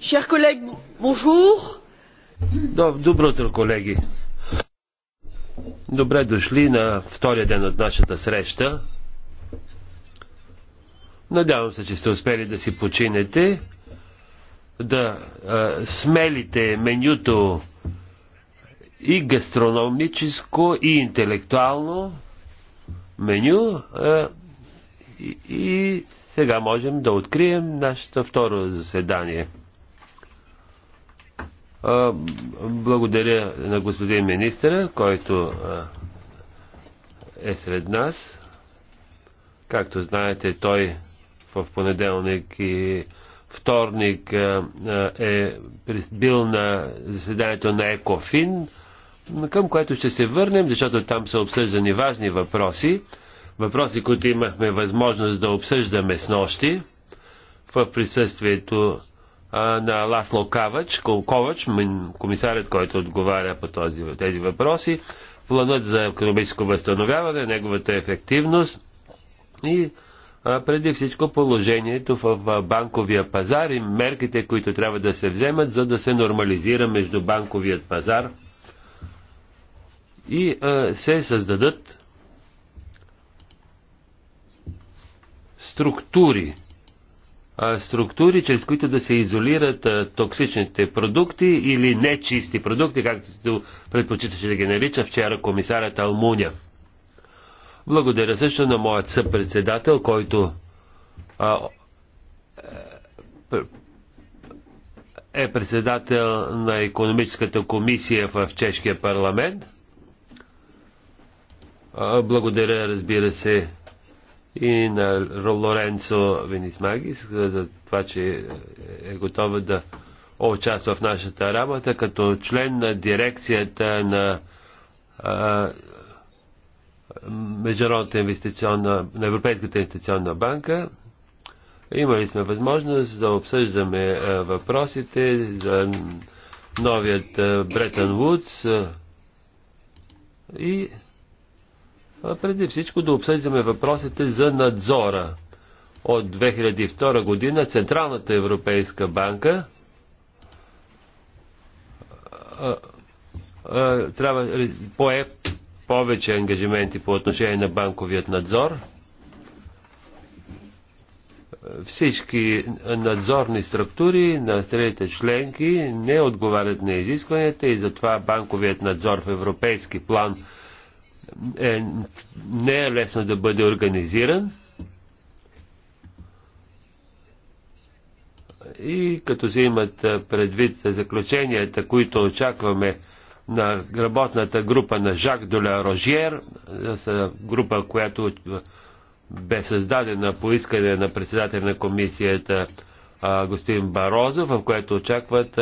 Chers collègues, bonjour. Добро утро, колеги. Добре дошли на втория ден от нашата среща. Надявам се, че сте успели да си починете, да а, смелите менюто и гастрономическо и интелектуално меню. А, и, и сега можем да открием нашето второ заседание. Благодаря на господин министъра, който е сред нас. Както знаете, той в понеделник и вторник е бил на заседанието на ЕКОФИН, към което ще се върнем, защото там са обсъждани важни въпроси. Въпроси, които имахме възможност да обсъждаме с нощи в присъствието на Ласло Кавач, Ковач, комисарят, който отговаря по този, тези въпроси, планът за економическо възстановяване, неговата ефективност и преди всичко положението в банковия пазар и мерките, които трябва да се вземат, за да се нормализира между банковият пазар и се създадат структури, структури, чрез които да се изолират токсичните продукти или нечисти продукти, както предпочиташе да ги нарича вчера комисарят Алмуня. Благодаря също на моят съпредседател, който а, е, е председател на економическата комисия в Чешкия парламент. Благодаря, разбира се, и на Лоренцо Венисмагис за това, че е готова да участва в нашата работа като член на дирекцията на Международната инвестиционна, на Европейската инвестиционна банка. Имали сме възможност да обсъждаме въпросите за новият Бретън Вудс и преди всичко да обсъждаме въпросите за надзора. От 2002 година Централната Европейска банка а, а, трябва пое повече ангажименти по отношение на банковият надзор. Всички надзорни структури на страните членки не отговарят на изискванията и затова банковият надзор в европейски план – е, не е лесно да бъде организиран. И като се имат предвид заключенията, които очакваме на работната група на Жак Доля Рожиер, група, която бе създадена по искане на председател на комисията господин Барозов, в което очакват,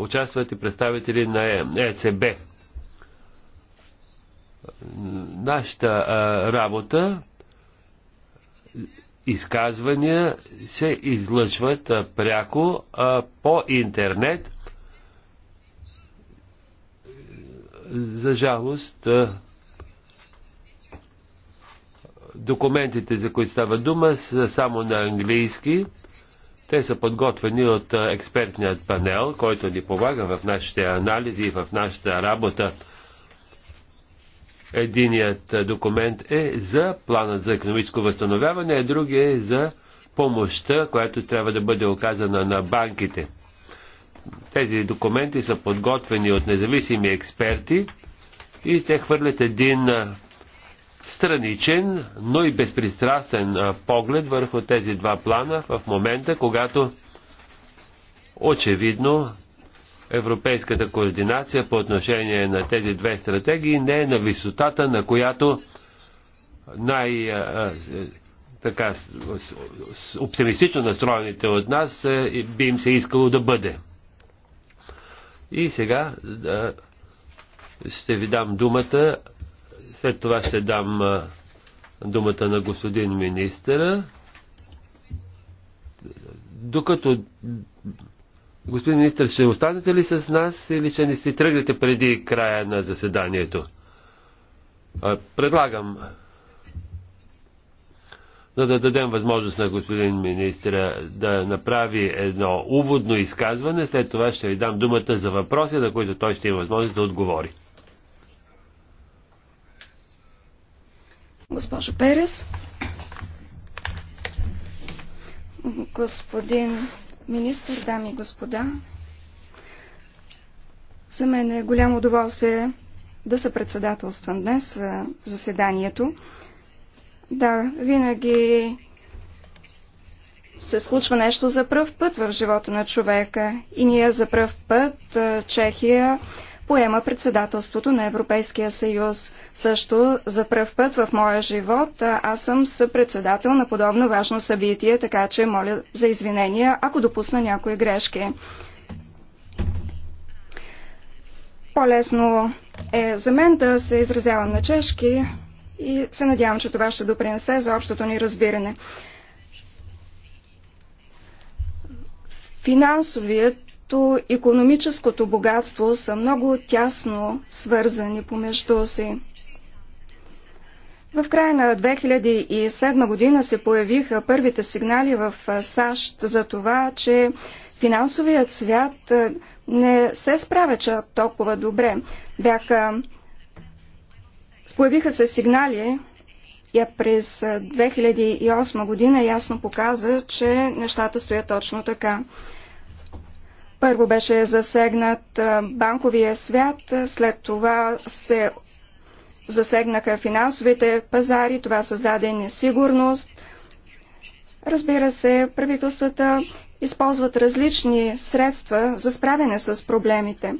участват и представители на ЕЦБ. Е нашата а, работа изказвания се излъчват а, пряко а, по интернет. За жалост, а, документите, за които става дума, са само на английски. Те са подготвени от експертният панел, който ни помага в нашите анализи и в нашата работа Единият документ е за планът за економическо възстановяване, а другият е за помощта, която трябва да бъде оказана на банките. Тези документи са подготвени от независими експерти и те хвърлят един страничен, но и безпристрастен поглед върху тези два плана в момента, когато очевидно европейската координация по отношение на тези две стратегии не е на висотата, на която най- така оптимистично настроените от нас би им се искало да бъде. И сега да, ще ви дам думата, след това ще дам думата на господин министъра, докато Господин министр, ще останете ли с нас или ще не си тръгнете преди края на заседанието? Предлагам за да дадем възможност на господин министра да направи едно уводно изказване. След това ще ви дам думата за въпроси, на които той ще има възможност да отговори. Госпожо Перес, господин министр, дами и господа, за мен е голямо удоволствие да се председателствам днес заседанието. Да, винаги се случва нещо за пръв път в живота на човека. И ние за пръв път, Чехия, поема председателството на Европейския съюз. Също за пръв път в моя живот аз съм съпредседател на подобно важно събитие, така че моля за извинения, ако допусна някои грешки. По-лесно е за мен да се изразявам на чешки и се надявам, че това ще допринесе за общото ни разбиране. Финансовият както економическото богатство са много тясно свързани помежду си. В края на 2007 година се появиха първите сигнали в САЩ за това, че финансовият свят не се справя толкова добре. Бяха... Появиха се сигнали и през 2008 година ясно показа, че нещата стоят точно така. Първо беше засегнат банковия свят, след това се засегнаха финансовите пазари, това създаде несигурност. Разбира се, правителствата използват различни средства за справяне с проблемите.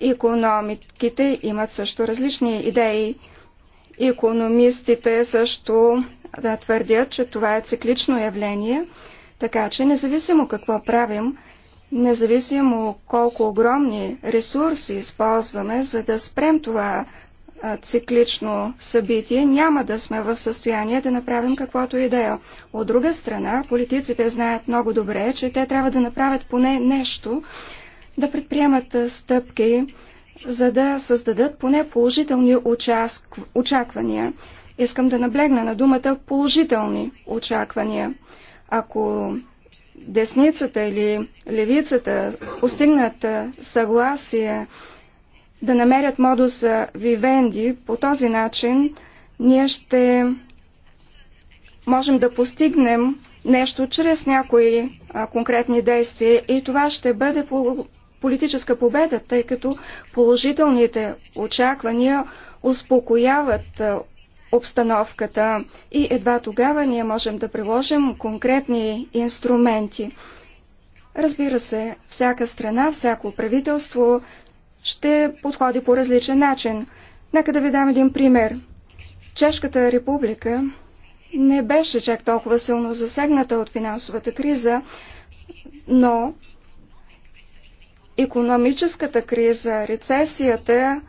Економиките имат също различни идеи. Економистите също да твърдят, че това е циклично явление, така че независимо какво правим, независимо колко огромни ресурси използваме, за да спрем това циклично събитие, няма да сме в състояние да направим каквото и да е. От друга страна, политиците знаят много добре, че те трябва да направят поне нещо, да предприемат стъпки, за да създадат поне положителни очаквания. Искам да наблегна на думата положителни очаквания. Ако десницата или левицата постигнат съгласие да намерят модуса вивенди, по този начин ние ще можем да постигнем нещо чрез някои а, конкретни действия и това ще бъде по политическа победа, тъй като положителните очаквания успокояват обстановката и едва тогава ние можем да приложим конкретни инструменти. Разбира се, всяка страна, всяко правителство ще подходи по различен начин. Нека да ви дам един пример. Чешката република не беше чак толкова силно засегната от финансовата криза, но економическата криза, рецесията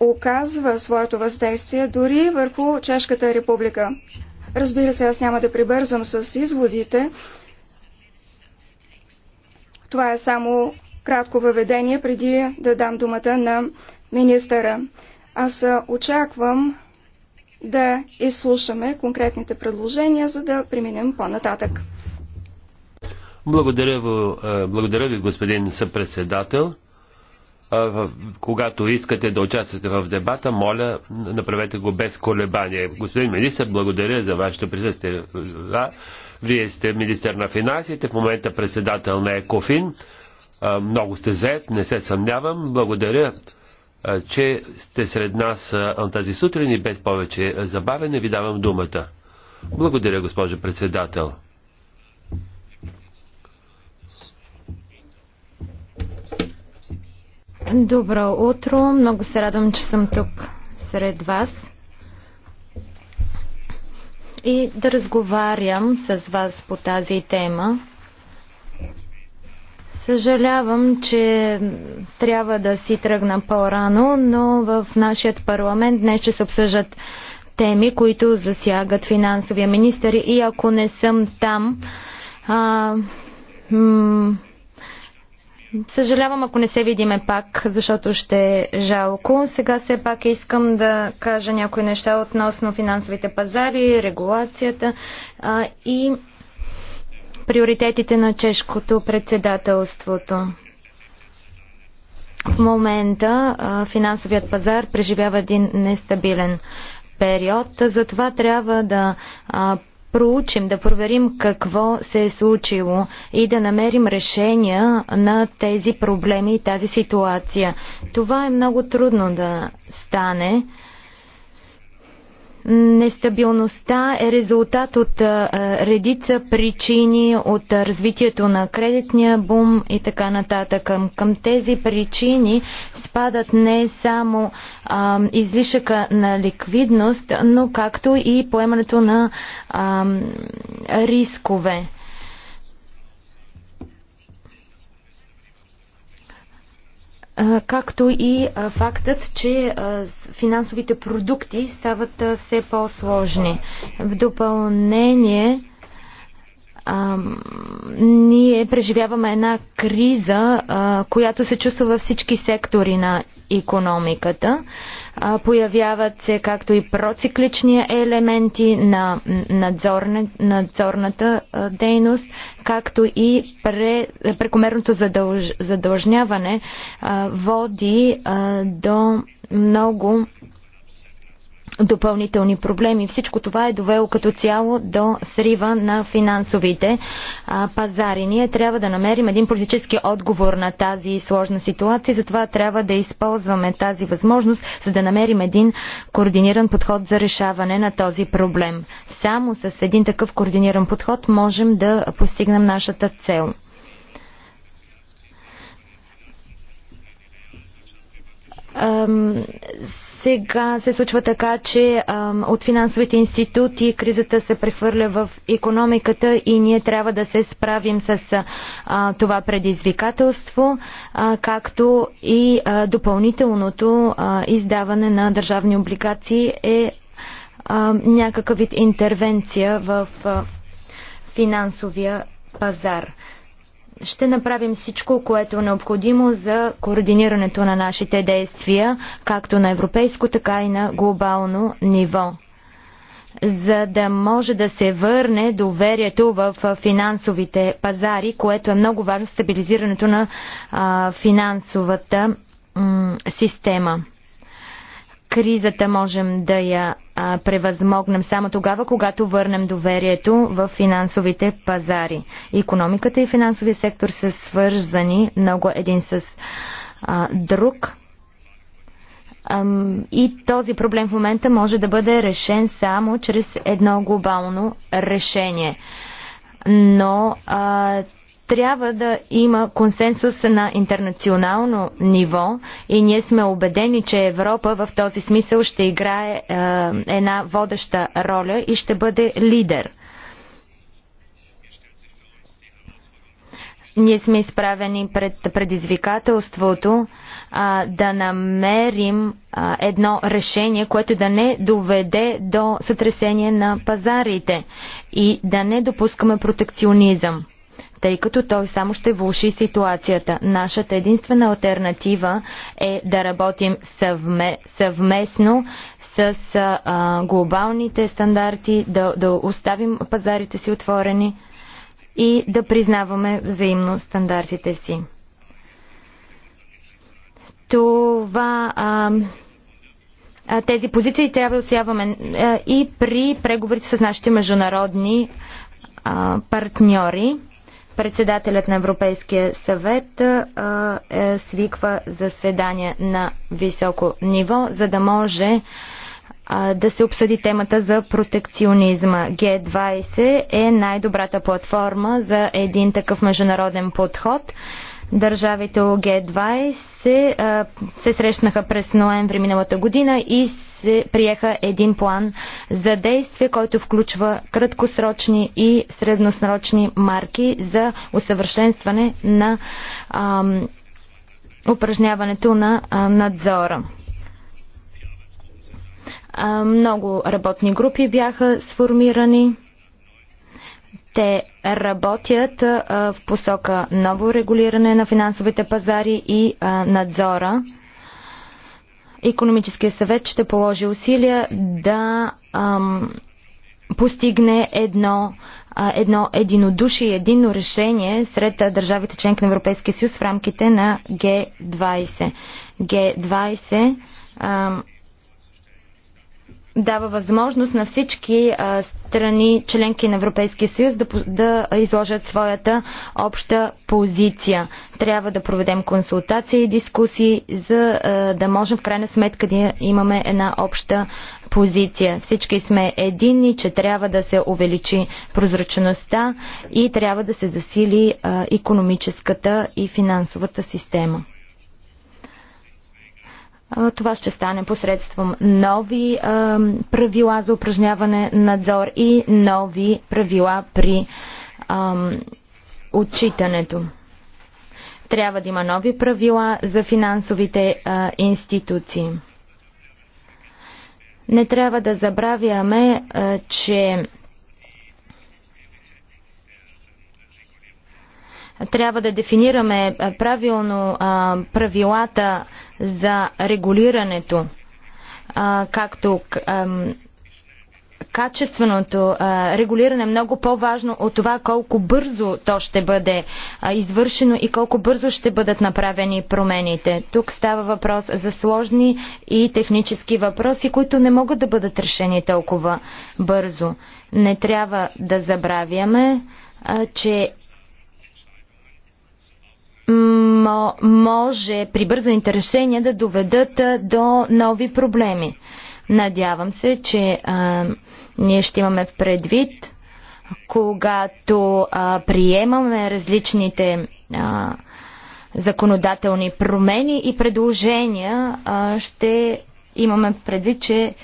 оказва своето въздействие дори върху Чешката република. Разбира се, аз няма да прибързвам с изводите. Това е само кратко въведение, преди да дам думата на министъра. Аз очаквам да изслушаме конкретните предложения, за да преминем по-нататък. Благодаря, благодаря ви, господин съпредседател когато искате да участвате в дебата, моля, направете го без колебание. Господин министр, благодаря за вашето присъствие. Да, вие сте министр на финансите, в момента председател на ЕКОФИН. Много сте заед, не се съмнявам. Благодаря, че сте сред нас тази сутрин и без повече забавене ви давам думата. Благодаря, госпожо председател. Добро утро! Много се радвам, че съм тук сред вас и да разговарям с вас по тази тема. Съжалявам, че трябва да си тръгна по-рано, но в нашия парламент днес ще се обсъждат теми, които засягат финансовия министър и ако не съм там, а, Съжалявам, ако не се видиме пак, защото ще е жалко. Сега все пак искам да кажа някои неща относно финансовите пазари, регулацията а, и приоритетите на чешкото председателството. В момента а, финансовият пазар преживява един нестабилен период, затова трябва да а, проучим, да проверим какво се е случило и да намерим решения на тези проблеми и тази ситуация. Това е много трудно да стане. Нестабилността е резултат от редица причини, от развитието на кредитния бум и така нататък. Към, към тези причини спадат не само а, излишъка на ликвидност, но както и поемането на а, рискове. както и фактът, че финансовите продукти стават все по-сложни. В допълнение, а, ние преживяваме една криза, а, която се чувства във всички сектори на економиката. А, появяват се както и проциклични елементи на надзорна, надзорната а, дейност, както и пре, прекомерното задълж, задължняване а, води а, до много допълнителни проблеми. Всичко това е довело като цяло до срива на финансовите а, пазари. Ние трябва да намерим един политически отговор на тази сложна ситуация, затова трябва да използваме тази възможност, за да намерим един координиран подход за решаване на този проблем. Само с един такъв координиран подход можем да постигнем нашата цел. Ам, сега се случва така, че ам, от финансовите институти кризата се прехвърля в економиката и ние трябва да се справим с а, това предизвикателство, а, както и а, допълнителното а, издаване на държавни облигации е а, някакъв вид интервенция в а, финансовия пазар ще направим всичко, което е необходимо за координирането на нашите действия, както на европейско, така и на глобално ниво за да може да се върне доверието в финансовите пазари, което е много важно стабилизирането на финансовата система кризата можем да я а, превъзмогнем само тогава, когато върнем доверието в финансовите пазари. Економиката и финансовия сектор са свързани много един с а, друг. И този проблем в момента може да бъде решен само чрез едно глобално решение. Но а, трябва да има консенсус на интернационално ниво и ние сме убедени, че Европа в този смисъл ще играе е, една водеща роля и ще бъде лидер. ние сме изправени пред предизвикателството а, да намерим а, едно решение, което да не доведе до сътресение на пазарите и да не допускаме протекционизъм тъй като той само ще влуши ситуацията. Нашата единствена альтернатива е да работим съвме, съвместно с а, глобалните стандарти, да, да оставим пазарите си отворени и да признаваме взаимно стандартите си. Това. А, тези позиции трябва да отсяваме и при преговорите с нашите международни партньори. Председателят на Европейския съвет а, е, свиква заседание на високо ниво, за да може а, да се обсъди темата за протекционизма. Г20 е най-добрата платформа за един такъв международен подход. Държавите ОГ-20 се, се срещнаха през ноември миналата година и се приеха един план за действие, който включва краткосрочни и средносрочни марки за усъвършенстване на ам, упражняването на а, надзора. А, много работни групи бяха сформирани. Те работят а, в посока ново регулиране на финансовите пазари и а, надзора. Економическия съвет ще положи усилия да ам, постигне едно, а, едно единодушие, едино решение сред държавите членки на Европейския съюз в рамките на Г20. Г20 ам, дава възможност на всички а, страни, членки на Европейския съюз, да, да изложат своята обща позиция. Трябва да проведем консултации и дискусии, за а, да можем в крайна сметка да имаме една обща позиция. Всички сме единни, че трябва да се увеличи прозрачността и трябва да се засили а, економическата и финансовата система. Това ще стане посредством нови а, правила за упражняване надзор и нови правила при а, отчитането. Трябва да има нови правила за финансовите а, институции. Не трябва да забравяме, че Трябва да дефинираме правилно правилата за регулирането, както качественото регулиране е много по-важно от това колко бързо то ще бъде извършено и колко бързо ще бъдат направени промените. Тук става въпрос за сложни и технически въпроси, които не могат да бъдат решени толкова бързо. Не трябва да забравяме, че може прибързаните решения да доведат до нови проблеми. Надявам се, че а, ние ще имаме в предвид, когато а, приемаме различните а, законодателни промени и предложения, а, ще имаме предвид, че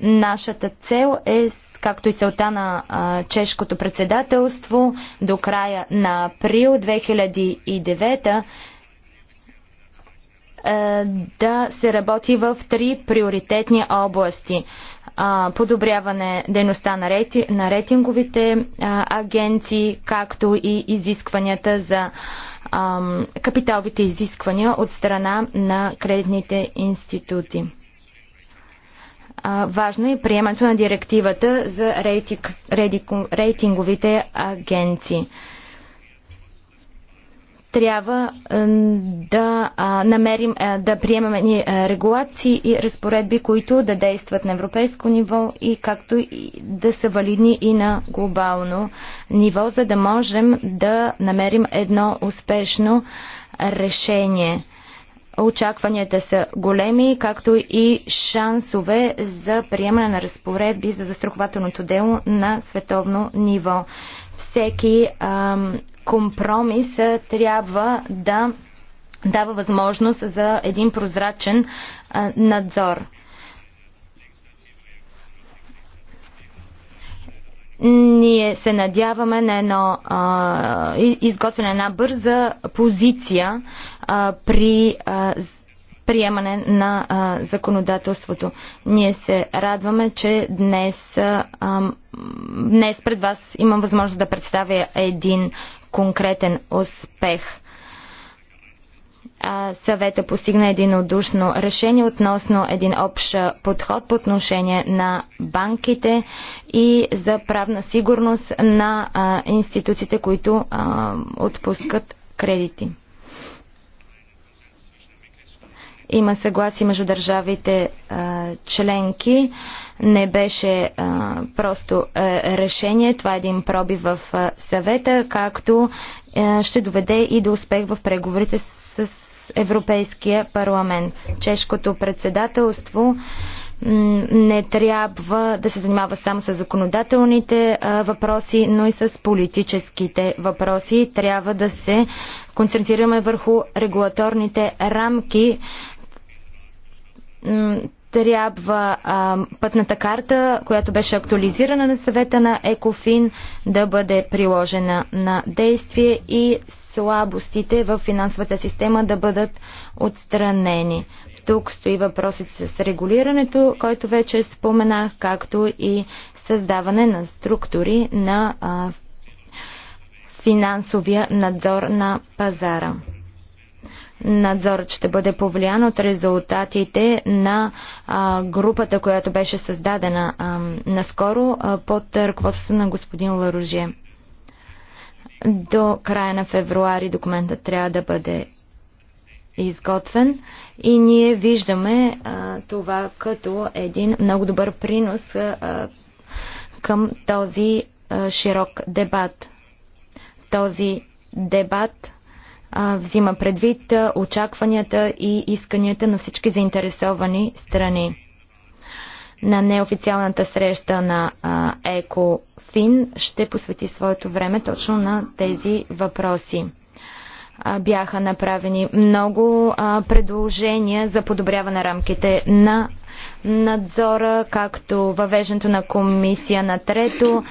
нашата цел е както и целта на а, чешкото председателство до края на април 2009 а, да се работи в три приоритетни области. А, подобряване дейността на, рейти, на рейтинговите а, агенции, както и изискванията за а, капиталовите изисквания от страна на кредитните институти важно е приемането на директивата за рейтинг, рейтинговите агенции. Трябва да намерим, да приемаме регулации и разпоредби, които да действат на европейско ниво и както и да са валидни и на глобално ниво, за да можем да намерим едно успешно решение Очакванията са големи, както и шансове за приемане на разпоредби за застрахователното дело на световно ниво. Всеки ам, компромис трябва да дава възможност за един прозрачен а, надзор. Ние се надяваме на едно а, изготвяне на една бърза позиция а, при а, приемане на а, законодателството. Ние се радваме, че днес, а, днес пред вас имам възможност да представя един конкретен успех съвета постигна единодушно решение относно един общ подход по отношение на банките и за правна сигурност на институциите, които отпускат кредити. Има съгласие между държавите членки. Не беше просто решение. Това е един проби в съвета, както ще доведе и до успех в преговорите с Европейския парламент. Чешкото председателство не трябва да се занимава само с законодателните въпроси, но и с политическите въпроси. Трябва да се концентрираме върху регулаторните рамки. Трябва пътната карта, която беше актуализирана на съвета на Екофин, да бъде приложена на действие и слабостите в финансовата система да бъдат отстранени. Тук стои въпросът с регулирането, който вече споменах, както и създаване на структури на а, финансовия надзор на пазара. Надзорът ще бъде повлиян от резултатите на а, групата, която беше създадена а, наскоро а, под ръководството на господин Ларужие. До края на февруари документът трябва да бъде изготвен и ние виждаме а, това като един много добър принос а, към този а, широк дебат. Този дебат а, взима предвид а, очакванията и исканията на всички заинтересовани страни. На неофициалната среща на а, ЕКО Фин ще посвети своето време точно на тези въпроси. Бяха направени много предложения за подобряване на рамките на надзора, както въвеждането на комисия на трето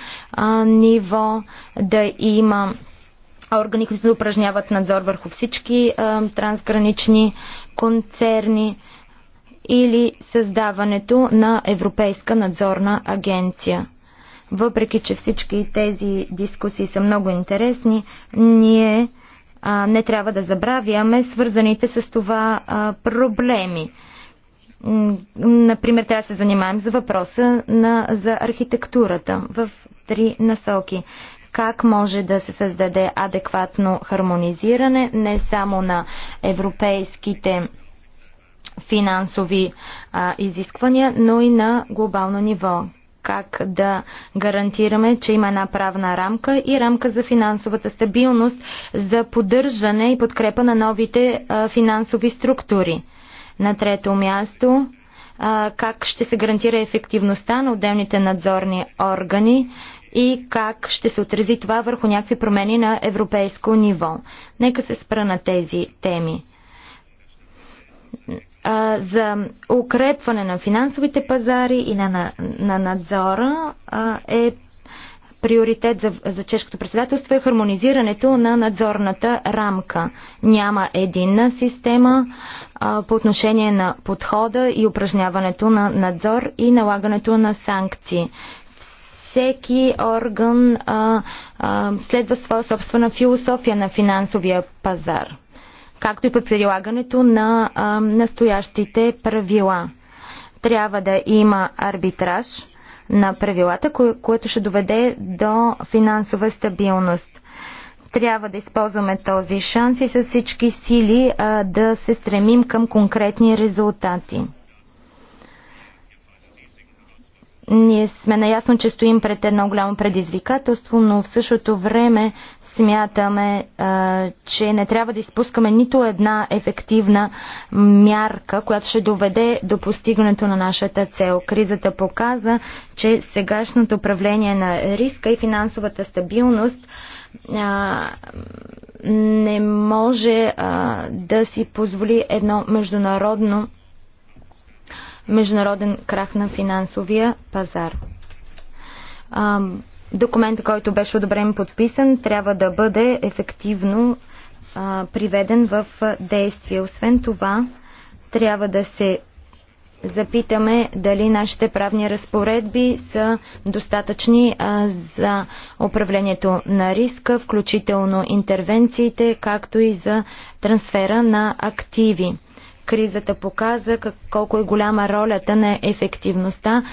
ниво, да има органи, които да упражняват надзор върху всички трансгранични концерни или създаването на Европейска надзорна агенция. Въпреки, че всички тези дискусии са много интересни, ние а, не трябва да забравяме свързаните с това а, проблеми. Например, трябва да се занимаем за въпроса на, за архитектурата в три насоки как може да се създаде адекватно хармонизиране не само на европейските финансови а, изисквания, но и на глобално ниво как да гарантираме, че има една правна рамка и рамка за финансовата стабилност за поддържане и подкрепа на новите финансови структури. На трето място, как ще се гарантира ефективността на отделните надзорни органи и как ще се отрази това върху някакви промени на европейско ниво. Нека се спра на тези теми а, за укрепване на финансовите пазари и на, на, на надзора а, е приоритет за, за чешкото председателство е хармонизирането на надзорната рамка. Няма единна система а, по отношение на подхода и упражняването на надзор и налагането на санкции. Всеки орган а, а, следва своя собствена философия на финансовия пазар както и по прилагането на а, настоящите правила. Трябва да има арбитраж на правилата, кое, което ще доведе до финансова стабилност. Трябва да използваме този шанс и с всички сили а, да се стремим към конкретни резултати. Ние сме наясно, че стоим пред едно голямо предизвикателство, но в същото време Смятаме, че не трябва да изпускаме нито една ефективна мярка, която ще доведе до постигането на нашата цел. Кризата показа, че сегашното управление на риска и финансовата стабилност не може да си позволи едно международно международен крах на финансовия пазар документ, който беше одобрен и подписан, трябва да бъде ефективно а, приведен в действие. Освен това, трябва да се запитаме дали нашите правни разпоредби са достатъчни а, за управлението на риска, включително интервенциите, както и за трансфера на активи. Кризата показа как, колко е голяма ролята на ефективността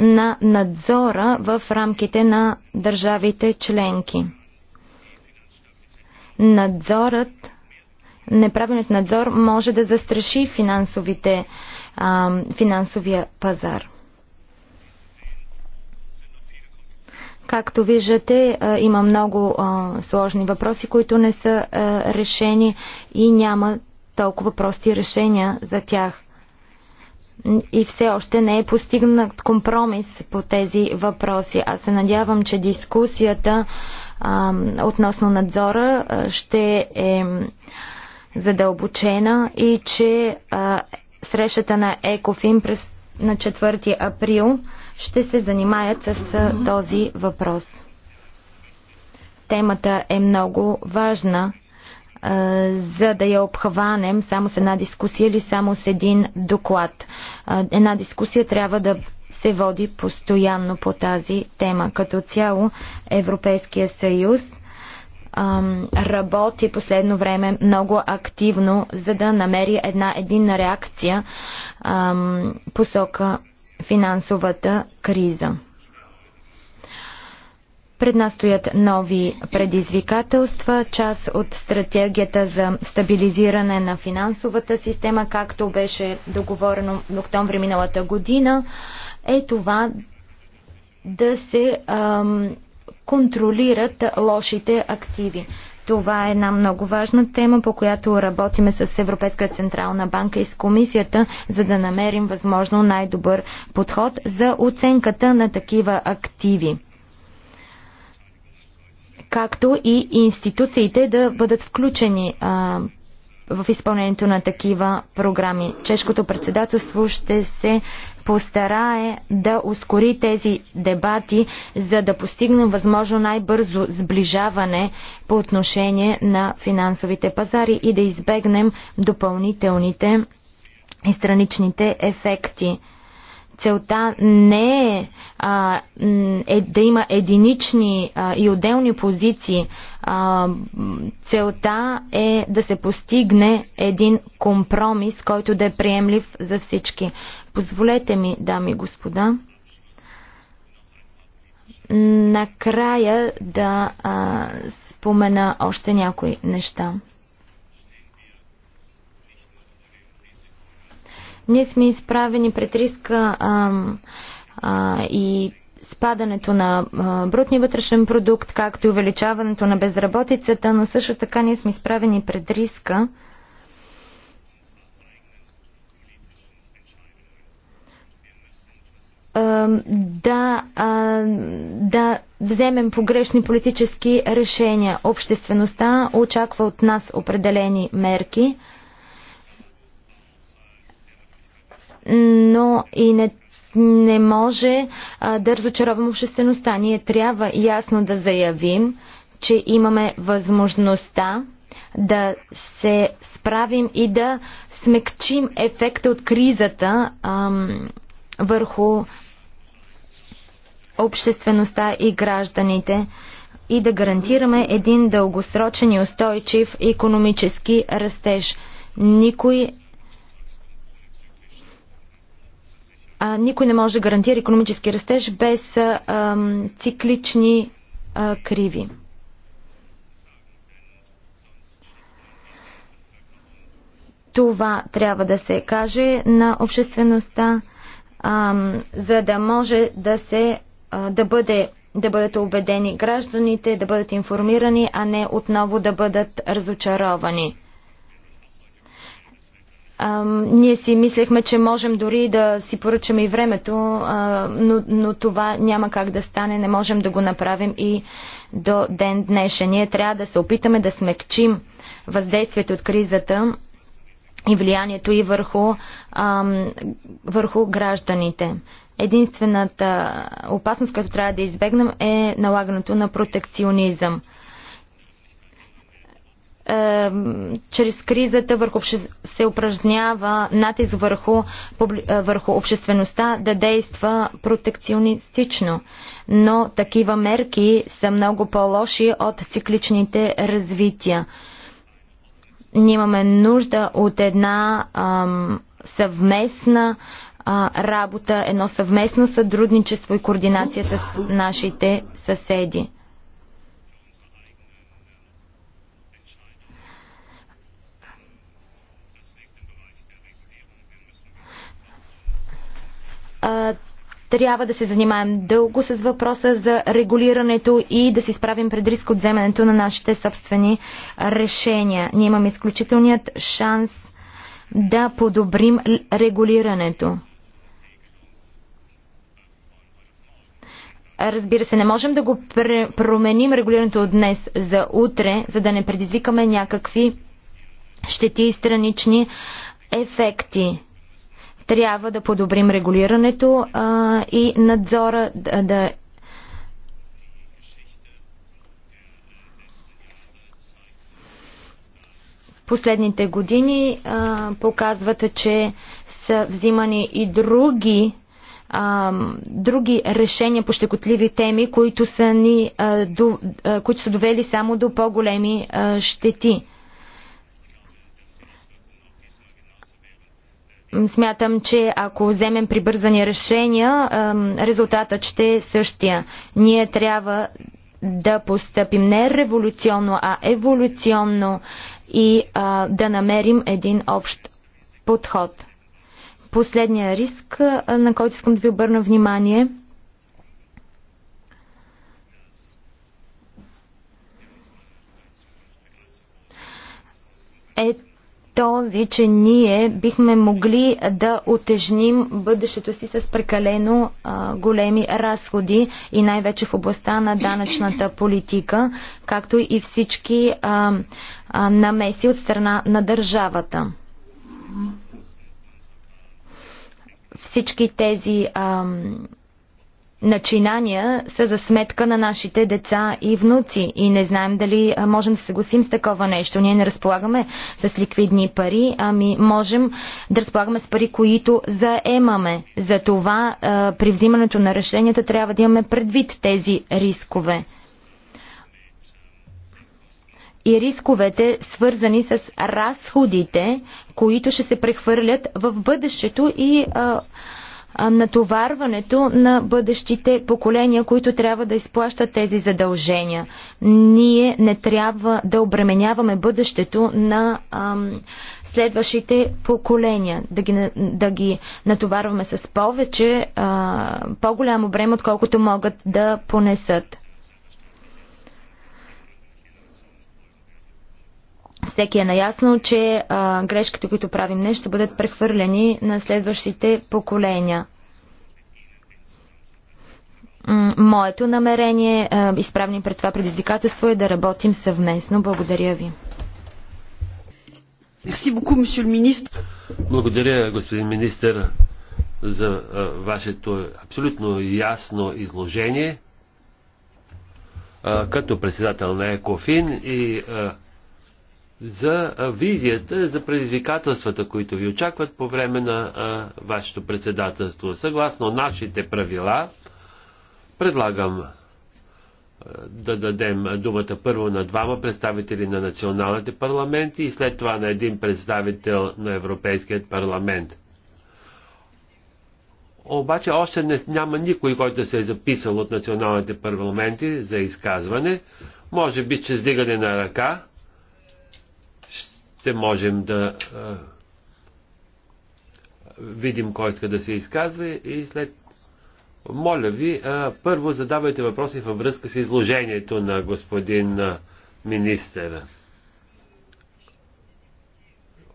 на надзора в рамките на държавите членки. Надзорът, неправилният надзор може да застраши финансовите, а, финансовия пазар. Както виждате, има много сложни въпроси, които не са решени и няма толкова прости решения за тях и все още не е постигнат компромис по тези въпроси. Аз се надявам, че дискусията а, относно надзора ще е задълбочена и че а, срещата на Екофин през на 4 април ще се занимаят с този въпрос. Темата е много важна за да я обхванем само с една дискусия или само с един доклад. Една дискусия трябва да се води постоянно по тази тема. Като цяло Европейския съюз работи последно време много активно, за да намери една единна реакция посока финансовата криза. Пред нас стоят нови предизвикателства, част от стратегията за стабилизиране на финансовата система, както беше договорено в октомври миналата година, е това да се ам, контролират лошите активи. Това е една много важна тема, по която работиме с Европейска Централна банка и с комисията, за да намерим възможно най-добър подход за оценката на такива активи както и институциите да бъдат включени а, в изпълнението на такива програми. Чешкото председателство ще се постарае да ускори тези дебати, за да постигнем възможно най-бързо сближаване по отношение на финансовите пазари и да избегнем допълнителните и страничните ефекти целта не е, а, е да има единични а, и отделни позиции. А, целта е да се постигне един компромис, който да е приемлив за всички. Позволете ми, дами и господа, накрая да а, спомена още някои неща. Ние сме изправени пред риска а, а, и спадането на а, брутния вътрешен продукт, както и увеличаването на безработицата, но също така ние сме изправени пред риска да, да вземем погрешни политически решения. Обществеността очаква от нас определени мерки. но и не не може а, да разочароваме обществеността. Ние трябва ясно да заявим, че имаме възможността да се справим и да смекчим ефекта от кризата ам, върху обществеността и гражданите и да гарантираме един дългосрочен и устойчив економически растеж. Никой а, никой не може да гарантира економически растеж без а, а, циклични а, криви. Това трябва да се каже на обществеността, а, за да може да се а, да бъде да бъдат убедени гражданите, да бъдат информирани, а не отново да бъдат разочаровани а, ние си мислехме, че можем дори да си поръчаме и времето, а, но, но това няма как да стане, не можем да го направим и до ден днешен. Ние трябва да се опитаме да смекчим въздействието от кризата и влиянието и върху, а, върху гражданите. Единствената опасност, която трябва да избегнем е налагането на протекционизъм чрез кризата върху се упражнява натиск върху, е, върху обществеността да действа протекционистично. Но такива мерки са много по-лоши от цикличните развития. Ние имаме нужда от една ам, съвместна а, работа, едно съвместно сътрудничество и координация с нашите съседи. трябва да се занимаем дълго с въпроса за регулирането и да се справим пред риск от вземането на нашите собствени решения. Ние имаме изключителният шанс да подобрим регулирането. Разбира се, не можем да го променим регулирането от днес за утре, за да не предизвикаме някакви щети и странични ефекти. Трябва да подобрим регулирането а, и надзора да, да последните години а, показват, че са взимани и други, а, други решения по щекотливи теми, които са, ни, а, до, а, които са довели само до по-големи щети. смятам, че ако вземем прибързани решения, резултатът ще е същия. Ние трябва да постъпим не революционно, а еволюционно и а, да намерим един общ подход. Последния риск, на който искам да ви обърна внимание, е този, че ние бихме могли да отежним бъдещето си с прекалено а, големи разходи и най-вече в областта на данъчната политика, както и всички а, а, намеси от страна на държавата. Всички тези а, начинания са за сметка на нашите деца и внуци и не знаем дали можем да се съгласим с такова нещо. Ние не разполагаме с ликвидни пари, ами можем да разполагаме с пари, които заемаме. За това при взимането на решенията трябва да имаме предвид тези рискове. И рисковете, свързани с разходите, които ще се прехвърлят в бъдещето и а, натоварването на бъдещите поколения, които трябва да изплащат тези задължения. Ние не трябва да обременяваме бъдещето на ам, следващите поколения, да ги, да ги натоварваме с повече, а, по-голямо бреме, отколкото могат да понесат. Всеки е наясно, че а, грешките, които правим днес, ще бъдат прехвърлени на следващите поколения. Моето намерение, изправни пред това предизвикателство, е да работим съвместно. Благодаря ви. Благодаря, господин министр, за вашето абсолютно ясно изложение. Като председател на ЕКОФИН и за визията, за предизвикателствата, които ви очакват по време на а, вашето председателство. Съгласно нашите правила, предлагам а, да дадем думата първо на двама представители на националните парламенти и след това на един представител на Европейският парламент. Обаче още не, няма никой, който се е записал от националните парламенти за изказване. Може би, че с дигане на ръка ще можем да а, видим кой иска да се изказва и след. Моля ви, а, първо задавайте въпроси във връзка с изложението на господин а, министера.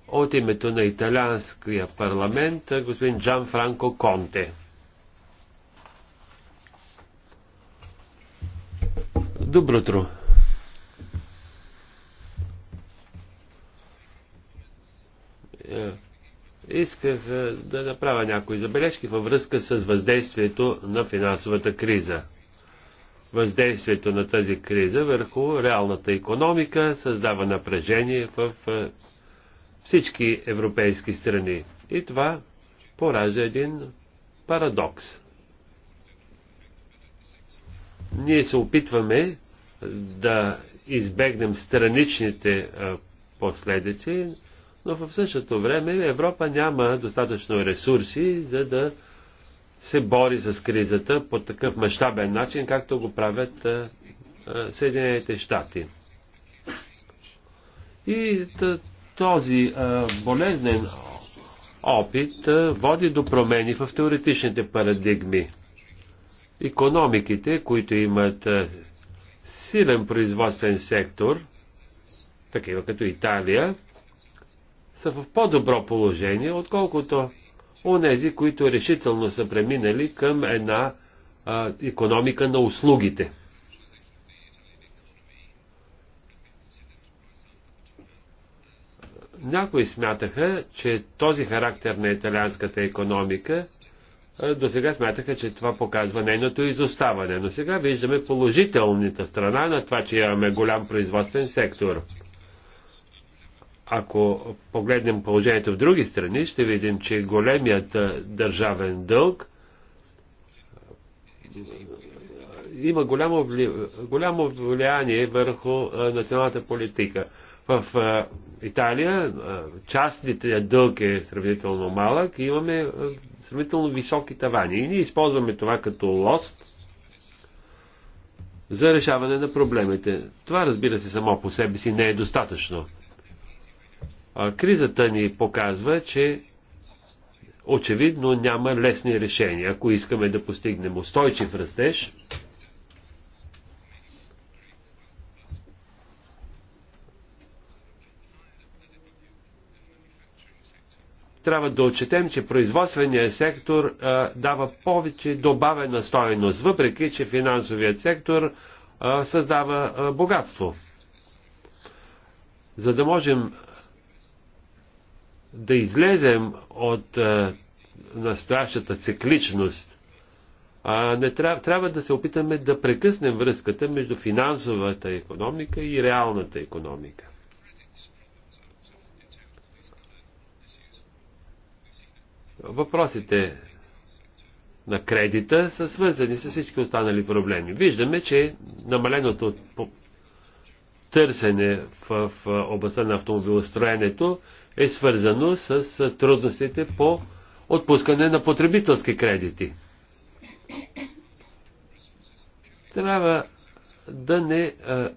От името на италианския парламент господин Джан Франко Конте. Добро утро. Е, исках е, да направя някои забележки във връзка с въздействието на финансовата криза. Въздействието на тази криза върху реалната економика създава напрежение в е, всички европейски страни. И това поражда един парадокс. Ние се опитваме да избегнем страничните последици, но в същото време Европа няма достатъчно ресурси, за да се бори с кризата по такъв мащабен начин, както го правят Съединените щати. И този болезнен опит води до промени в теоретичните парадигми. Економиките, които имат силен производствен сектор, такива като Италия, са в по-добро положение, отколкото онези, които решително са преминали към една а, економика на услугите. Някои смятаха, че този характер на италианската економика до сега смятаха, че това показва нейното изоставане, но сега виждаме положителната страна на това, че имаме голям производствен сектор. Ако погледнем положението в други страни, ще видим, че големият държавен дълг има голямо, вли... голямо влияние върху националната политика. В Италия частните дълг е сравнително малък и имаме сравнително високи тавани. И ние използваме това като лост за решаване на проблемите. Това, разбира се, само по себе си не е достатъчно. Кризата ни показва, че очевидно няма лесни решения. Ако искаме да постигнем устойчив растеж, трябва да отчетем, че производственият сектор а, дава повече добавена стоеност, въпреки че финансовият сектор а, създава а, богатство. За да можем да излезем от а, е, настоящата цикличност, а не трябва, трябва да се опитаме да прекъснем връзката между финансовата економика и реалната економика. Въпросите на кредита са свързани с всички останали проблеми. Виждаме, че намаленото търсене в областта на автомобилостроенето е свързано с трудностите по отпускане на потребителски кредити. Трябва да не а,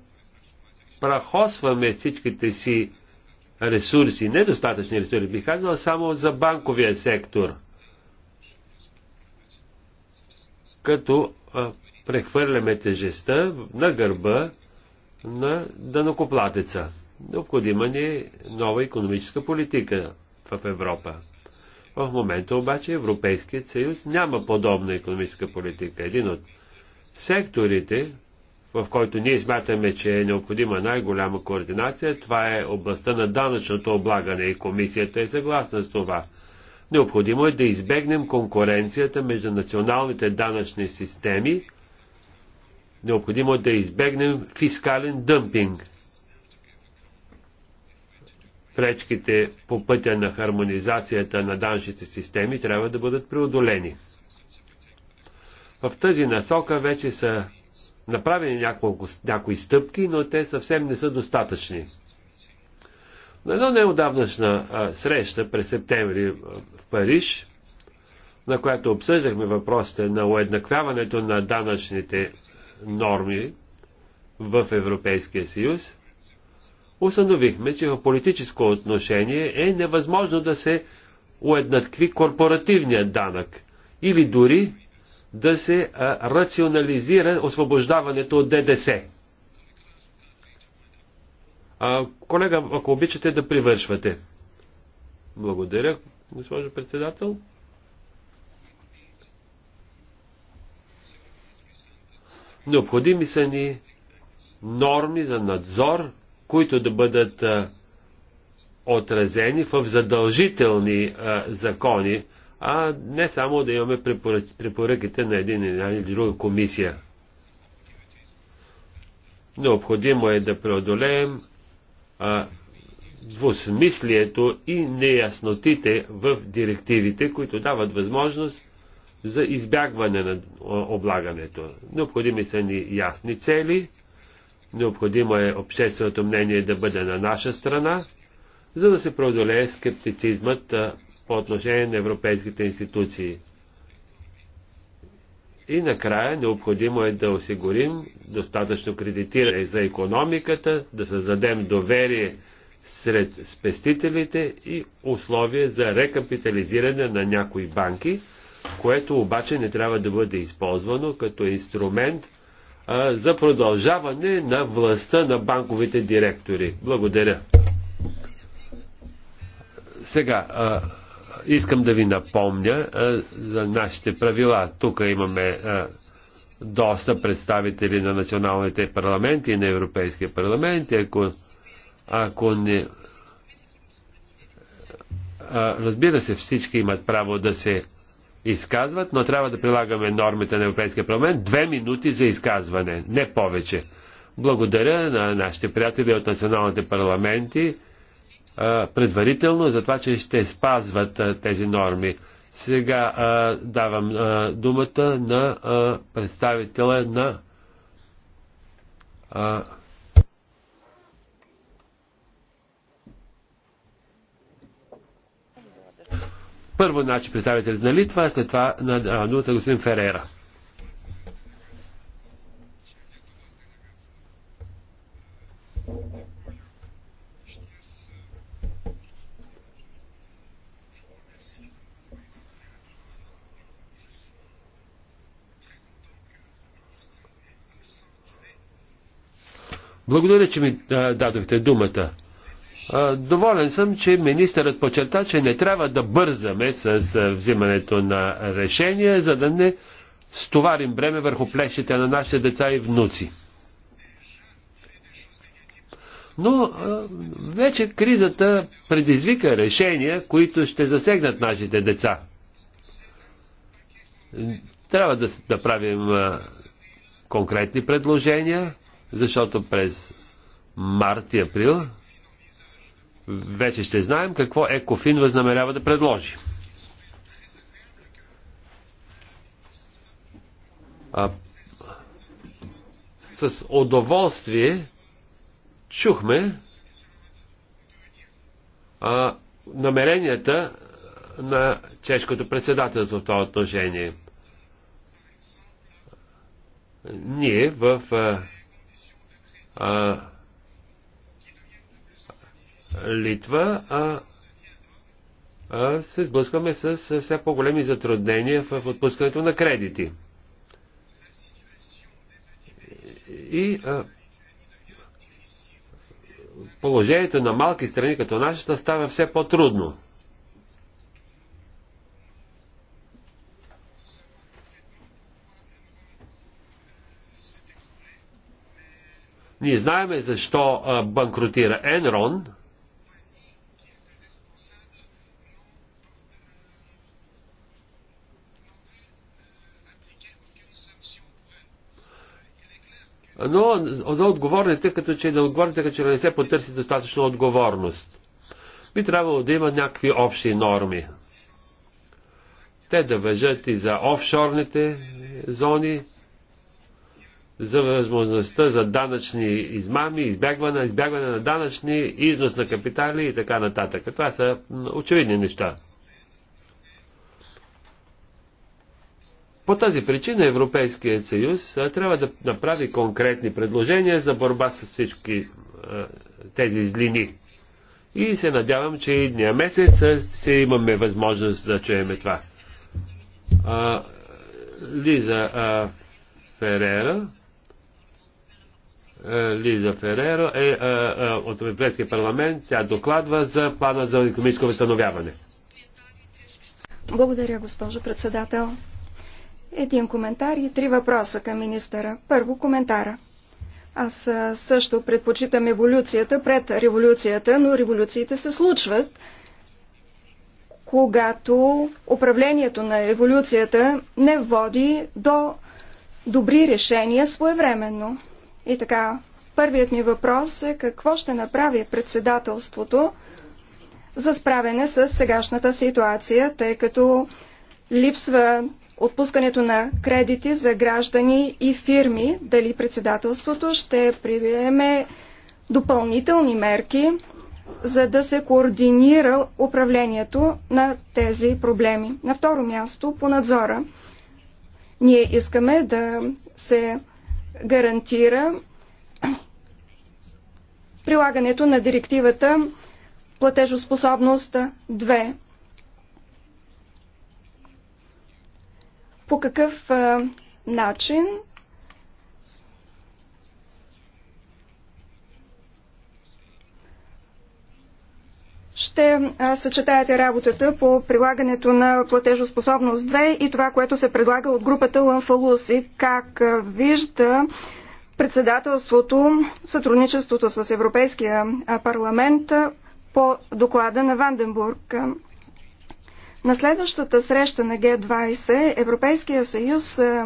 прахосваме всичките си ресурси, недостатъчни ресурси, бих казал, само за банковия сектор, като а, прехвърляме тежестта на гърба на данокоплатеца. Необходима ни нова економическа политика в Европа. В момента обаче Европейският съюз няма подобна економическа политика. Един от секторите, в който ние смятаме, че е необходима най-голяма координация, това е областта на данъчното облагане и комисията е съгласна с това. Необходимо е да избегнем конкуренцията между националните данъчни системи, необходимо е да избегнем фискален дъмпинг пречките по пътя на хармонизацията на данжите системи трябва да бъдат преодолени. В тази насока вече са направени няколко, някои стъпки, но те съвсем не са достатъчни. На една неодавнашна среща през септември в Париж, на която обсъждахме въпросите на уеднаквяването на данъчните норми в Европейския съюз, установихме, че в политическо отношение е невъзможно да се уеднакви корпоративният данък или дори да се рационализира освобождаването от ДДС. А, колега, ако обичате да привършвате. Благодаря, госпожо председател. Необходими са ни норми за надзор които да бъдат отразени в задължителни закони, а не само да имаме препоръките на един или друга комисия. Необходимо е да преодолеем а, двусмислието и неяснотите в директивите, които дават възможност за избягване на облагането. Необходими са ни ясни цели Необходимо е общественото мнение да бъде на наша страна, за да се преодолее скептицизмът по отношение на европейските институции. И накрая необходимо е да осигурим достатъчно кредитиране за економиката, да създадем доверие сред спестителите и условия за рекапитализиране на някои банки, което обаче не трябва да бъде използвано като инструмент за продължаване на властта на банковите директори. Благодаря. Сега, а, искам да ви напомня а, за нашите правила. Тук имаме а, доста представители на националните парламенти и на Европейския парламент. Ако, ако не. А, разбира се, всички имат право да се изказват, но трябва да прилагаме нормите на Европейския парламент. Две минути за изказване, не повече. Благодаря на нашите приятели от националните парламенти предварително за това, че ще спазват тези норми. Сега давам думата на представителя на Първо, значи, представителят на Литва, след това на Нута господин Ферера. Благодаря, че ми дадохте думата. Доволен съм, че министърът подчерта, че не трябва да бързаме с взимането на решения, за да не стоварим бреме върху плещите на нашите деца и внуци. Но вече кризата предизвика решения, които ще засегнат нашите деца. Трябва да, да правим конкретни предложения, защото през март и април вече ще знаем какво Екофин възнамерява да предложи. А, с удоволствие чухме а, намеренията на чешкото председателство в това отношение. Ние в а, а, Литва, а, а се сблъскваме с все по-големи затруднения в отпускането на кредити. И а, положението на малки страни като нашата става все по-трудно. Ние знаеме защо банкротира Енрон – но за отговорните, като че на отговорните, като че не се потърси достатъчно отговорност. Би трябвало да има някакви общи норми. Те да въжат и за офшорните зони, за възможността за данъчни измами, избягване, избягване на данъчни, износ на капитали и така нататък. Това са очевидни неща. По тази причина Европейският съюз трябва да направи конкретни предложения за борба с всички тези злини. И се надявам, че и дния месец ще имаме възможност да чуем това. А, Лиза а, Ферера. Лиза Фереро е а, а, от Европейския парламент. Тя докладва за плана за економическо възстановяване. Благодаря, госпожо председател. Един коментар и три въпроса към министъра. Първо коментара. Аз също предпочитам еволюцията пред революцията, но революциите се случват, когато управлението на еволюцията не води до добри решения своевременно. И така, първият ми въпрос е какво ще направи председателството за справяне с сегашната ситуация, тъй като липсва отпускането на кредити за граждани и фирми, дали председателството ще приеме допълнителни мерки, за да се координира управлението на тези проблеми. На второ място, по надзора, ние искаме да се гарантира прилагането на директивата платежоспособност 2. по какъв а, начин ще съчетаете работата по прилагането на платежоспособност 2 и това, което се предлага от групата Лънфалус и как вижда председателството, сътрудничеството с Европейския парламент по доклада на Ванденбург. На следващата среща на Г-20 Европейския съюз е,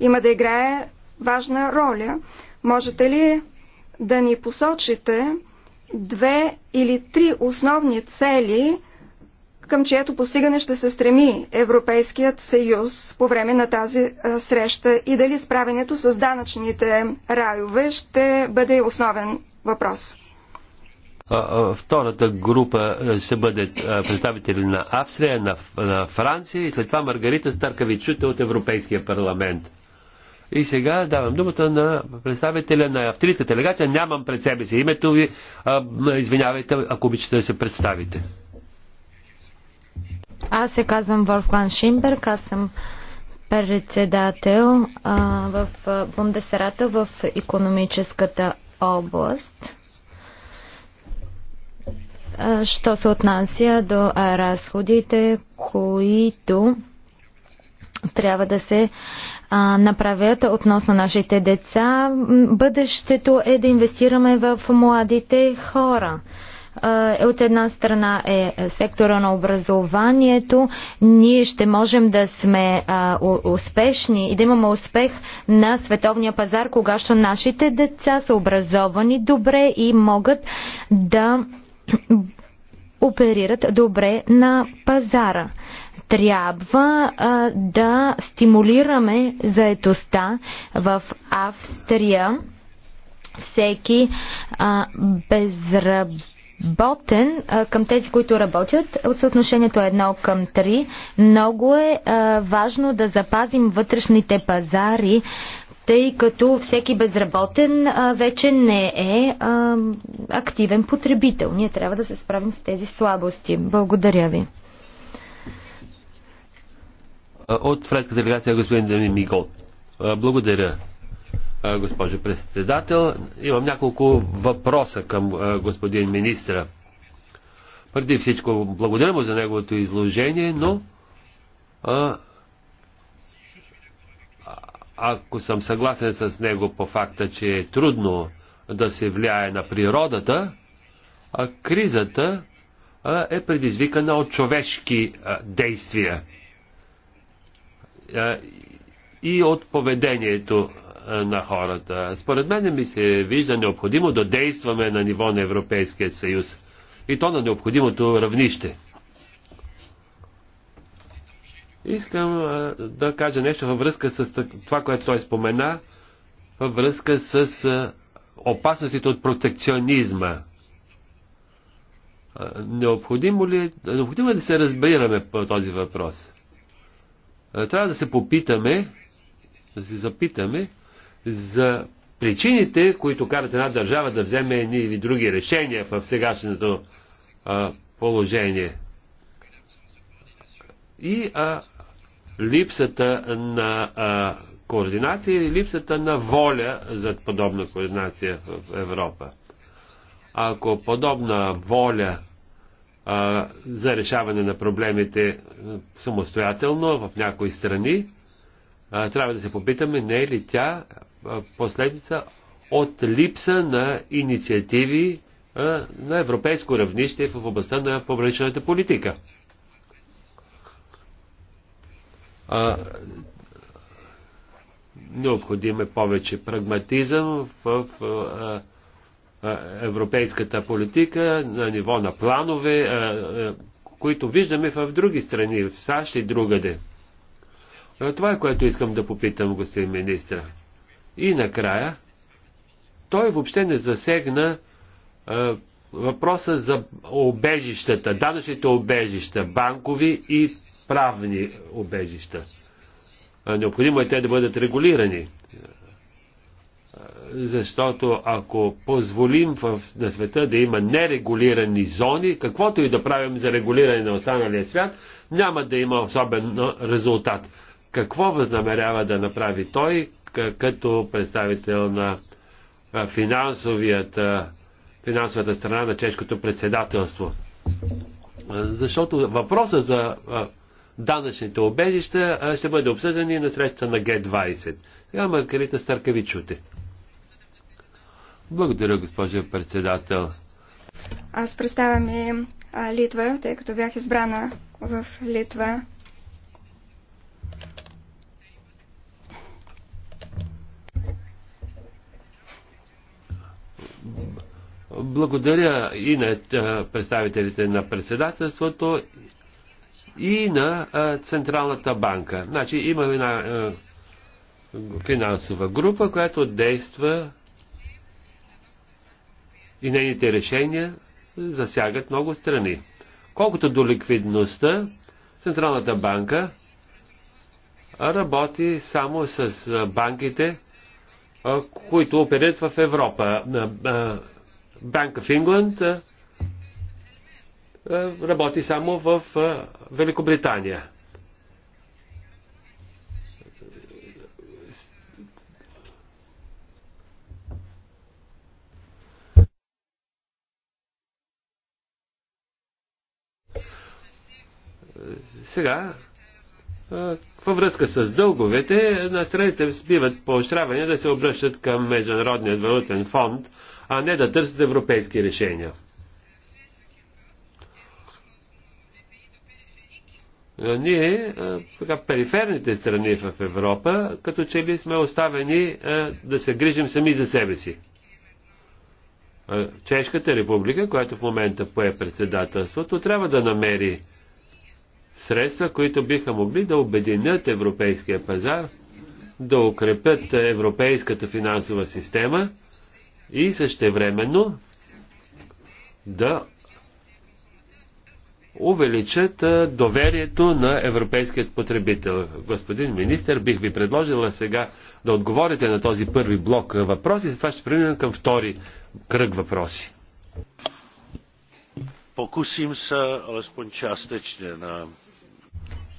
има да играе важна роля. Можете ли да ни посочите две или три основни цели, към чието постигане ще се стреми Европейският съюз по време на тази е, среща и дали справенето с данъчните райове ще бъде основен въпрос. Втората група ще бъде представители на Австрия, на, на Франция и след това Маргарита Старкавичута от Европейския парламент. И сега давам думата на представителя на австрийска делегация. Нямам пред себе си името ви. извинявайте, ако обичате да се представите. Аз се казвам Волфган Шимберг. Аз съм председател а, в Бундесерата в економическата област. Що се отнася до разходите, които трябва да се направят относно нашите деца. Бъдещето е да инвестираме в младите хора. От една страна е сектора на образованието. Ние ще можем да сме успешни и да имаме успех на световния пазар, когато нашите деца са образовани добре и могат да оперират добре на пазара. Трябва а, да стимулираме заетостта в Австрия. Всеки а, безработен а, към тези, които работят. От съотношението 1 към 3. Много е а, важно да запазим вътрешните пазари тъй като всеки безработен а, вече не е а, активен потребител. Ние трябва да се справим с тези слабости. Благодаря ви. От френска делегация господин Дами Мигол. Благодаря, госпожо председател. Имам няколко въпроса към господин министра. Преди всичко, благодаря му за неговото изложение, но а, ако съм съгласен с него по факта, че е трудно да се влияе на природата, а кризата е предизвикана от човешки действия и от поведението на хората. Според мен ми се вижда необходимо да действаме на ниво на Европейския съюз и то на необходимото равнище. Искам а, да кажа нещо във връзка с това, което той спомена, във връзка с а, опасностите от протекционизма. А, необходимо ли, е, необходимо е да се разбираме по този въпрос? А, трябва да се попитаме, да се запитаме за причините, които карат една държава да вземе едни или други решения в сегашното а, положение и а, липсата на а, координация или липсата на воля за подобна координация в Европа. Ако подобна воля а, за решаване на проблемите самостоятелно в някои страни, а, трябва да се попитаме не е ли тя последица от липса на инициативи а, на европейско равнище в областта на публичната политика. А, необходим е повече прагматизъм в, в а, европейската политика на ниво на планове, а, а, които виждаме в други страни, в САЩ и другаде. Това е което искам да попитам, господин министра. И накрая, той въобще не засегна а, въпроса за обежищата, данъчните обежища, банкови и правни обежища. Необходимо е те да бъдат регулирани. Защото ако позволим в, на света да има нерегулирани зони, каквото и да правим за регулиране на останалия свят, няма да има особен резултат. Какво възнамерява да направи той като представител на финансовията, финансовата страна на чешкото председателство? Защото въпросът за данъчните обежища ще бъде обсъдени на срещата на Г-20. Сега Маргарита Старкавичуте. Благодаря, госпожа председател. Аз представям и Литва, тъй като бях избрана в Литва. Благодаря и на представителите на председателството и на Централната банка. Значи има една финансова група, която действа и нейните решения засягат много страни. Колкото до ликвидността, Централната банка работи само с банките, които оперират в Европа. Банк of England е, работи само в е, Великобритания. Сега, е, във връзка с дълговете, на страните биват поощрявани да се обръщат към Международният валутен фонд, а не да търсят европейски решения. Е, ние, е, така, периферните страни в Европа, като че ли сме оставени е, да се грижим сами за себе си. Чешката република, която в момента пое председателството, трябва да намери средства, които биха могли да обединят европейския пазар, да укрепят европейската финансова система и същевременно да увеличат доверието на европейският потребител. Господин министр, бих ви предложила сега да отговорите на този първи блок въпроси, затова това ще преминем към втори кръг въпроси. Покусим се, алеспон частъчне на...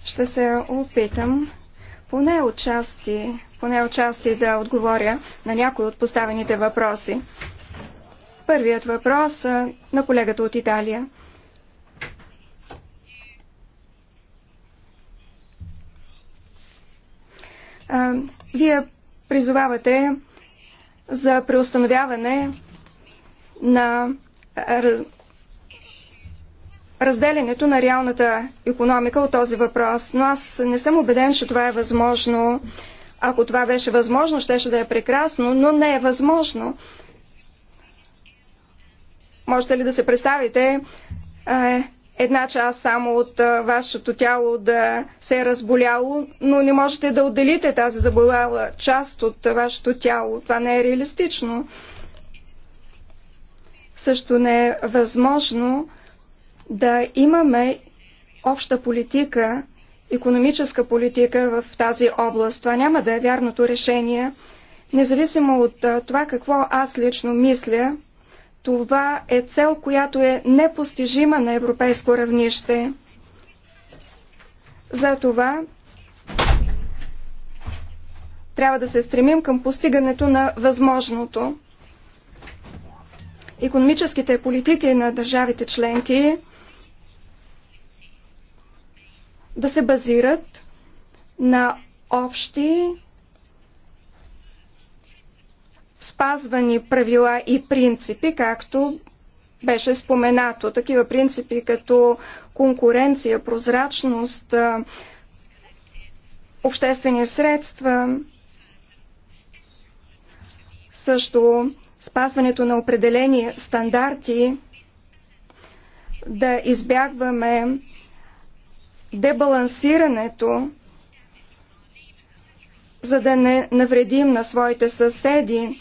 Ще се опитам поне отчасти, поне отчасти да отговоря на някои от поставените въпроси. Първият въпрос на колегата от Италия – Вие призовавате за преустановяване на разделянето на реалната економика от този въпрос, но аз не съм убеден, че това е възможно. Ако това беше възможно, щеше да е прекрасно, но не е възможно. Можете ли да се представите една част само от вашето тяло да се е разболяло, но не можете да отделите тази заболяла част от вашето тяло. Това не е реалистично. Също не е възможно да имаме обща политика, економическа политика в тази област. Това няма да е вярното решение. Независимо от това какво аз лично мисля, това е цел, която е непостижима на европейско равнище. Затова трябва да се стремим към постигането на възможното. Економическите политики на държавите членки да се базират на общи спазвани правила и принципи, както беше споменато. Такива принципи като конкуренция, прозрачност, обществени средства, също спазването на определени стандарти, да избягваме дебалансирането, за да не навредим на своите съседи,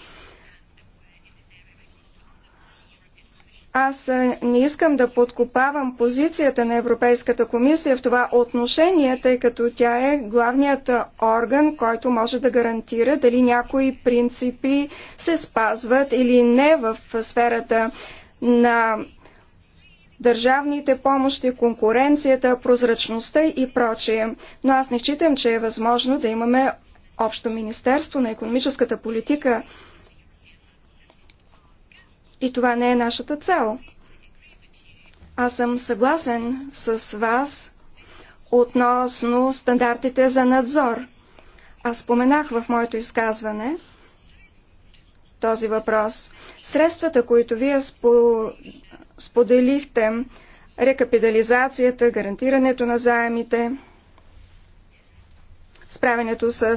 Аз е, не искам да подкопавам позицията на Европейската комисия в това отношение, тъй като тя е главният е, орган, който може да гарантира дали някои принципи се спазват или не в сферата на държавните помощи, конкуренцията, прозрачността и прочие. Но аз не считам, че е възможно да имаме общо Министерство на економическата политика и това не е нашата цел. Аз съм съгласен с вас относно стандартите за надзор. Аз споменах в моето изказване този въпрос. Средствата, които вие споделихте, рекапитализацията, гарантирането на заемите, справянето с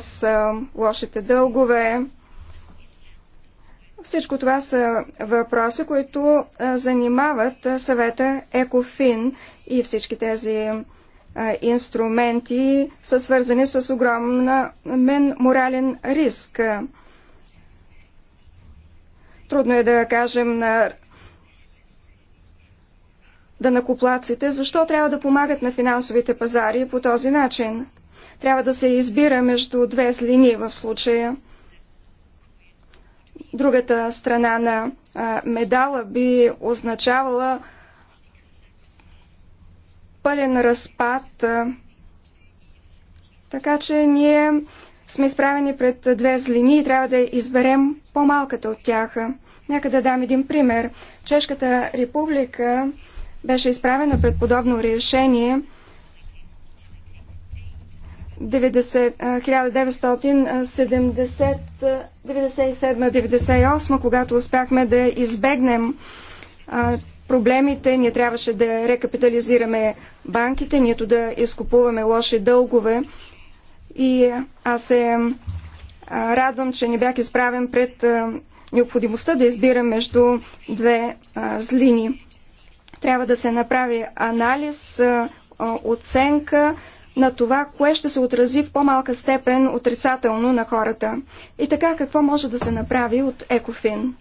лошите дългове, всичко това са въпроси, които занимават съвета ЕКОФИН и всички тези инструменти са свързани с огромен морален риск. Трудно е да кажем на данакоплаците, защо трябва да помагат на финансовите пазари по този начин. Трябва да се избира между две злини в случая – Другата страна на медала би означавала пълен разпад. Така че ние сме изправени пред две злини и трябва да изберем по-малката от тях. Нека да дам един пример. Чешката република беше изправена пред подобно решение – 1997-98, когато успяхме да избегнем проблемите, ние трябваше да рекапитализираме банките, нито да изкупуваме лоши дългове. И аз се радвам, че не бях изправен пред необходимостта да избирам между две злини. Трябва да се направи анализ, оценка, на това, кое ще се отрази в по-малка степен отрицателно на хората. И така, какво може да се направи от Екофин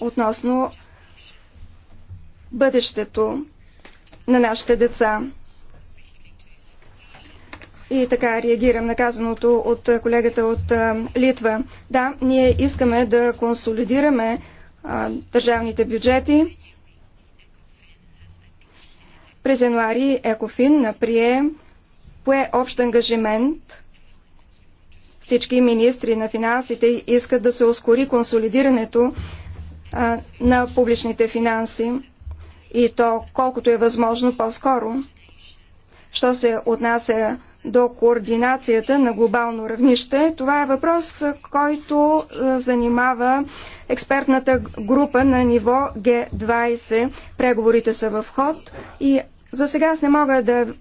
относно бъдещето на нашите деца. И така реагирам на казаното от колегата от Литва. Да, ние искаме да консолидираме а, държавните бюджети. През януари Екофин наприе пое общ ангажимент. Всички министри на финансите искат да се ускори консолидирането а, на публичните финанси и то колкото е възможно по-скоро. Що се отнася до координацията на глобално равнище. Това е въпрос, който занимава експертната група на ниво Г20. Преговорите са в ход и за сега аз не мога да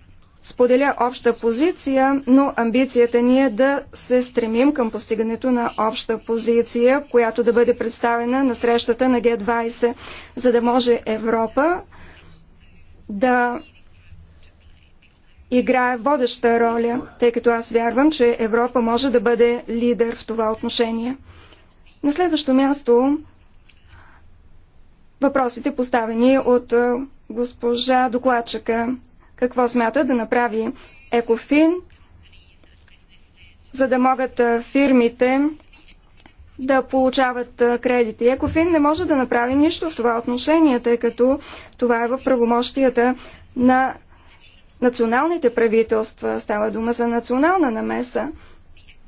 споделя обща позиция, но амбицията ни е да се стремим към постигането на обща позиция, която да бъде представена на срещата на Г-20, за да може Европа да играе водеща роля, тъй като аз вярвам, че Европа може да бъде лидер в това отношение. На следващо място въпросите поставени от госпожа докладчика какво смята да направи Екофин, за да могат фирмите да получават кредити. Екофин не може да направи нищо в това отношение, тъй като това е в правомощията на националните правителства. Става дума за национална намеса.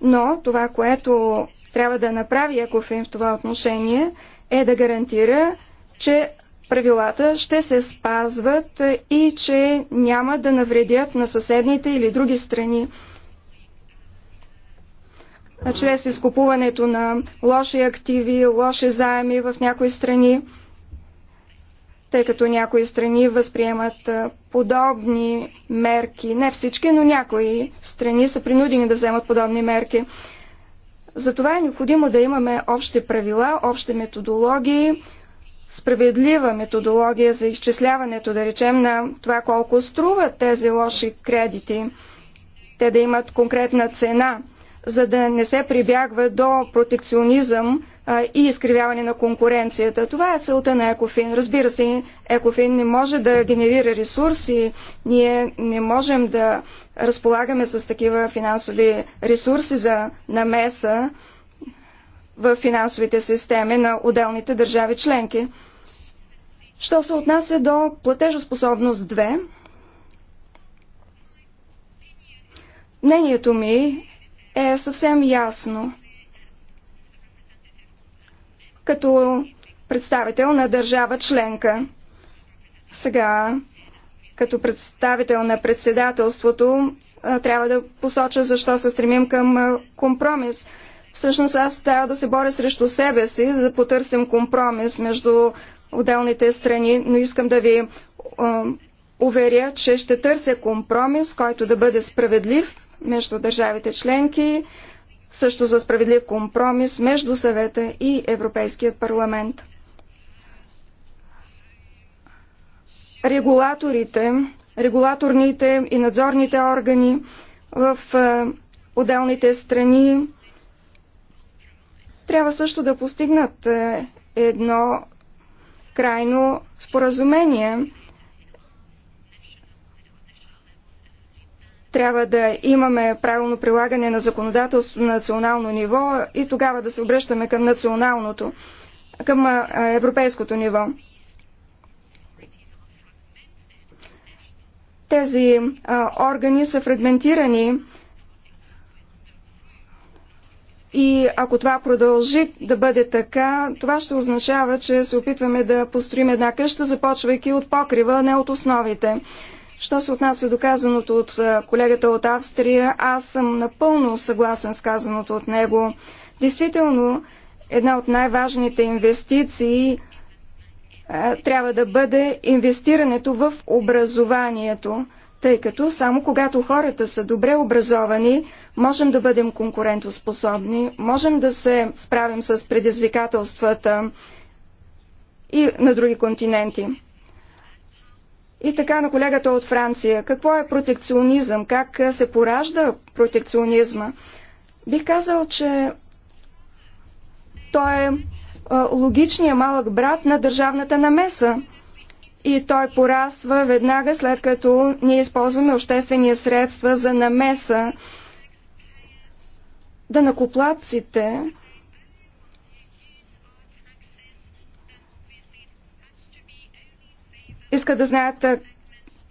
Но това, което трябва да направи Екофин в това отношение, е да гарантира, че правилата ще се спазват и че няма да навредят на съседните или други страни. Чрез изкупуването на лоши активи, лоши заеми в някои страни, тъй като някои страни възприемат подобни мерки. Не всички, но някои страни са принудени да вземат подобни мерки. Затова е необходимо да имаме общи правила, общи методологии, справедлива методология за изчисляването, да речем, на това колко струват тези лоши кредити. Те да имат конкретна цена, за да не се прибягва до протекционизъм а, и изкривяване на конкуренцията. Това е целта на Екофин. Разбира се, Екофин не може да генерира ресурси. Ние не можем да разполагаме с такива финансови ресурси за намеса в финансовите системи на отделните държави членки. Що се отнася до платежоспособност 2, мнението ми е съвсем ясно. Като представител на държава членка. Сега, като представител на председателството, трябва да посоча защо се стремим към компромис. Всъщност аз трябва да се боря срещу себе си, да потърсим компромис между отделните страни, но искам да ви уверя, че ще търся компромис, който да бъде справедлив между държавите членки, също за справедлив компромис между съвета и Европейският парламент. Регулаторите, регулаторните и надзорните органи в отделните страни трябва също да постигнат е, едно крайно споразумение. Трябва да имаме правилно прилагане на законодателство на национално ниво и тогава да се обръщаме към националното, към е, европейското ниво. Тези а, органи са фрагментирани и ако това продължи да бъде така, това ще означава, че се опитваме да построим една къща, започвайки от покрива, а не от основите. Що се отнася до казаното от колегата от Австрия, аз съм напълно съгласен с казаното от него. Действително, една от най-важните инвестиции трябва да бъде инвестирането в образованието тъй като само когато хората са добре образовани, можем да бъдем конкурентоспособни, можем да се справим с предизвикателствата и на други континенти. И така на колегата от Франция. Какво е протекционизъм? Как се поражда протекционизма? Бих казал, че той е логичният малък брат на държавната намеса и той порасва веднага след като ние използваме обществени средства за намеса. Да накоплаците искат да знаят,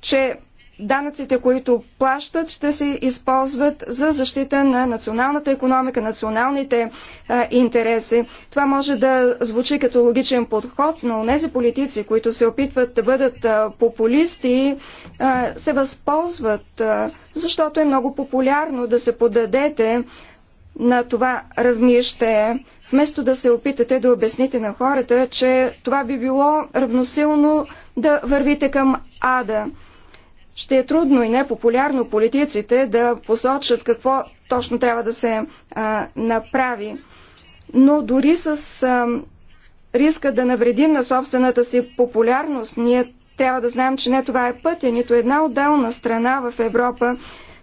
че данъците, които плащат, ще се използват за защита на националната економика, националните а, е, интереси. Това може да звучи като логичен подход, но тези политици, които се опитват да бъдат а, е, популисти, а, е, се възползват, а, защото е много популярно да се подадете на това равнище, вместо да се опитате да обясните на хората, че това би било равносилно да вървите към ада. Ще е трудно и непопулярно политиците да посочат какво точно трябва да се а, направи. Но дори с а, риска да навредим на собствената си популярност, ние трябва да знаем, че не това е пътя. Нито една отделна страна в Европа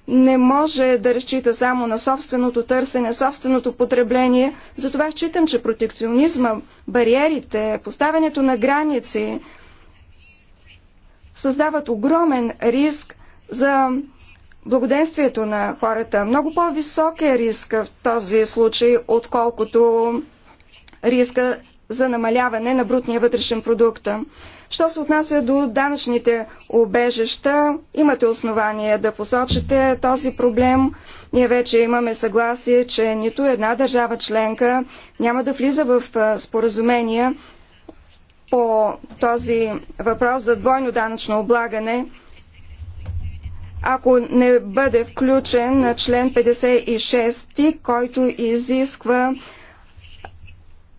не може да разчита само на собственото търсене, собственото потребление. Затова считам, че протекционизма, бариерите, поставянето на граници, създават огромен риск за благоденствието на хората. Много по-висок е риска в този случай, отколкото риска за намаляване на брутния вътрешен продукт. Що се отнася до данъчните обежища, имате основание да посочите този проблем. Ние вече имаме съгласие, че нито една държава членка няма да влиза в споразумения по този въпрос за двойно данъчно облагане, ако не бъде включен на член 56, който изисква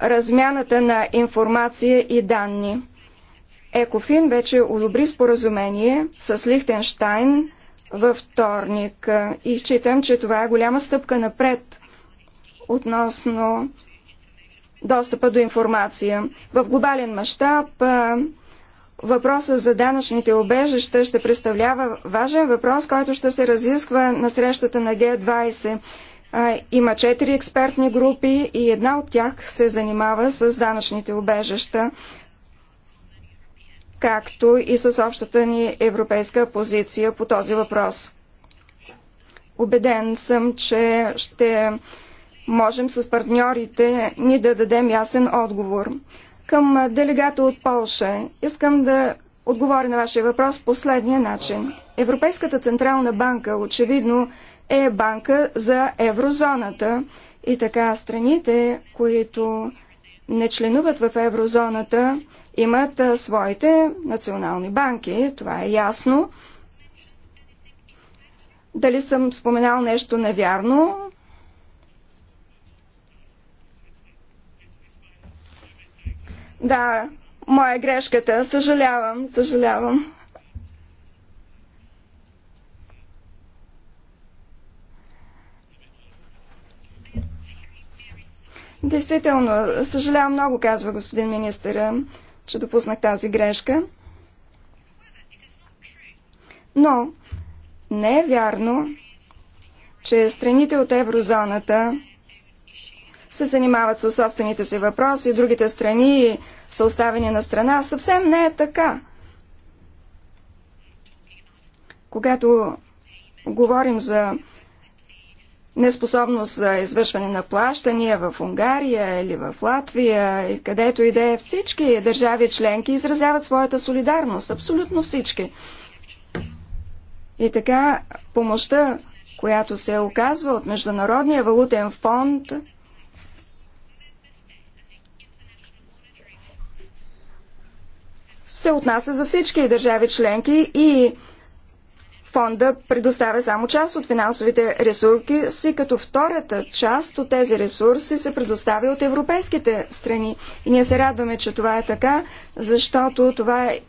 размяната на информация и данни. Екофин вече одобри споразумение с Лихтенштайн във вторник и считам, че това е голяма стъпка напред относно достъпа до информация. В глобален мащаб въпроса за данъчните обежища ще представлява важен въпрос, който ще се разисква на срещата на Г-20. Има четири експертни групи и една от тях се занимава с данъчните обежища, както и с общата ни европейска позиция по този въпрос. Обеден съм, че ще можем с партньорите ни да дадем ясен отговор. Към делегата от Полша искам да отговоря на вашия въпрос последния начин. Европейската Централна банка очевидно е банка за еврозоната и така страните, които не членуват в еврозоната, имат своите национални банки, това е ясно. Дали съм споменал нещо невярно? Да, моя грешката. Съжалявам, съжалявам. Действително, съжалявам много, казва господин министъра, че допуснах тази грешка. Но не е вярно, че страните от еврозоната се занимават със собствените си въпроси, другите страни са оставени на страна. Съвсем не е така. Когато говорим за неспособност за извършване на плащания в Унгария или в Латвия, където и да е всички държави членки изразяват своята солидарност. Абсолютно всички. И така помощта, която се оказва от Международния валутен фонд, се отнася за всички държави членки и фонда предоставя само част от финансовите ресурси, си като втората част от тези ресурси се предоставя от европейските страни. И ние се радваме, че това е така, защото това е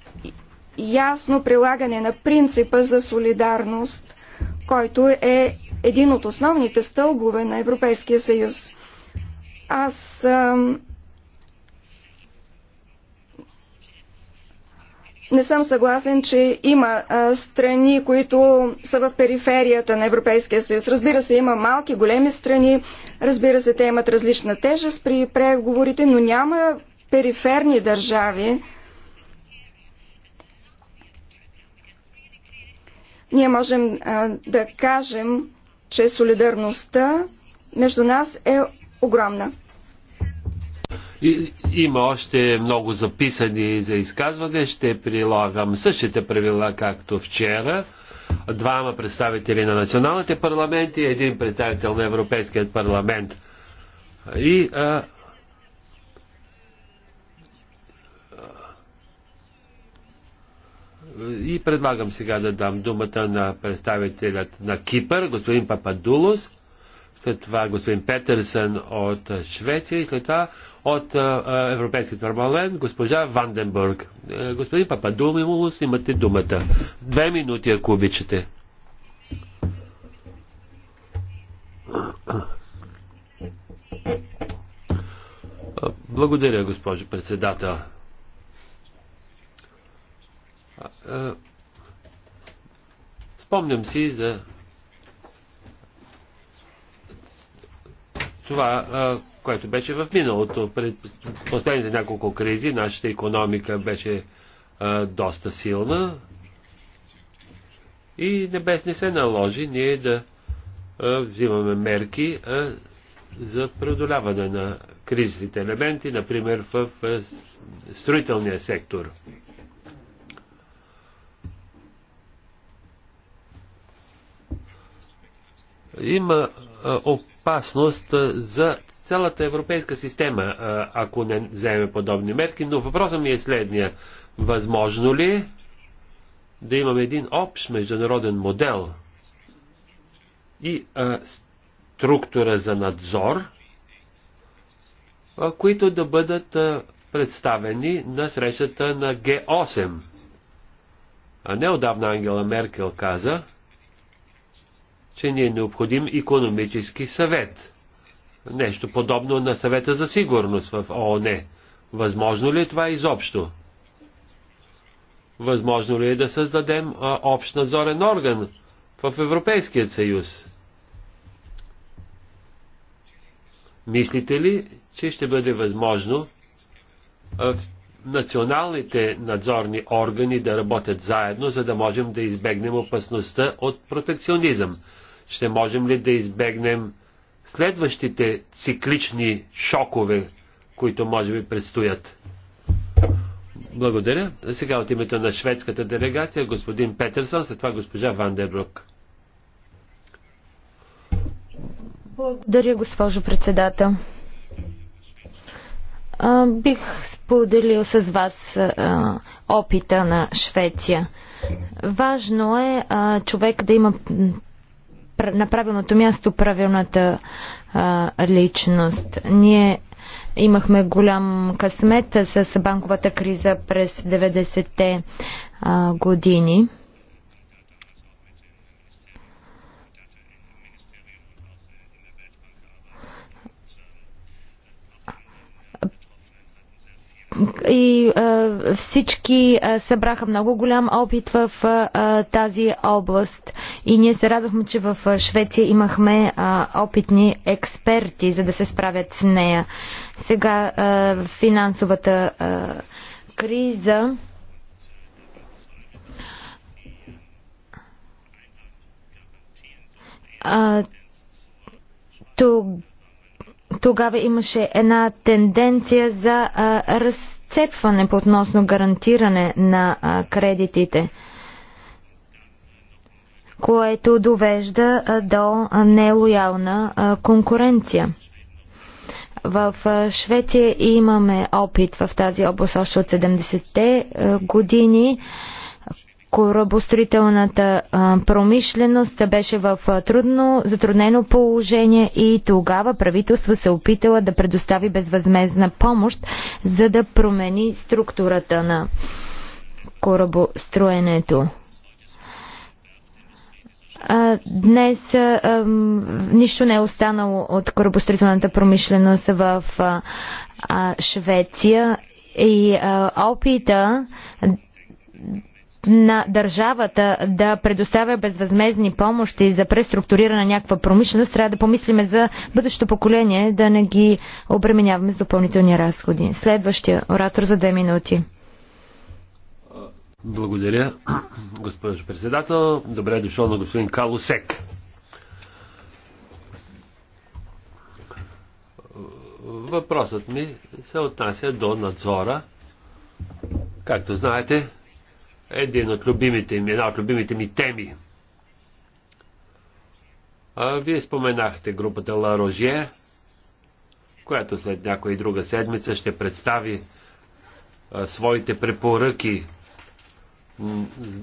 ясно прилагане на принципа за солидарност, който е един от основните стълбове на Европейския съюз. Аз ам, Не съм съгласен, че има а, страни, които са в периферията на Европейския съюз. Разбира се, има малки, големи страни. Разбира се, те имат различна тежест при преговорите, но няма периферни държави. Ние можем а, да кажем, че солидарността между нас е огромна. И, има още много записани за изказване. Ще прилагам същите правила, както вчера. Двама представители на националните парламенти, един представител на Европейският парламент. И а, и предлагам сега да дам думата на представителят на Кипър, господин Пападулос, след това господин Петърсън от Швеция и след това от Европейския парламент госпожа Ванденбург. Е, господин Пападумимулус, имате думата. Две минути, ако обичате. Благодаря, госпожо председател. Е, е, спомням си за това, което беше в миналото. Пред последните няколко кризи нашата економика беше доста силна и небес не се наложи ние да взимаме мерки за преодоляване на кризисните елементи, например в строителния сектор. Има опасност за цялата европейска система, ако не вземе подобни мерки. Но въпросът ми е следния. Възможно ли да имаме един общ международен модел и а, структура за надзор, а, които да бъдат а, представени на срещата на Г8? А неодавна Ангела Меркел каза, че ни е необходим економически съвет. Нещо подобно на съвета за сигурност в ООН. Възможно ли е това изобщо? Възможно ли е да създадем а, общ надзорен орган в Европейският съюз? Мислите ли, че ще бъде възможно а, националните надзорни органи да работят заедно, за да можем да избегнем опасността от протекционизъм? Ще можем ли да избегнем следващите циклични шокове, които може би предстоят? Благодаря. А сега от името на шведската делегация господин Петерсон, след това госпожа Вандербрук. Благодаря, госпожо председател. Бих споделил с вас опита на Швеция. Важно е човек да има на правилното място правилната а, личност. Ние имахме голям късмет с банковата криза през 90-те години. и а, всички а, събраха много голям опит в а, тази област. И ние се радвахме, че в Швеция имахме а, опитни експерти, за да се справят с нея. Сега а, финансовата а, криза. А, тогава имаше една тенденция за а, разцепване по относно гарантиране на а, кредитите, което довежда а, до нелоялна а, конкуренция. В а, Швеция имаме опит в тази област още от 70-те години. А, корабостроителната промишленост беше в трудно, затруднено положение и тогава правителство се опитала да предостави безвъзмезна помощ, за да промени структурата на корабостроенето. Днес нищо не е останало от корабостроителната промишленост в Швеция и опита на държавата да предоставя безвъзмезни помощи за преструктуриране на някаква промишленост, трябва да помислиме за бъдещото поколение, да не ги обременяваме с допълнителни разходи. Следващия оратор за две минути. Благодаря, госпожо председател. Добре е дошъл на господин Калусек. Въпросът ми се отнася до надзора. Както знаете, един от любимите ми, една от любимите ми теми. А, вие споменахте групата Ла Рожие, която след някоя и друга седмица ще представи а, своите препоръки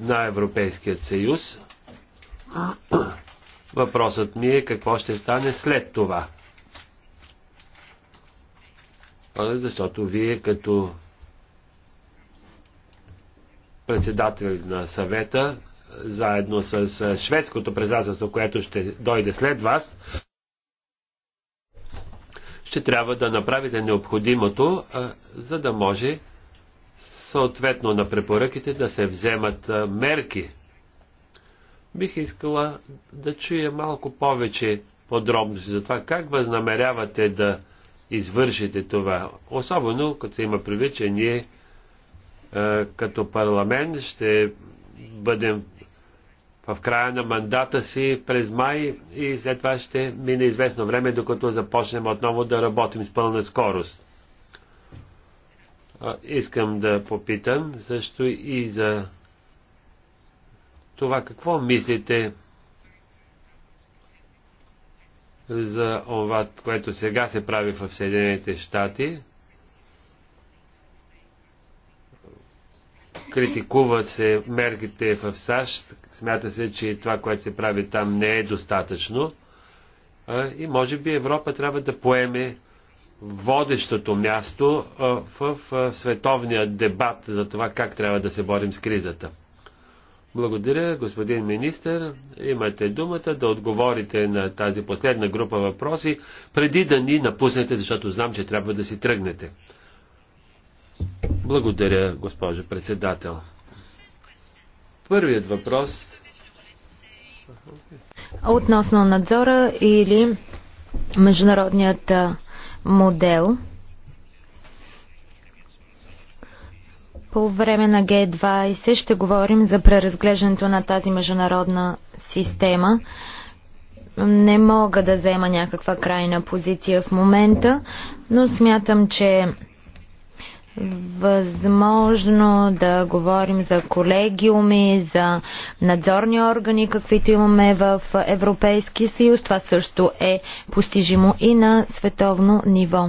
на Европейският съюз. Въпросът ми е какво ще стане след това. Защото вие като председател на съвета, заедно с шведското председателство, което ще дойде след вас, ще трябва да направите необходимото, за да може съответно на препоръките да се вземат мерки. Бих искала да чуя малко повече подробности за това как възнамерявате да извършите това, особено като се има предвид, ние е, като парламент ще бъдем в края на мандата си през май и след това ще мине известно време, докато започнем отново да работим с пълна скорост. Искам да попитам също и за това какво мислите за това, което сега се прави в Съединените щати – Критикуват се мерките в САЩ. Смята се, че това, което се прави там, не е достатъчно. И може би Европа трябва да поеме водещото място в световния дебат за това как трябва да се борим с кризата. Благодаря, господин министр. Имате думата да отговорите на тази последна група въпроси, преди да ни напуснете, защото знам, че трябва да си тръгнете. Благодаря, госпожо председател. Първият въпрос. Относно надзора или международният модел. По време на Г20 ще говорим за преразглеждането на тази международна система. Не мога да взема някаква крайна позиция в момента, но смятам, че възможно да говорим за колегиуми, за надзорни органи, каквито имаме в Европейски съюз. Това също е постижимо и на световно ниво.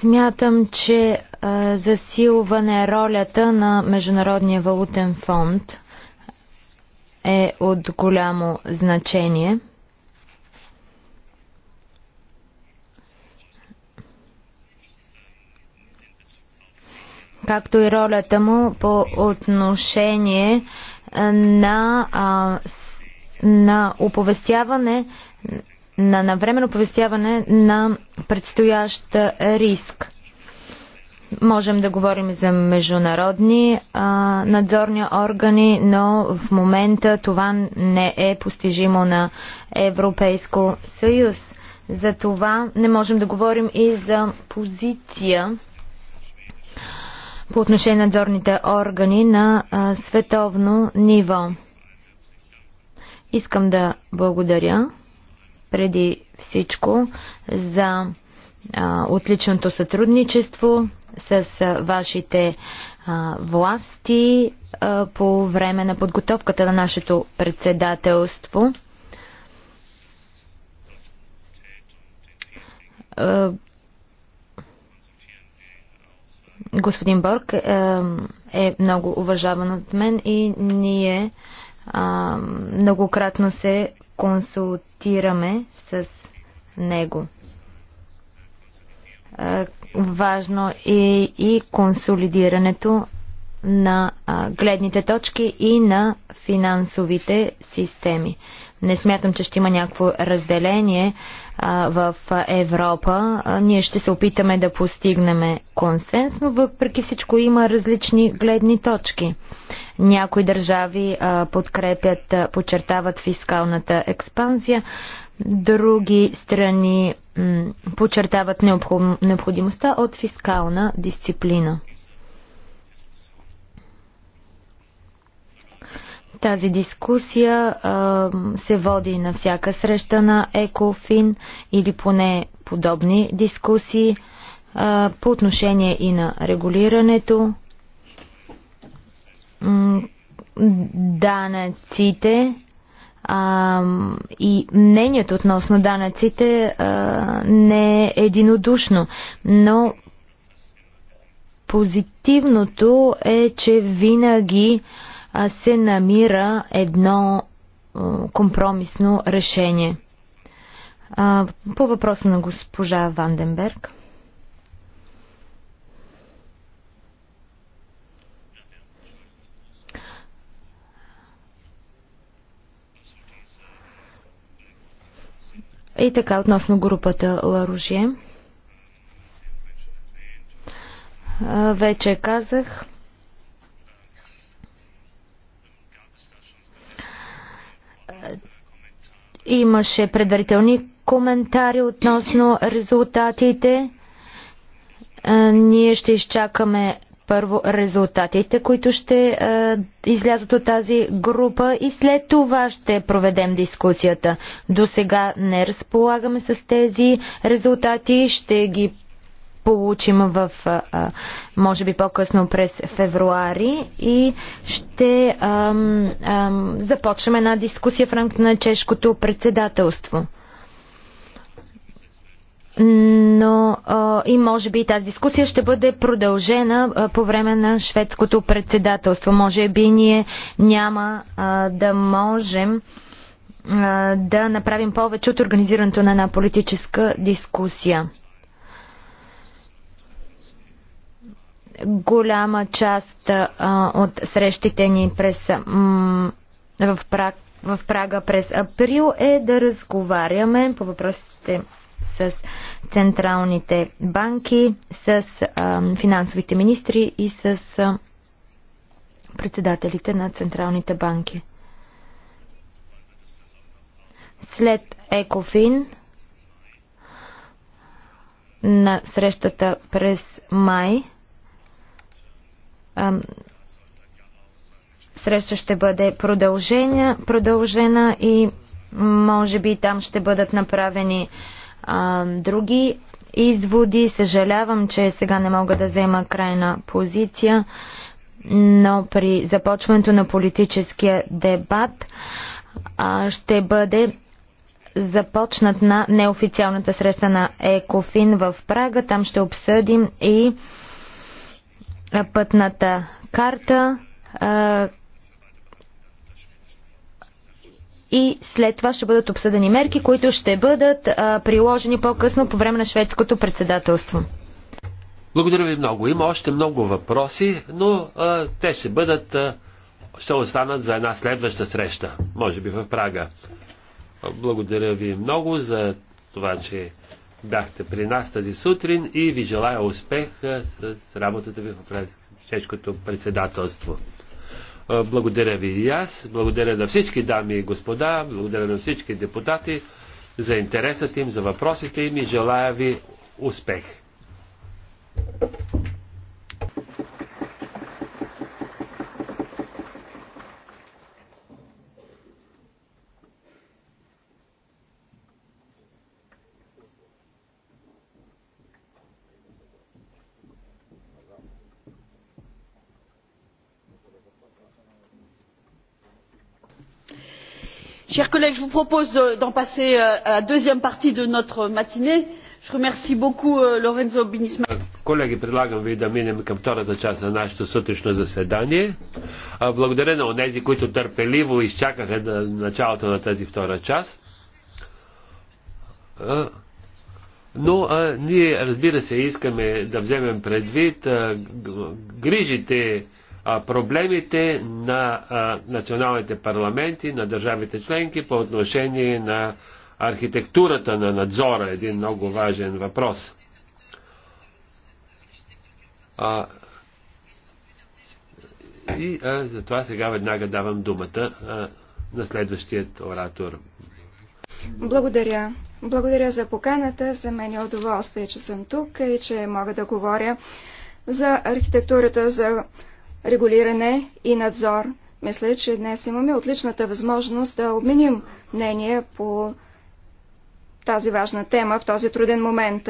Смятам, че засилване ролята на Международния валутен фонд е от голямо значение – както и ролята му по отношение на, на оповестяване на навременно оповестяване на предстоящ риск. Можем да говорим за международни а, надзорни органи, но в момента това не е постижимо на Европейско съюз. За това не можем да говорим и за позиция по отношение на надзорните органи на а, световно ниво. Искам да благодаря преди всичко за а, отличното сътрудничество с а, вашите а, власти а, по време на подготовката на нашето председателство. А, господин Борг е много уважаван от мен и ние многократно се консултираме с него. Е, важно е и консолидирането на гледните точки и на финансовите системи. Не смятам, че ще има някакво разделение в Европа. ние ще се опитаме да постигнем консенс, но въпреки всичко има различни гледни точки. Някои държави подкрепят, подчертават фискалната експанзия, други страни подчертават необходимостта от фискална дисциплина. Тази дискусия а, се води на всяка среща на Екофин или поне подобни дискусии а, по отношение и на регулирането, данъците а, и мнението относно данъците а, не е единодушно, но позитивното е, че винаги а, се намира едно компромисно решение. По въпроса на госпожа Ванденберг. И така, относно групата Ларужие. Вече казах, Имаше предварителни коментари относно резултатите. Ние ще изчакаме първо резултатите, които ще излязат от тази група и след това ще проведем дискусията. До сега не разполагаме с тези резултати, ще ги получим в, може би по-късно през февруари и ще ам, ам, започнем една дискусия в рамките на чешкото председателство. Но а, и може би тази дискусия ще бъде продължена а, по време на шведското председателство. Може би ние няма а, да можем а, да направим повече от организирането на една политическа дискусия. Голяма част а, от срещите ни през, м, в, Праг, в Прага през април е да разговаряме по въпросите с централните банки, с а, финансовите министри и с а, председателите на централните банки. След Екофин на срещата през май среща ще бъде продължена, продължена и може би там ще бъдат направени а, други изводи. Съжалявам, че сега не мога да взема крайна позиция, но при започването на политическия дебат а, ще бъде започнат на неофициалната среща на ЕКОФИН в Прага. Там ще обсъдим и пътната карта и след това ще бъдат обсъдени мерки, които ще бъдат приложени по-късно по време на шведското председателство. Благодаря ви много. Има още много въпроси, но а, те ще бъдат, а, ще останат за една следваща среща, може би в Прага. Благодаря ви много за това, че бяхте при нас тази сутрин и ви желая успех с работата ви в чешкото председателство. Благодаря ви и аз, благодаря на всички дами и господа, благодаря на всички депутати за интересът им, за въпросите им и желая ви успех. chers collègues je vous propose d'en passer euh, à la deuxième partie de notre matinée. je remercie beaucoup euh, lorenzo bnisman. Колеги, предлагам ви да минем към втората част на нашето сутрешно заседание. Благодаря на онези, които търпеливо изчакаха на началото на тази втора част. Но а, ние, разбира се, искаме да вземем предвид а, грижите, проблемите на националните парламенти, на държавите членки по отношение на архитектурата на надзора. Е един много важен въпрос. А, и а, затова сега веднага давам думата а, на следващият оратор. Благодаря. Благодаря за поканата. За мен е удоволствие, че съм тук и че мога да говоря за архитектурата, за регулиране и надзор. Мисля, че днес имаме отличната възможност да обменим мнение по тази важна тема в този труден момент.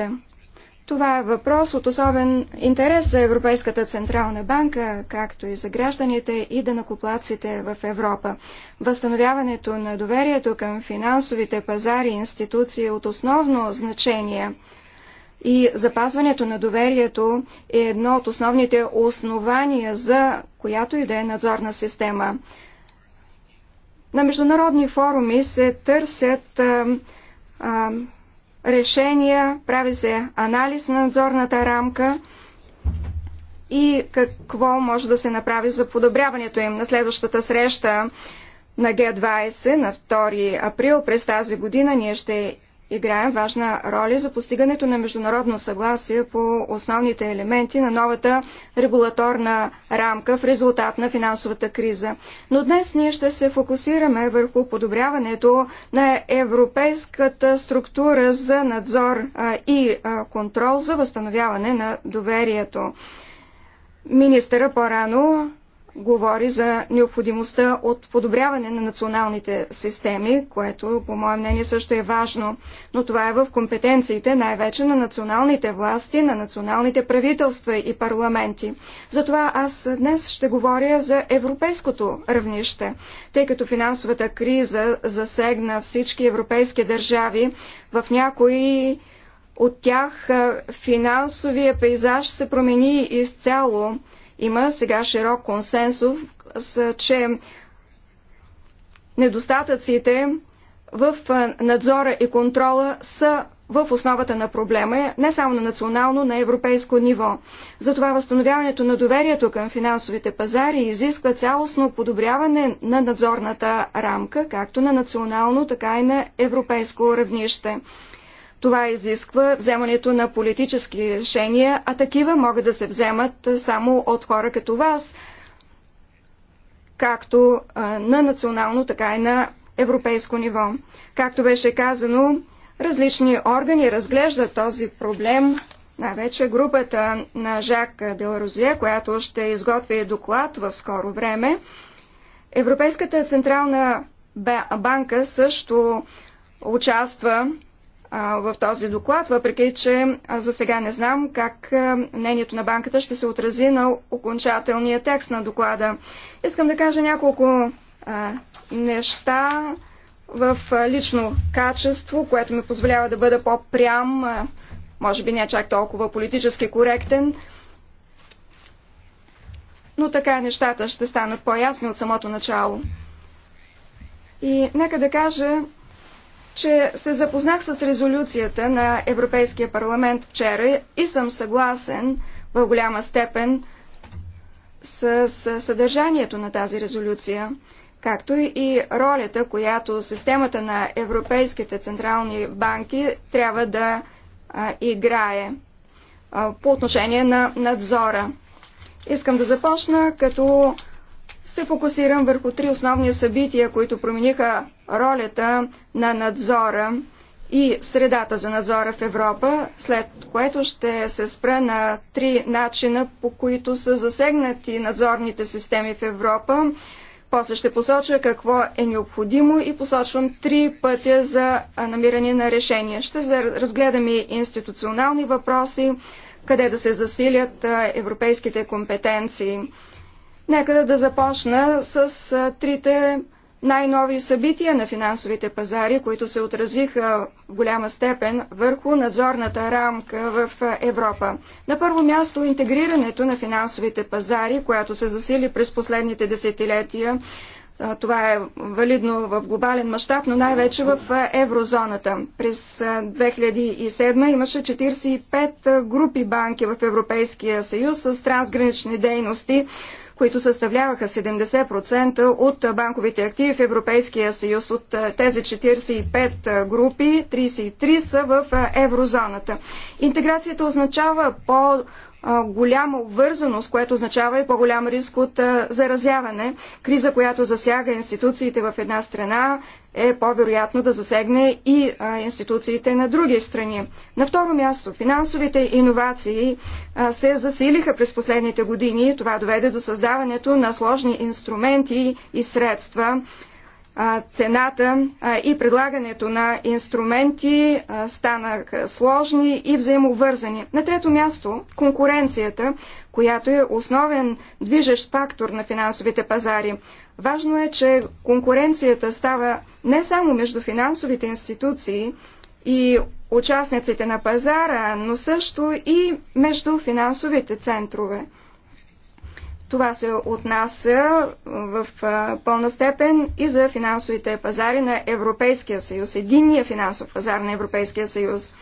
Това е въпрос от особен интерес за Европейската Централна банка, както и за гражданите и данакоплаците в Европа. Възстановяването на доверието към финансовите пазари и институции е от основно значение – и запазването на доверието е едно от основните основания за която и да е надзорна система. На международни форуми се търсят а, а, решения, прави се анализ на надзорната рамка и какво може да се направи за подобряването им. На следващата среща на Г20 на 2 април през тази година ние ще играем важна роля за постигането на международно съгласие по основните елементи на новата регулаторна рамка в резултат на финансовата криза. Но днес ние ще се фокусираме върху подобряването на европейската структура за надзор и контрол за възстановяване на доверието. Министъра по-рано говори за необходимостта от подобряване на националните системи, което, по мое мнение, също е важно, но това е в компетенциите най-вече на националните власти, на националните правителства и парламенти. Затова аз днес ще говоря за европейското равнище, тъй като финансовата криза засегна всички европейски държави, в някои от тях финансовия пейзаж се промени изцяло има сега широк консенсус, че недостатъците в надзора и контрола са в основата на проблема, не само на национално, на европейско ниво. Затова възстановяването на доверието към финансовите пазари изисква цялостно подобряване на надзорната рамка, както на национално, така и на европейско равнище. Това изисква вземането на политически решения, а такива могат да се вземат само от хора като вас, както на национално, така и на европейско ниво. Както беше казано, различни органи разглеждат този проблем, най-вече групата на Жак Деларозия, която ще изготви доклад в скоро време. Европейската централна банка също участва в този доклад, въпреки че за сега не знам как мнението на банката ще се отрази на окончателния текст на доклада. Искам да кажа няколко неща в лично качество, което ми позволява да бъда по-прям, може би не чак толкова политически коректен, но така нещата ще станат по-ясни от самото начало. И нека да кажа, че се запознах с резолюцията на Европейския парламент вчера и съм съгласен в голяма степен с съдържанието на тази резолюция, както и ролята, която системата на европейските централни банки трябва да играе по отношение на надзора. Искам да започна като се фокусирам върху три основни събития, които промениха ролята на надзора и средата за надзора в Европа, след което ще се спра на три начина, по които са засегнати надзорните системи в Европа. После ще посоча какво е необходимо и посочвам три пътя за намиране на решения. Ще разгледам и институционални въпроси, къде да се засилят европейските компетенции. Нека да започна с трите най-нови събития на финансовите пазари, които се отразиха в голяма степен върху надзорната рамка в Европа. На първо място интегрирането на финансовите пазари, която се засили през последните десетилетия. Това е валидно в глобален мащаб, но най-вече в еврозоната. През 2007 имаше 45 групи банки в Европейския съюз с трансгранични дейности, които съставляваха 70% от банковите активи в Европейския съюз. От е, тези 45 е, групи, 33 са в е, еврозоната. Интеграцията означава по голяма обвързаност, което означава и по-голям риск от заразяване. Криза, която засяга институциите в една страна, е по-вероятно да засегне и институциите на други страни. На второ място, финансовите иновации се засилиха през последните години. Това доведе до създаването на сложни инструменти и средства, цената и предлагането на инструменти станаха сложни и взаимовързани. На трето място конкуренцията, която е основен движещ фактор на финансовите пазари. Важно е, че конкуренцията става не само между финансовите институции и участниците на пазара, но също и между финансовите центрове. Това се отнася в пълна степен и за финансовите пазари на Европейския съюз, единния финансов пазар на Европейския съюз.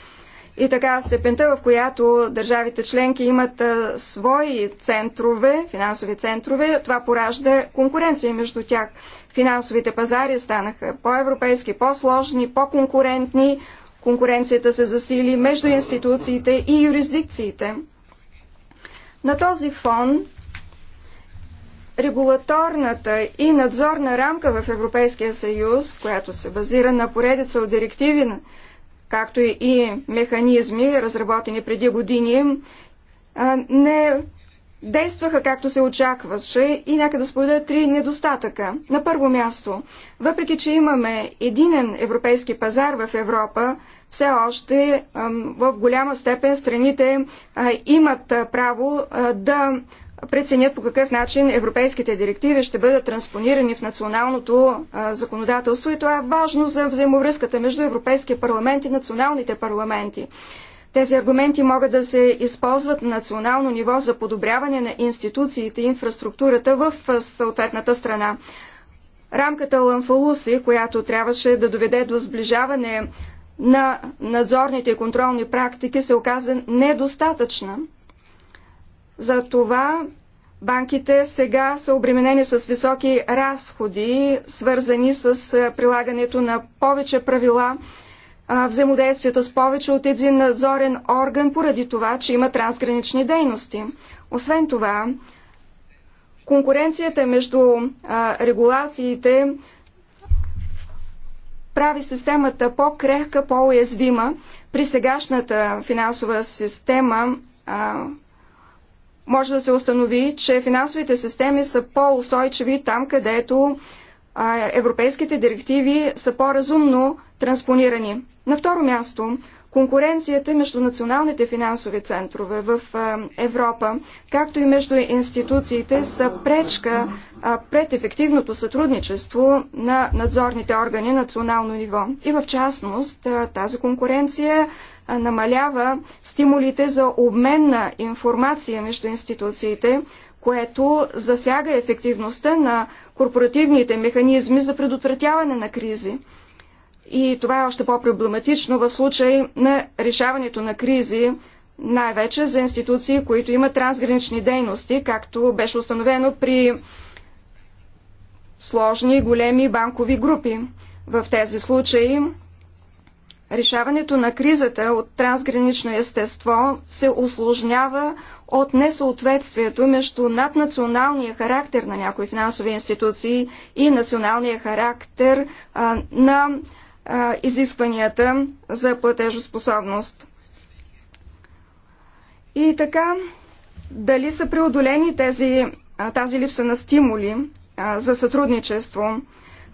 И така степента, в която държавите членки имат свои центрове, финансови центрове, това поражда конкуренция между тях. Финансовите пазари станаха по-европейски, по-сложни, по-конкурентни, конкуренцията се засили между институциите и юрисдикциите. На този фон регулаторната и надзорна рамка в Европейския съюз, която се базира на поредица от директиви, както и механизми, разработени преди години, не действаха както се очакваше и нека да споделя три недостатъка. На първо място, въпреки че имаме единен европейски пазар в Европа, все още в голяма степен страните имат право да преценят по какъв начин европейските директиви ще бъдат транспонирани в националното законодателство и това е важно за взаимовръзката между Европейския парламент и националните парламенти. Тези аргументи могат да се използват на национално ниво за подобряване на институциите и инфраструктурата в съответната страна. Рамката Ланфалуси, която трябваше да доведе до сближаване на надзорните и контролни практики, се оказа недостатъчна. За това банките сега са обременени с високи разходи, свързани с прилагането на повече правила, взаимодействията с повече от един надзорен орган, поради това, че има трансгранични дейности. Освен това, конкуренцията между регулациите прави системата по-крехка, по-уязвима. При сегашната финансова система може да се установи, че финансовите системи са по-устойчиви там, където европейските директиви са по-разумно транспонирани. На второ място, конкуренцията между националните финансови центрове в Европа, както и между институциите, са пречка пред ефективното сътрудничество на надзорните органи национално ниво. И в частност тази конкуренция намалява стимулите за обмен на информация между институциите, което засяга ефективността на корпоративните механизми за предотвратяване на кризи. И това е още по-проблематично в случай на решаването на кризи, най-вече за институции, които имат трансгранични дейности, както беше установено при сложни големи банкови групи. В тези случаи Решаването на кризата от трансгранично естество се осложнява от несъответствието между наднационалния характер на някои финансови институции и националния характер а, на а, изискванията за платежоспособност. И така, дали са преодолени тези, а, тази липса на стимули а, за сътрудничество?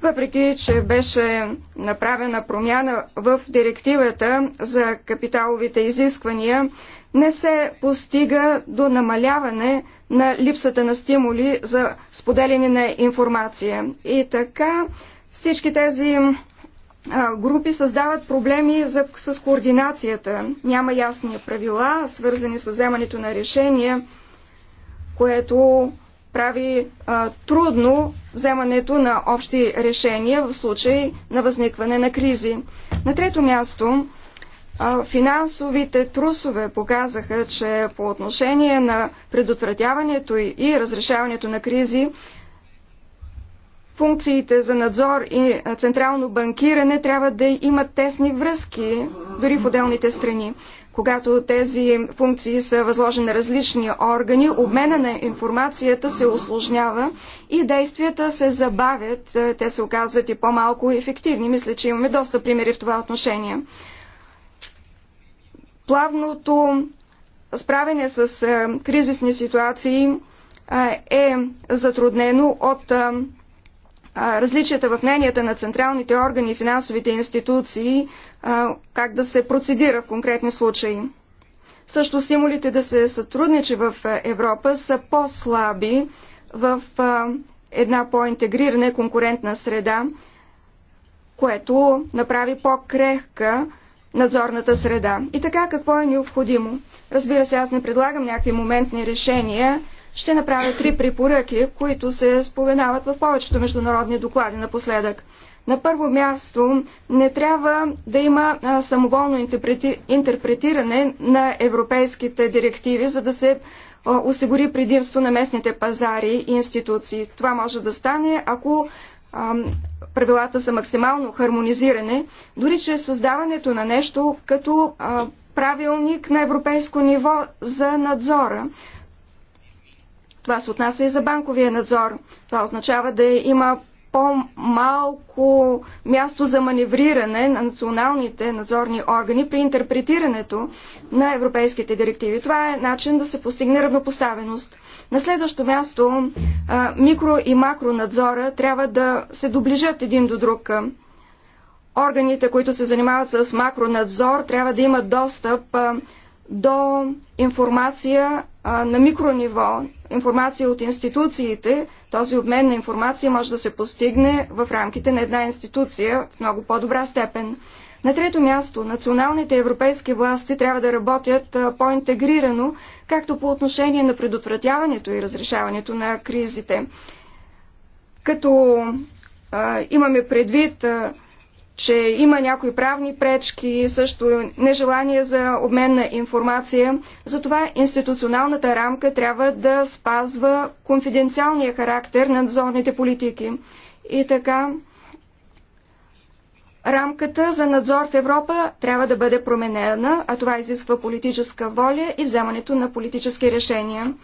въпреки че беше направена промяна в директивата за капиталовите изисквания, не се постига до намаляване на липсата на стимули за споделяне на информация. И така всички тези групи създават проблеми за, с координацията. Няма ясни правила, свързани с вземането на решения, което прави а, трудно вземането на общи решения в случай на възникване на кризи. На трето място, а, финансовите трусове показаха, че по отношение на предотвратяването и разрешаването на кризи, функциите за надзор и централно банкиране трябва да имат тесни връзки дори в отделните страни когато тези функции са възложени на различни органи, обмена на информацията се осложнява и действията се забавят, е, те се оказват и по-малко ефективни. Мисля, че имаме доста примери в това отношение. Плавното справяне с е, кризисни ситуации е, е затруднено от различията в мненията на централните органи и финансовите институции, как да се процедира в конкретни случаи. Също стимулите да се сътрудничи в Европа са по-слаби в една по-интегрирана и конкурентна среда, което направи по-крехка надзорната среда. И така, какво е необходимо? Разбира се, аз не предлагам някакви моментни решения, ще направя три препоръки, които се споменават в повечето международни доклади напоследък. На първо място не трябва да има самоволно интерпретиране на европейските директиви, за да се осигури предимство на местните пазари и институции. Това може да стане, ако правилата са максимално хармонизиране, дори чрез създаването на нещо като правилник на европейско ниво за надзора, това се отнася и за банковия надзор. Това означава да има по-малко място за маневриране на националните надзорни органи при интерпретирането на европейските директиви. Това е начин да се постигне равнопоставеност. На следващо място микро и макро надзора трябва да се доближат един до друг. Органите, които се занимават с макронадзор, трябва да имат достъп до информация на микрониво информация от институциите, този обмен на информация може да се постигне в рамките на една институция в много по-добра степен. На трето място, националните европейски власти трябва да работят по-интегрирано, както по отношение на предотвратяването и разрешаването на кризите. Като а, имаме предвид а, че има някои правни пречки, също нежелание за обмен на информация. Затова институционалната рамка трябва да спазва конфиденциалния характер на надзорните политики. И така, рамката за надзор в Европа трябва да бъде променена, а това изисква политическа воля и вземането на политически решения.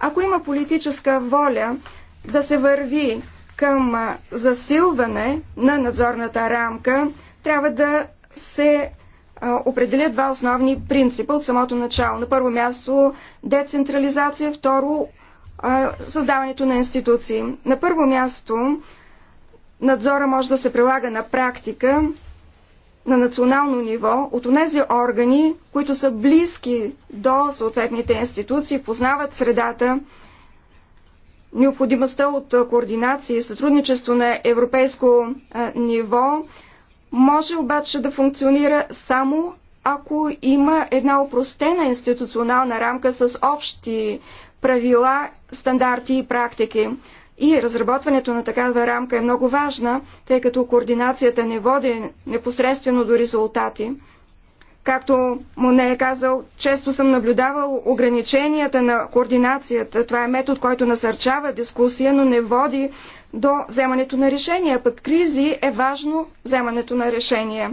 Ако има политическа воля да се върви към засилване на надзорната рамка трябва да се определя два основни принципа от самото начало. На първо място децентрализация, второ създаването на институции. На първо място надзора може да се прилага на практика на национално ниво от тези органи, които са близки до съответните институции, познават средата, необходимостта от координация и сътрудничество на европейско ниво може обаче да функционира само ако има една упростена институционална рамка с общи правила, стандарти и практики. И разработването на такава рамка е много важна, тъй като координацията не води непосредствено до резултати. Както му не е казал, често съм наблюдавал ограниченията на координацията. Това е метод, който насърчава дискусия, но не води до вземането на решения. Пък кризи е важно вземането на решения.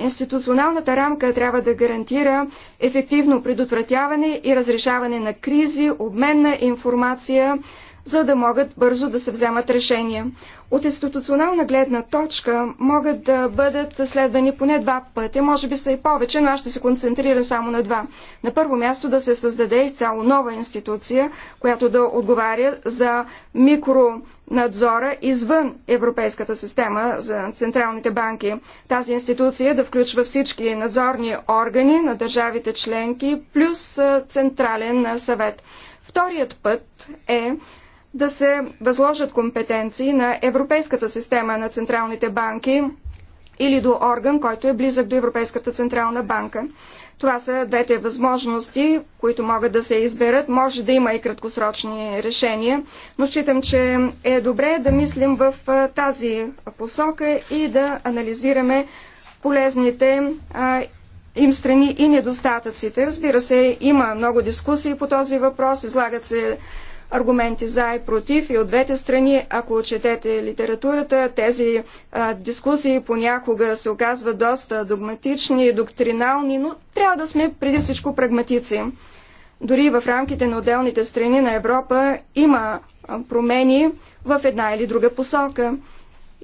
Институционалната рамка трябва да гарантира ефективно предотвратяване и разрешаване на кризи, обмен на информация, за да могат бързо да се вземат решения. От институционална гледна точка могат да бъдат следвани поне два пъти. може би са и повече, но аз ще се концентрирам само на два. На първо място да се създаде изцяло нова институция, която да отговаря за микронадзора извън европейската система за централните банки. Тази институция да включва всички надзорни органи на държавите членки плюс Централен съвет. Вторият път е да се възложат компетенции на Европейската система на централните банки или до орган, който е близък до Европейската централна банка. Това са двете възможности, които могат да се изберат. Може да има и краткосрочни решения, но считам, че е добре да мислим в тази посока и да анализираме полезните им страни и недостатъците. Разбира се, има много дискусии по този въпрос, излагат се аргументи за и против и от двете страни. Ако четете литературата, тези а, дискусии понякога се оказват доста догматични, доктринални, но трябва да сме преди всичко прагматици. Дори в рамките на отделните страни на Европа има промени в една или друга посока.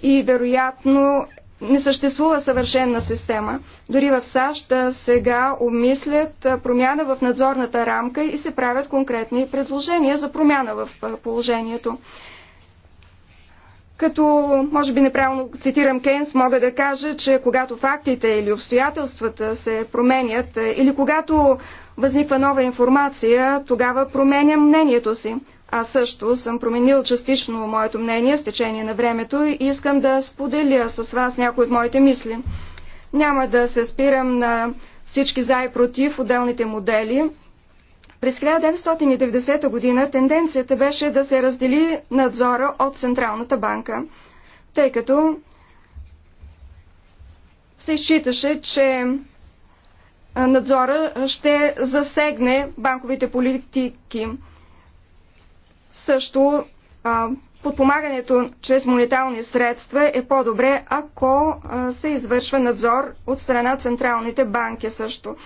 И вероятно не съществува съвършенна система. Дори в САЩ сега обмислят промяна в надзорната рамка и се правят конкретни предложения за промяна в положението. Като, може би неправилно цитирам Кейнс, мога да кажа, че когато фактите или обстоятелствата се променят или когато възниква нова информация, тогава променя мнението си. Аз също съм променил частично моето мнение с течение на времето и искам да споделя с вас някои от моите мисли. Няма да се спирам на всички за и против отделните модели. През 1990 година тенденцията беше да се раздели надзора от Централната банка, тъй като се считаше, че надзора ще засегне банковите политики. Също а, подпомагането чрез монетални средства е по-добре, ако а, се извършва надзор от страна централните банки също.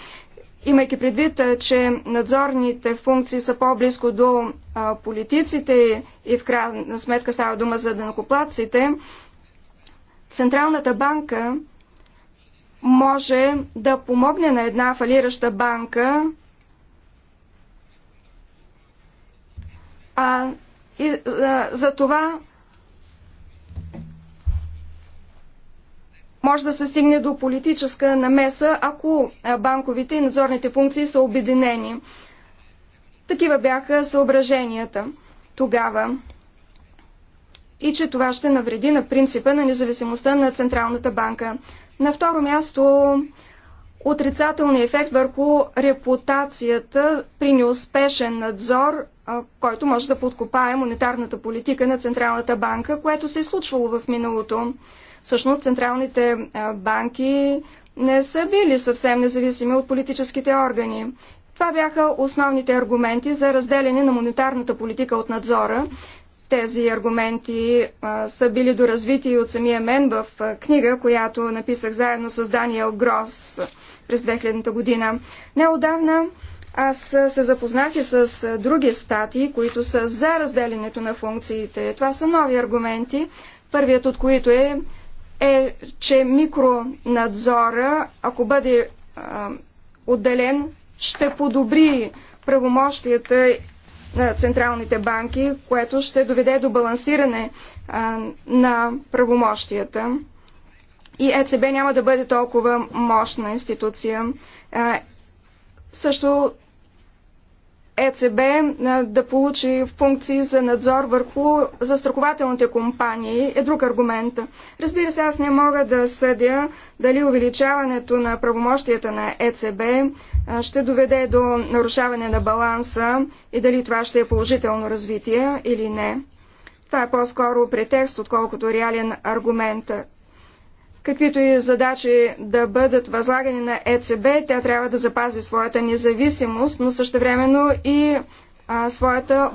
Имайки предвид, а, че надзорните функции са по-близко до а, политиците и в крайна сметка става дума за денокоплаците, Централната банка може да помогне на една фалираща банка А, и, а, за това може да се стигне до политическа намеса, ако банковите и надзорните функции са обединени. Такива бяха съображенията тогава и че това ще навреди на принципа на независимостта на Централната банка. На второ място отрицателният ефект върху репутацията при неуспешен надзор който може да подкопае монетарната политика на Централната банка, което се е случвало в миналото. Всъщност централните банки не са били съвсем независими от политическите органи. Това бяха основните аргументи за разделяне на монетарната политика от надзора. Тези аргументи са били доразвити от самия мен в книга, която написах заедно с Даниел Грос през 2000 година. Неодавна аз се запознах и с други статии, които са за разделянето на функциите. Това са нови аргументи, първият от които е, е че микронадзора, ако бъде а, отделен, ще подобри правомощията на централните банки, което ще доведе до балансиране а, на правомощията. И ЕЦБ няма да бъде толкова мощна институция. А, също ЕЦБ да получи функции за надзор върху застрахователните компании е друг аргумент. Разбира се, аз не мога да съдя дали увеличаването на правомощията на ЕЦБ ще доведе до нарушаване на баланса и дали това ще е положително развитие или не. Това е по-скоро претекст, отколкото реален аргумент каквито и задачи да бъдат възлагани на ЕЦБ, тя трябва да запази своята независимост, но същевременно и своята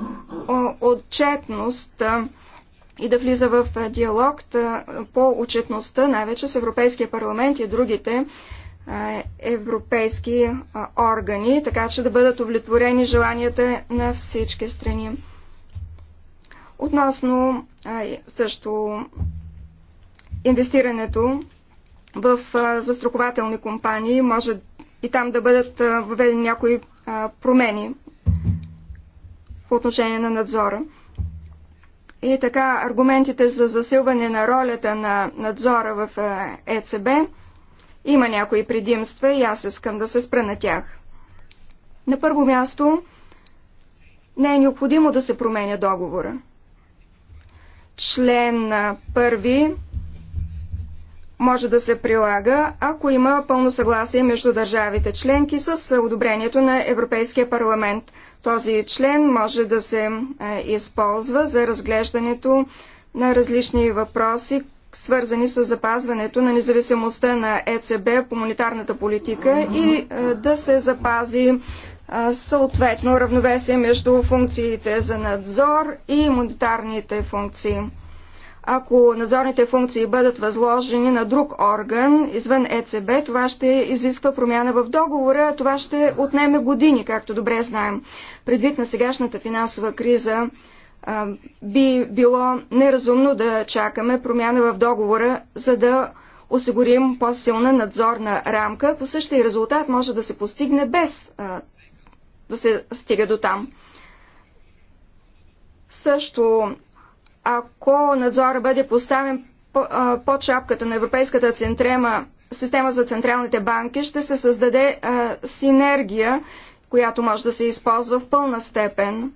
отчетност и да влиза в диалог по отчетността, най-вече с Европейския парламент и другите европейски органи, така че да бъдат удовлетворени желанията на всички страни. Относно също инвестирането в застрахователни компании може и там да бъдат въведени някои промени по отношение на надзора. И така, аргументите за засилване на ролята на надзора в ЕЦБ има някои предимства и аз искам да се спра на тях. На първо място, не е необходимо да се променя договора. Член първи може да се прилага, ако има пълно съгласие между държавите членки с одобрението на Европейския парламент. Този член може да се използва за разглеждането на различни въпроси, свързани с запазването на независимостта на ЕЦБ по монетарната политика и да се запази съответно равновесие между функциите за надзор и монетарните функции. Ако надзорните функции бъдат възложени на друг орган извън ЕЦБ, това ще изисква промяна в договора, това ще отнеме години, както добре знаем. Предвид на сегашната финансова криза, би било неразумно да чакаме промяна в договора, за да осигурим по-силна надзорна рамка. По същия резултат може да се постигне без да се стига до там. Също ако надзора бъде поставен под шапката на Европейската центрема, система за централните банки, ще се създаде синергия, която може да се използва в пълна степен.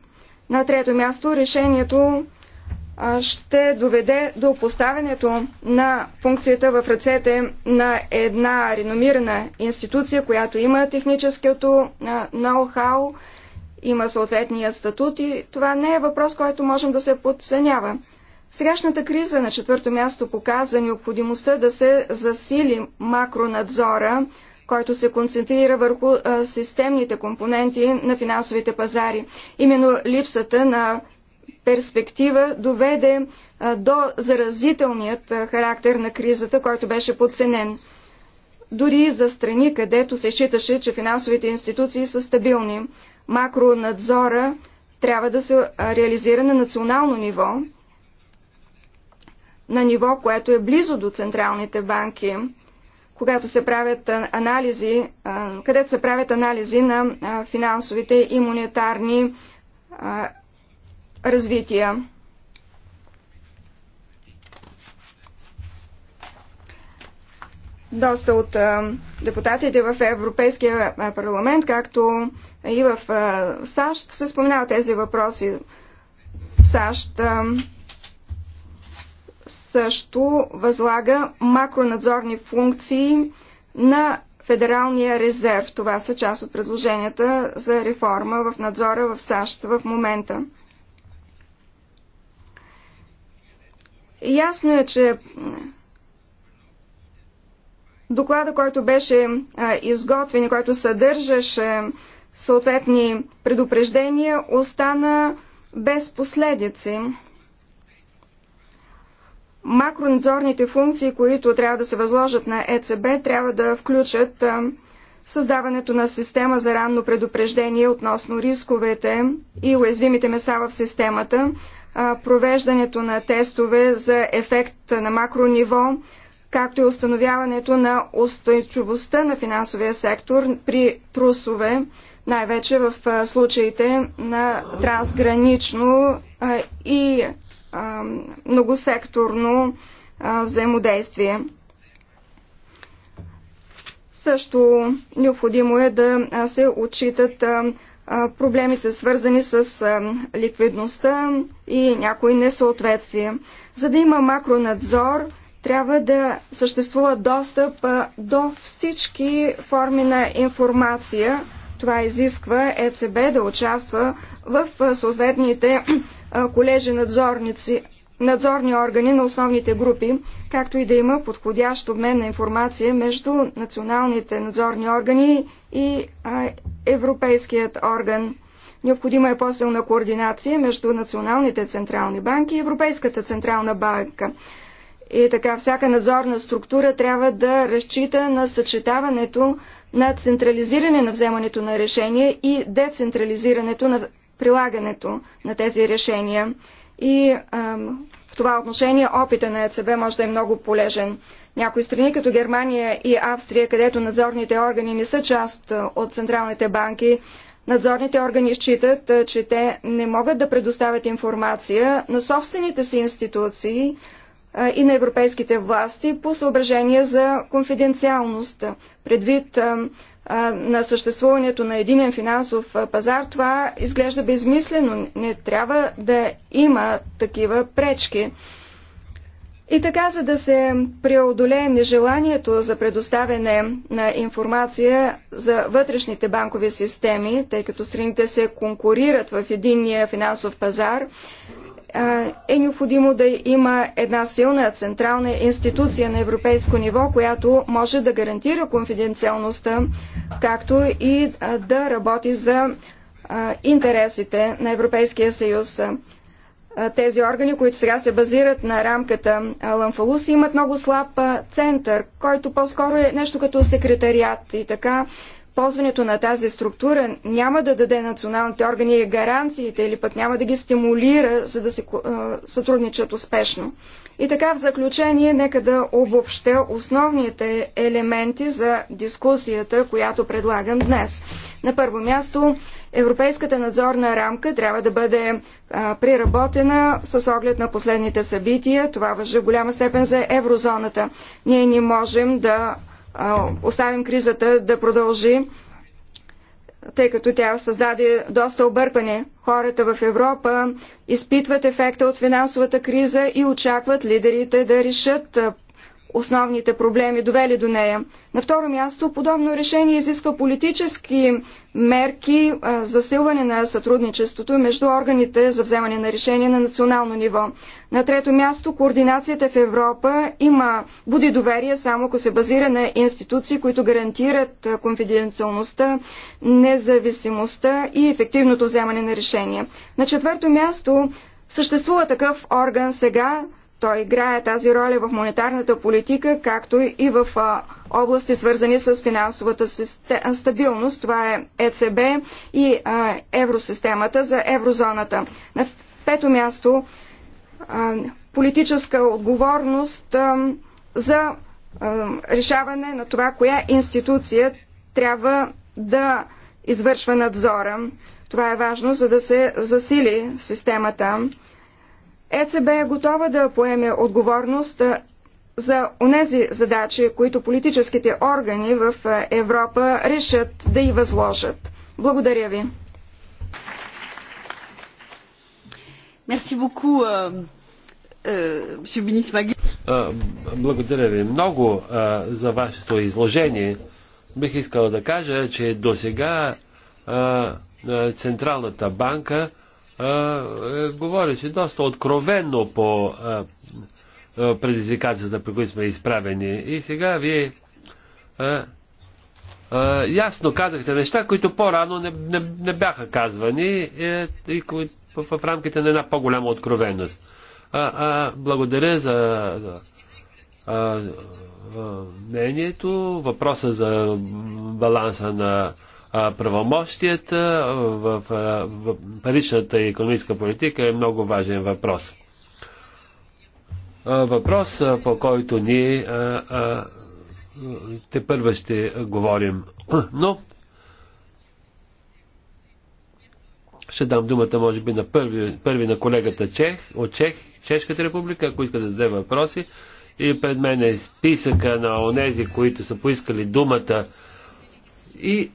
На трето място решението ще доведе до поставянето на функцията в ръцете на една реномирана институция, която има техническото ноу-хау има съответния статут и това не е въпрос, който можем да се подценява. Сегашната криза на четвърто място показа необходимостта да се засили макронадзора, който се концентрира върху системните компоненти на финансовите пазари. Именно липсата на перспектива доведе до заразителният характер на кризата, който беше подценен. Дори за страни, където се считаше, че финансовите институции са стабилни макронадзора трябва да се реализира на национално ниво, на ниво, което е близо до централните банки, когато се правят анализи, където се правят анализи на финансовите и монетарни развития. доста от депутатите в Европейския парламент, както и в САЩ, се споменават тези въпроси. В САЩ също възлага макронадзорни функции на Федералния резерв. Това са част от предложенията за реформа в надзора в САЩ в момента. Ясно е, че доклада, който беше изготвен и който съдържаше съответни предупреждения, остана без последици. Макронадзорните функции, които трябва да се възложат на ЕЦБ, трябва да включат създаването на система за ранно предупреждение относно рисковете и уязвимите места в системата, провеждането на тестове за ефект на макрониво, както и установяването на устойчивостта на финансовия сектор при трусове, най-вече в случаите на трансгранично и многосекторно взаимодействие. Също необходимо е да се отчитат проблемите свързани с ликвидността и някои несъответствия. За да има макронадзор, трябва да съществува достъп до всички форми на информация. Това изисква ЕЦБ да участва в съответните колежи надзорници, надзорни органи на основните групи, както и да има подходящ обмен на информация между националните надзорни органи и Европейският орган. Необходима е по-силна координация между националните централни банки и Европейската централна банка. И така всяка надзорна структура трябва да разчита на съчетаването на централизиране на вземането на решения и децентрализирането на прилагането на тези решения. И ам, в това отношение опита на ЕЦБ може да е много полежен. Някои страни, като Германия и Австрия, където надзорните органи не са част от централните банки, надзорните органи считат, че те не могат да предоставят информация на собствените си институции, и на европейските власти по съображение за конфиденциалност. Предвид на съществуването на единен финансов пазар, това изглежда безмислено. Не трябва да има такива пречки. И така, за да се преодолее нежеланието за предоставяне на информация за вътрешните банкови системи, тъй като страните се конкурират в единния финансов пазар, е необходимо да има една силна централна институция на европейско ниво, която може да гарантира конфиденциалността, както и да работи за интересите на Европейския съюз. Тези органи, които сега се базират на рамката Ламфалус, имат много слаб център, който по-скоро е нещо като секретариат и така Използването на тази структура няма да даде националните органи гаранциите или пък няма да ги стимулира, за да се сътрудничат успешно. И така в заключение, нека да обобщя основните елементи за дискусията, която предлагам днес. На първо място, Европейската надзорна рамка трябва да бъде а, приработена с оглед на последните събития. Това въжи в голяма степен за еврозоната. Ние не можем да оставим кризата да продължи, тъй като тя създаде доста объркване. Хората в Европа изпитват ефекта от финансовата криза и очакват лидерите да решат основните проблеми, довели до нея. На второ място, подобно решение изисква политически мерки за силване на сътрудничеството между органите за вземане на решения на национално ниво. На трето място, координацията в Европа има буди доверие само ако се базира на институции, които гарантират конфиденциалността, независимостта и ефективното вземане на решения. На четвърто място, съществува такъв орган сега, той играе тази роля в монетарната политика, както и в области свързани с финансовата стабилност. Това е ЕЦБ и евросистемата за еврозоната. На пето място политическа отговорност за решаване на това, коя институция трябва да извършва надзора. Това е важно, за да се засили системата. ЕЦБ е готова да поеме отговорност за онези задачи, които политическите органи в Европа решат да и възложат. Благодаря ви. Euh, euh, благодаря ви много за вашето изложение. Бих искала да кажа, че до сега Централната банка е, говореше доста откровенно по предизвикателствата, при които сме изправени. И сега вие ясно казахте неща, които по-рано не, не, не бяха казвани е, и кои, в, в рамките на една по-голяма откровенност. А, а, благодаря за а, а, мнението, въпроса за баланса на правомощията в, в паричната и економическа политика е много важен въпрос. Въпрос, по който ние те първа ще говорим. Но ще дам думата, може би, на първи, първи на колегата Чех, от Чех, Чешката република, ако иска да зададе въпроси. И пред мен е списъка на онези, които са поискали думата. И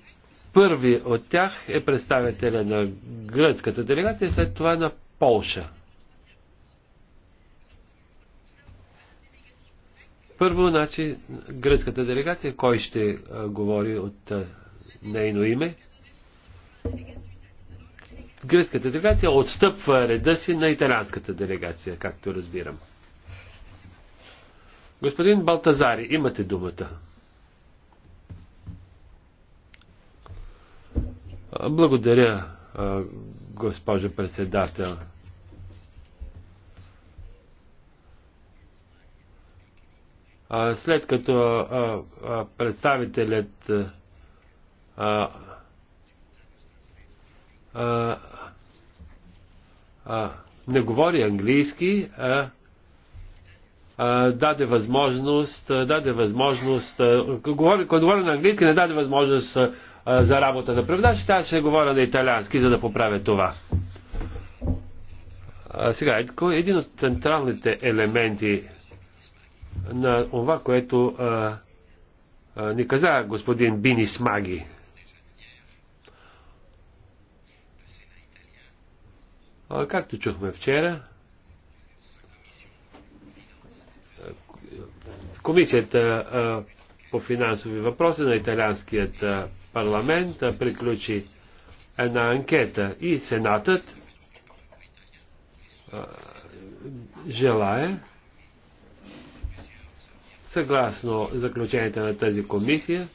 Първи от тях е представителя на гръцката делегация, след това на Полша. Първо, значи, гръцката делегация, кой ще а, говори от а, нейно име? Гръцката делегация отстъпва реда си на италианската делегация, както разбирам. Господин Балтазари, имате думата. Благодаря, госпожо председател. След като представителят не говори английски, даде възможност, даде възможност, говори, когато говори на английски, не даде възможност за работа на преводачите, сега ще говоря на италиански, за да поправя това. А, сега, един от централните елементи на това, което а, а, ни каза господин Бини Смаги. А, както чухме вчера, комисията а, по финансови въпроси на италианският а, парламент приключи една анкета и Сенатът желая съгласно заключенията на тази комисия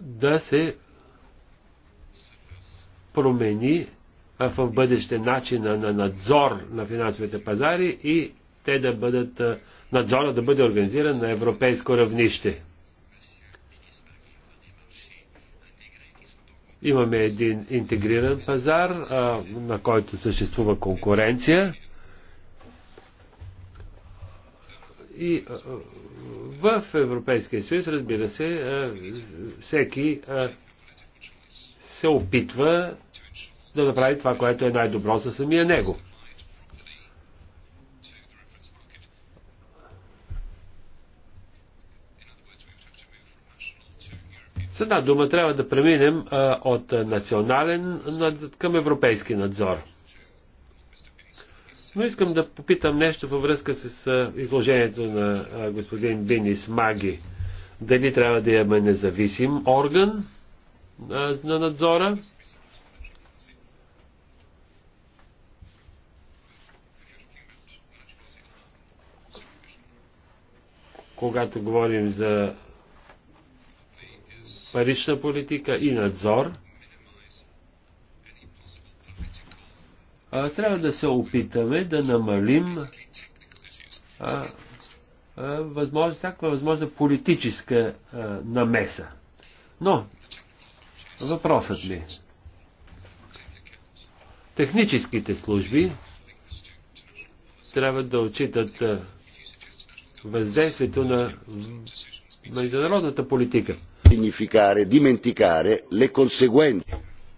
да се промени в бъдеще начина на надзор на финансовите пазари и те да бъдат, надзора да бъде организиран на европейско равнище. Имаме един интегриран пазар, а, на който съществува конкуренция. И а, в Европейския съюз, разбира се, а, всеки а, се опитва да направи това, което е най-добро за самия него. С една дума трябва да преминем а, от национален над, към европейски надзор. Но искам да попитам нещо във връзка с а, изложението на а, господин Бинис Маги. Дали трябва да имаме независим орган а, на надзора? Когато говорим за парична политика и надзор, а, трябва да се опитаме да намалим а, а, възможно, всякаква възможна политическа а, намеса. Но, въпросът ми. Техническите служби трябва да отчитат въздействието на международната политика.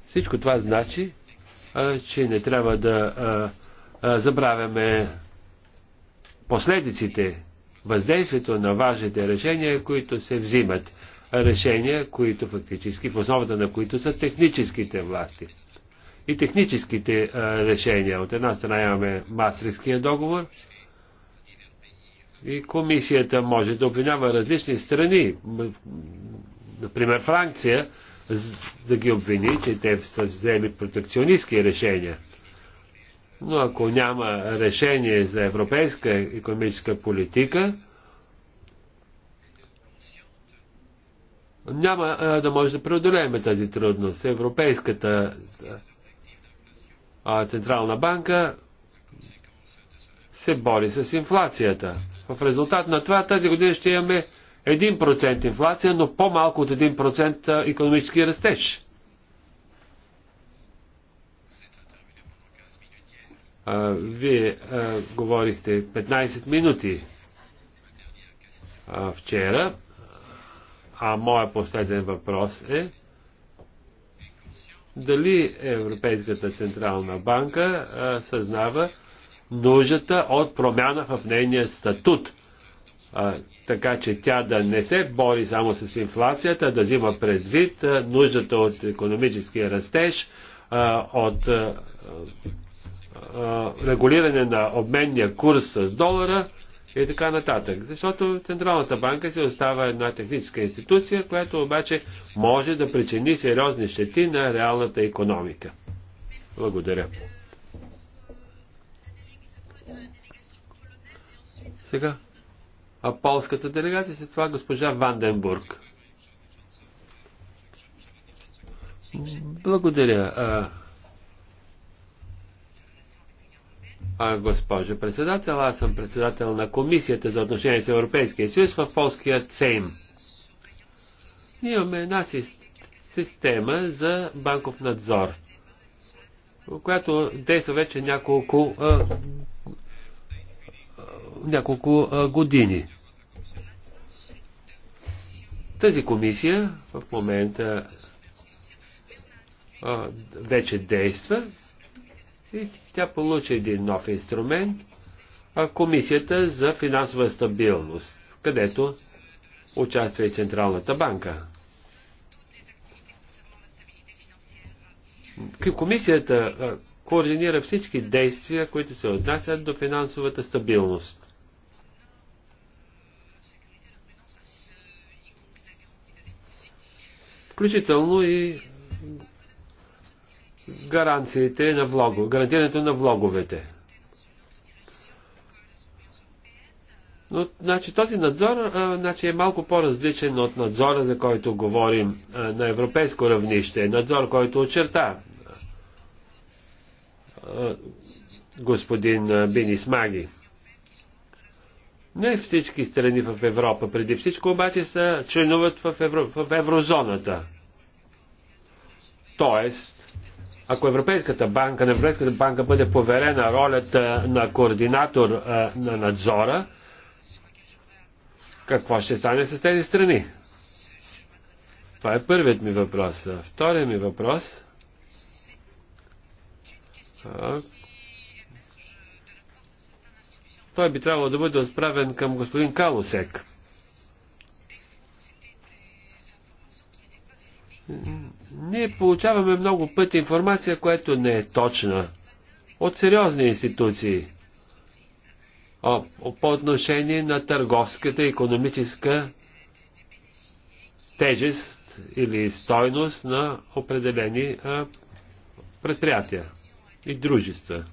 Всичко това значи, че не трябва да забравяме последиците, въздействието на важните решения, които се взимат. Решения, които фактически, в основата на които са техническите власти. И техническите решения. От една страна имаме Мастрихския договор, и комисията може да обвинява различни страни, например, Франция, да ги обвини, че те са взели протекционистски решения. Но ако няма решение за европейска економическа политика, няма а, да може да преодолеем тази трудност. Европейската а, Централна банка се бори с инфлацията. В резултат на това тази година ще имаме 1% инфлация, но по-малко от 1% економически растеж. А, вие а, говорихте 15 минути а, вчера, а моя последен въпрос е дали Европейската Централна банка а, съзнава нуждата от промяна в нейния статут – а, така че тя да не се бори само с инфлацията, да взима предвид а, нуждата от економическия растеж, а, от а, а, регулиране на обменния курс с долара и така нататък. Защото Централната банка си остава една техническа институция, която обаче може да причини сериозни щети на реалната економика. Благодаря. Сега а полската делегация, след това госпожа Ванденбург. Благодаря. А, а, госпожо председател, аз съм председател на Комисията за отношение с Европейския съюз в полския ЦЕЙМ. Ние имаме една система за банков надзор, която действа вече няколко а, няколко години. Тази комисия в момента вече действа и тя получи един нов инструмент Комисията за финансова стабилност, където участва и Централната банка. Комисията координира всички действия, които се отнасят до финансовата стабилност. Включително и гаранциите на влогов, гарантирането на влоговете. Но значи, този надзор а, значи, е малко по-различен от надзора, за който говорим а, на европейско равнище. Надзор, който очерта господин Бинис Маги. Не всички страни в Европа, преди всичко обаче са членуват в, евро, в еврозоната. Тоест, ако Европейската банка, на Европейската банка бъде поверена ролята на координатор а, на надзора, какво ще стане с тези страни? Това е първият ми въпрос. Вторият ми въпрос е, той би трябвало да бъде отправен към господин Калусек. Ние получаваме много пъти информация, която не е точна от сериозни институции О, по отношение на търговската економическа тежест или стойност на определени а, е, предприятия и дружества.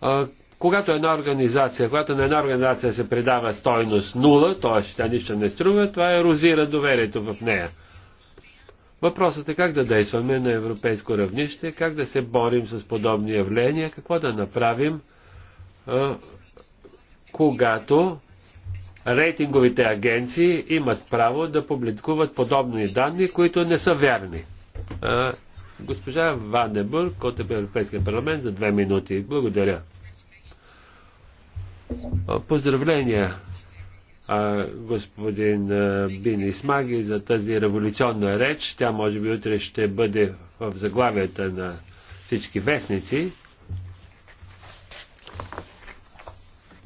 А, когато една организация, когато на една организация се предава стойност 0, т.е. тя нищо не струва, това ерозира доверието в нея. Въпросът е как да действаме на европейско равнище, как да се борим с подобни явления, какво да направим когато рейтинговите агенции имат право да публикуват подобни данни, които не са вярни. А, госпожа Ванебург от Европейския парламент за две минути. Благодаря. Поздравления, а, господин Бини Смаги, за тази революционна реч. Тя може би утре ще бъде в заглавията на всички вестници.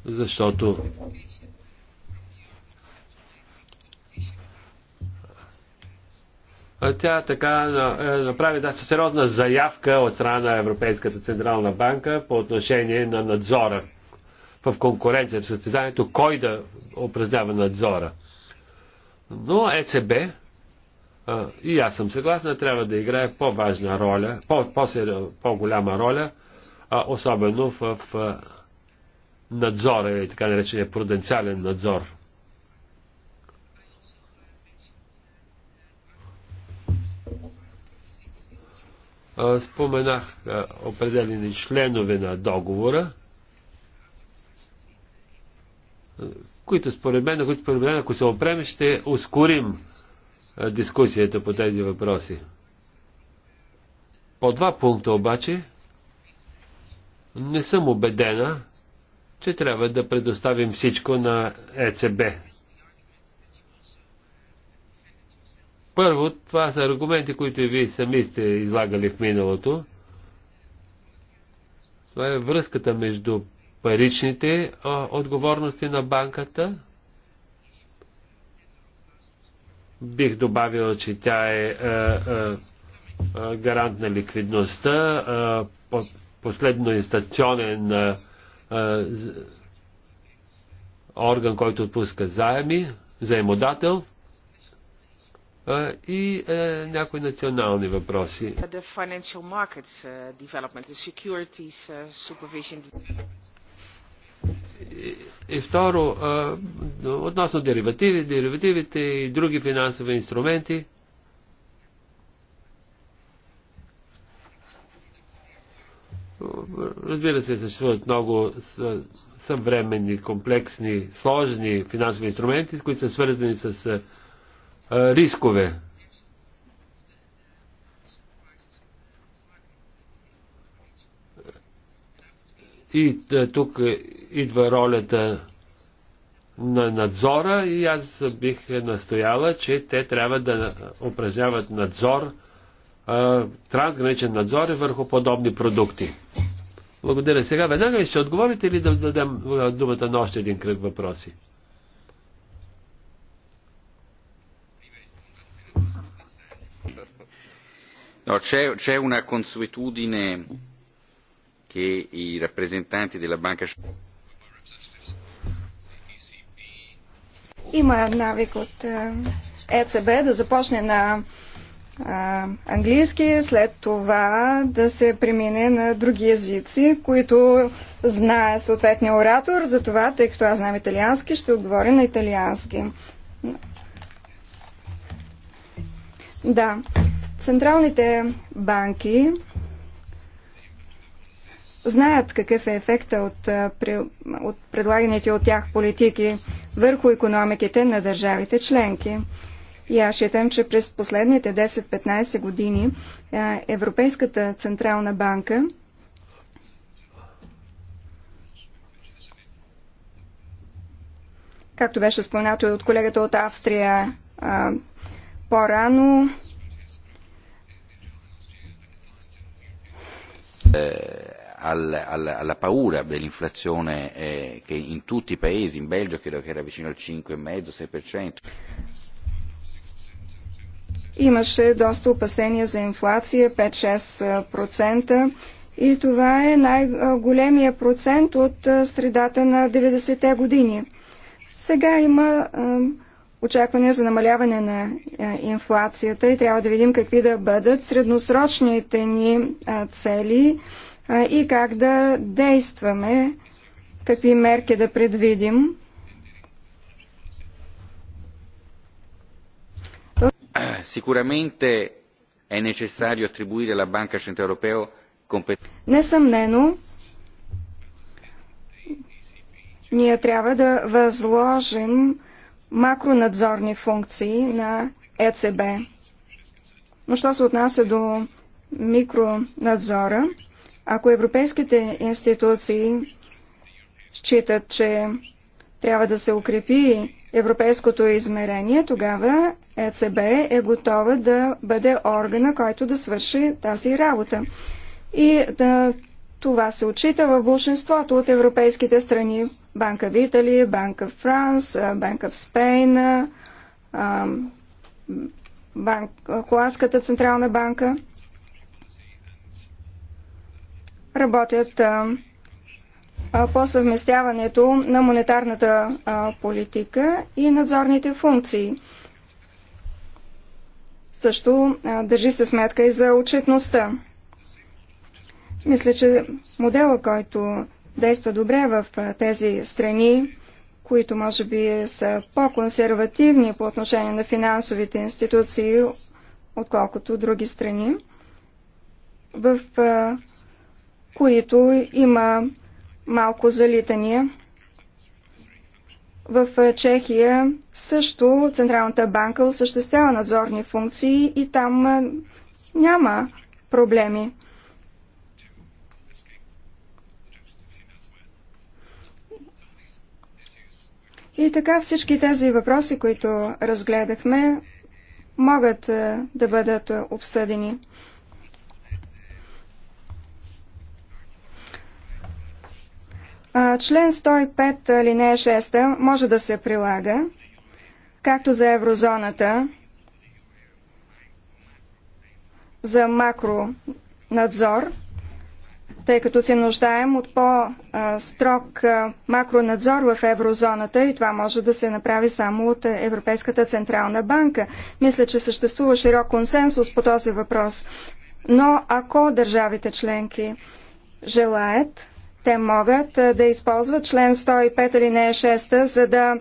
защото тя така е, направи да сериозна заявка от страна на Европейската Централна банка по отношение на надзора в конкуренцията, в състезанието, кой да упражнява надзора. Но ЕЦБ, и аз съм съгласна, трябва да играе по-важна роля, по-голяма -по роля, особено в надзор или е, така наречения пруденциален надзор. Споменах определени членове на договора, които според мен, които според мен, ако се опрем, ще ускорим дискусията по тези въпроси. По два пункта обаче не съм убедена, че трябва да предоставим всичко на ЕЦБ. Първо, това са аргументи, които и вие сами сте излагали в миналото. Това е връзката между паричните отговорности на банката. Бих добавил, че тя е, е, е, е гарант на ликвидността, е, последноинстанционен е, орган, който отпуска заеми, заемодател и е, някои национални въпроси. Uh, uh, и, второ, относно деривативи, деривативите и други финансови инструменти, Разбира се, съществуват много съвременни, комплексни, сложни финансови инструменти, които са свързани с рискове. И тук идва ролята на надзора и аз бих настояла, че те трябва да упражняват надзор трансграничен надзор е върху подобни продукти. Благодаря. Сега веднага ще отговорите или да дадем думата на още един кръг въпроси? No, c'è, c'è una consuetudine che i rappresentanti della Banca Има навик от ЕЦБ да започне на английски, след това да се премине на други езици, които знае съответния оратор. Затова, тъй като аз знам италиански, ще отговоря на италиански. Да. Централните банки знаят какъв е ефекта от, от предлаганите от тях политики върху економиките на държавите членки. И аз считам, че през последните 10-15 години е, Европейската Централна банка както беше споменато и от колегата от Австрия е, по-рано, е, alla paura dell'inflazione eh, che in tutti i paesi, in Belgio credo che era vicino al 5,5-6%. Имаше доста опасения за инфлация 5-6% и това е най-големия процент от средата на 90-те години. Сега има очаквания за намаляване на инфлацията и трябва да видим какви да бъдат средносрочните ни цели и как да действаме, какви мерки да предвидим. Sicuramente è necessario attribuire alla Banca Centrale Europea Несъмнено, ние трябва да възложим макронадзорни функции на ЕЦБ. Но що се отнася до микронадзора, ако европейските институции считат, че трябва да се укрепи европейското измерение, тогава ЕЦБ е готова да бъде органа, който да свърши тази работа. И да, това се отчита в большинството от европейските страни. Банка в Италия, Банка в Франс, Банка в Спейн, Холандската централна банка работят по съвместяването на монетарната политика и надзорните функции. Също държи се сметка и за отчетността. Мисля, че модела, който действа добре в тези страни, които може би са по-консервативни по отношение на финансовите институции, отколкото други страни, в които има малко залитания. В е, Чехия също Централната банка осъществява надзорни функции и там е, няма проблеми. И така всички тези въпроси, които разгледахме, могат е, да бъдат обсъдени. Член 105, алинея 6 може да се прилага както за еврозоната, за макронадзор, тъй като се нуждаем от по-строг макронадзор в еврозоната и това може да се направи само от Европейската Централна банка. Мисля, че съществува широк консенсус по този въпрос. Но ако държавите членки желаят те могат да използват член 105 или не 6, за да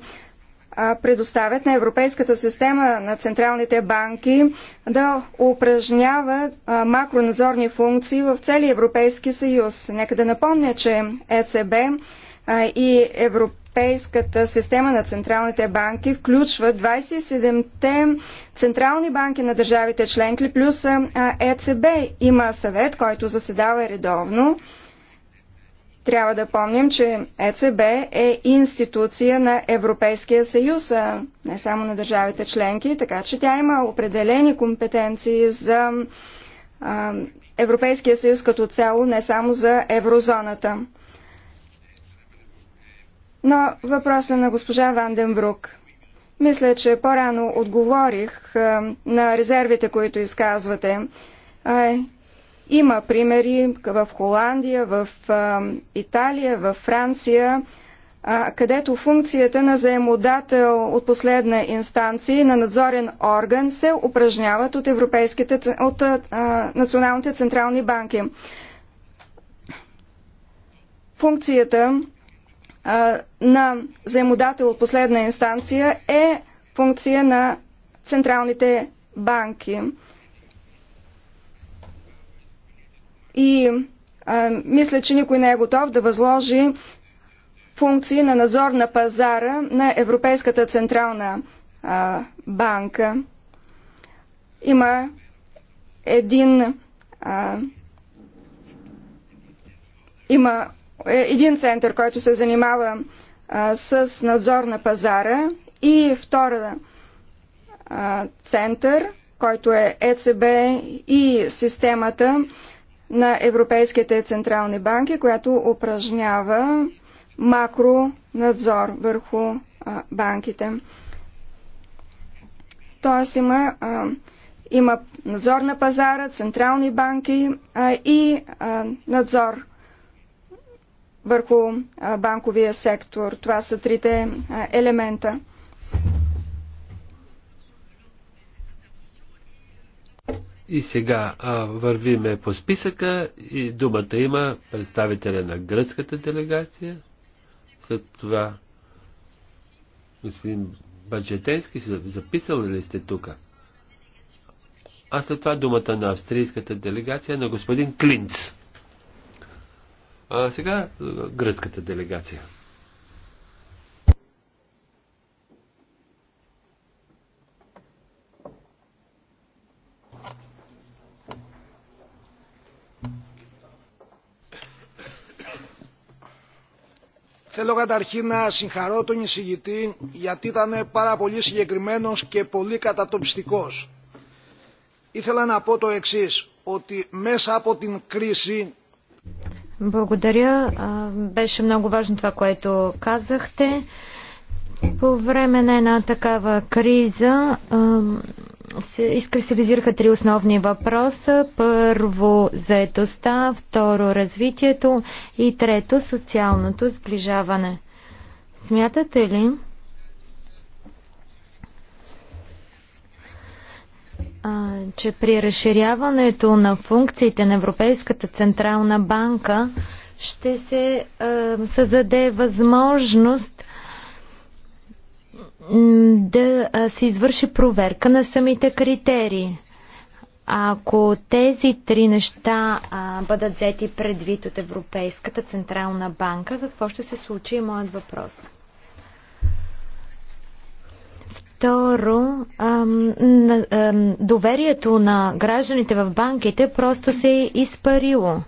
предоставят на Европейската система на централните банки да упражнява макронадзорни функции в целия Европейски съюз. Нека да напомня, че ЕЦБ и Европейската система на централните банки включва 27-те централни банки на държавите членки, плюс ЕЦБ има съвет, който заседава редовно трябва да помним, че ЕЦБ е институция на Европейския съюз, а не само на държавите членки, така че тя има определени компетенции за а, Европейския съюз като цяло, не само за еврозоната. Но въпроса на госпожа Ванденбрук. Мисля, че по-рано отговорих а, на резервите, които изказвате. Има примери в Холандия, в Италия, в Франция, където функцията на заемодател от последна инстанция на надзорен орган се упражняват от, европейските, от националните централни банки. Функцията на заемодател от последна инстанция е функция на централните банки. и а, мисля, че никой не е готов да възложи функции на надзор на пазара на Европейската централна а, банка. Има един а, има е, един център, който се занимава а, с надзор на пазара и втора а, център, който е ЕЦБ и системата на европейските централни банки, която упражнява макронадзор върху а, банките. Тоест има, а, има надзор на пазара, централни банки а, и а, надзор върху а, банковия сектор. Това са трите а, елемента. И сега а, вървиме по списъка и думата има представителя на гръцката делегация. След това господин Баджетенски, записал ли сте тук? А след това думата на австрийската делегация на господин Клинц. А сега гръцката делегация. Θέλω καταρχήν να συγχαρώ τον εισηγητή γιατί ήταν πάρα πολύ συγκεκριμένος και πολύ κατατοπιστικός. Ήθελα να πω το εξής, ότι μέσα από την κρίση... Благодаря. Беше много важно това, което казахте. По време на една такава криза се изкристализираха три основни въпроса. Първо заетостта, второ развитието и трето социалното сближаване. Смятате ли, а, че при разширяването на функциите на Европейската централна банка ще се а, създаде възможност а, да се извърши проверка на самите критерии. Ако тези три неща а, бъдат взети предвид от Европейската централна банка, какво ще се случи и е моят въпрос. Второ, ам, на, ам, доверието на гражданите в банките просто се е изпарило.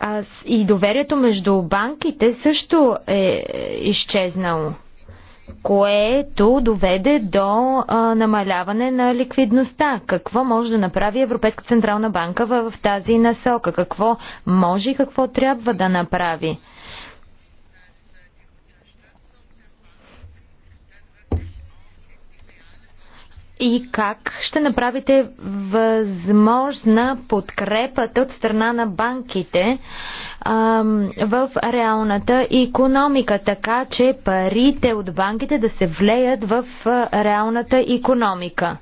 А, и доверието между банките също е, е изчезнало, което доведе до а, намаляване на ликвидността. Какво може да направи Европейска централна банка в, в тази насока? Какво може и какво трябва да направи? и как ще направите възможна подкрепата от страна на банките в реалната економика, така че парите от банките да се влеят в реалната економика,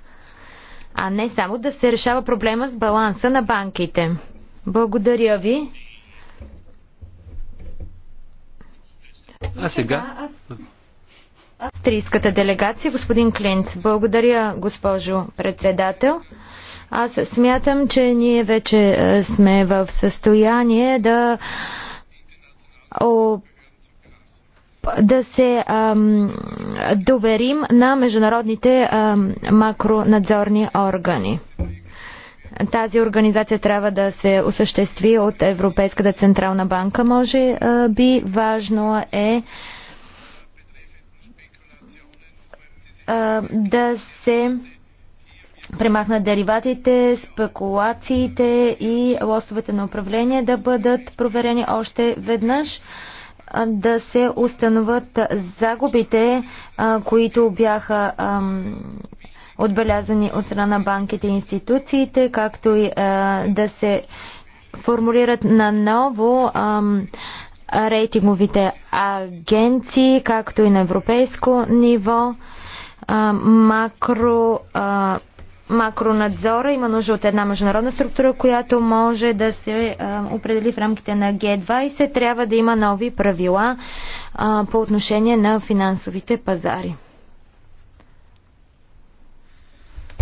а не само да се решава проблема с баланса на банките. Благодаря ви. А сега... А сега Австрийската делегация, господин Клинт. Благодаря, госпожо председател. Аз смятам, че ние вече е, сме в състояние да да се ам, доверим на международните ам, макронадзорни органи. Тази организация трябва да се осъществи от Европейската централна банка, може е, би. Важно е а, да се премахнат дериватите, спекулациите и лостовете на управление да бъдат проверени още веднъж да се установят загубите, които бяха отбелязани от страна на банките и институциите, както и да се формулират наново рейтинговите агенции, както и на европейско ниво а, макро, а, макронадзора има нужда от една международна структура, която може да се а, определи в рамките на Г20. Трябва да има нови правила а, по отношение на финансовите пазари.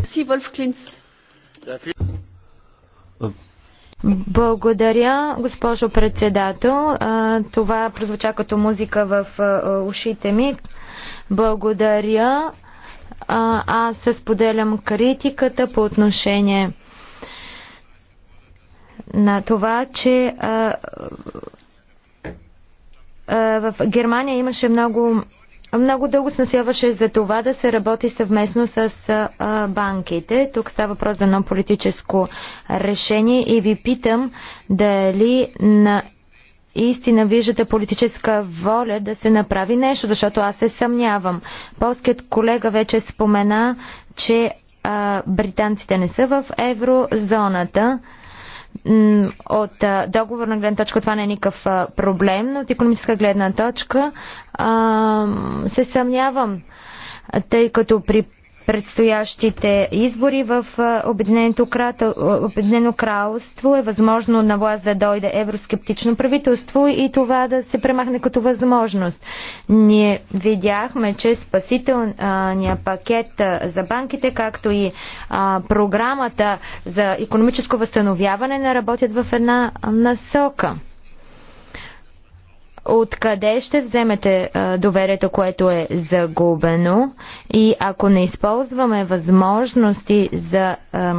Си, Клинц. Благодаря, госпожо председател. Това прозвуча като музика в ушите ми. Благодаря а, аз се споделям критиката по отношение на това, че а, а, в Германия имаше много много дълго се за това да се работи съвместно с а, банките. Тук става въпрос за едно политическо решение и ви питам дали на истина виждате политическа воля да се направи нещо, защото аз се съмнявам. Полският колега вече спомена, че а, британците не са в еврозоната. От а, договорна гледна точка това не е никакъв а, проблем, но от економическа гледна точка а, се съмнявам, тъй като при предстоящите избори в Обединено кралство е възможно на власт да дойде евроскептично правителство и това да се премахне като възможност. Ние видяхме, че спасителния пакет за банките, както и програмата за економическо възстановяване не работят в една насока. Откъде ще вземете доверието, което е загубено и ако не използваме възможности за а,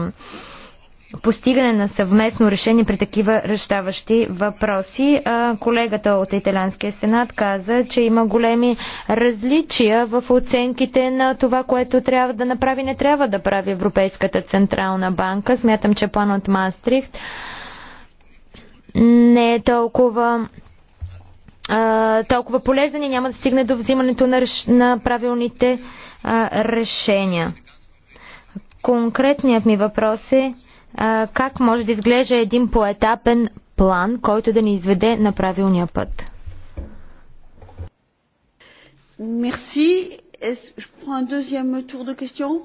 постигане на съвместно решение при такива ръщаващи въпроси. Колегата от Италианския сенат каза, че има големи различия в оценките на това, което трябва да направи, не трябва да прави Европейската централна банка. Смятам, че план от Мастрихт не е толкова толкова полезен и няма да стигне до взимането на, реш... на правилните а, решения. Конкретният ми въпрос е а, как може да изглежда един поетапен план, който да ни изведе на правилния път. Merci. Je prends un deuxième tour de questions.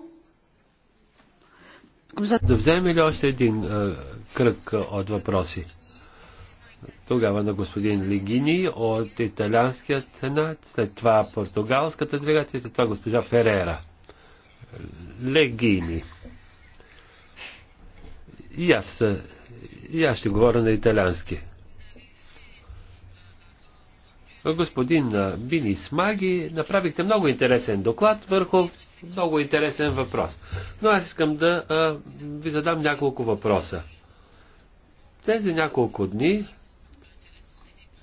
Да вземем ли още един а, кръг а, от въпроси? Тогава на господин Легини от италианският сенат, след това португалската делегация, след това госпожа Ферера. Легини. И аз, и аз ще говоря на италиански. Господин Бини Смаги, направихте много интересен доклад върху много интересен въпрос. Но аз искам да а, ви задам няколко въпроса. Тези няколко дни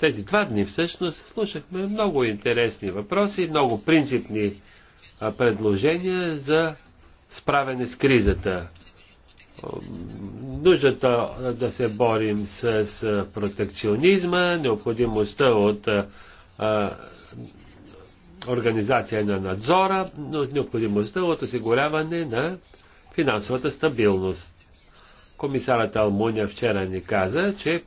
тези два дни всъщност слушахме много интересни въпроси, много принципни предложения за справяне с кризата. Нуждата да се борим с протекционизма, необходимостта от организация на надзора, но необходимостта от осигуряване на финансовата стабилност. Комисарът Алмуня вчера ни каза, че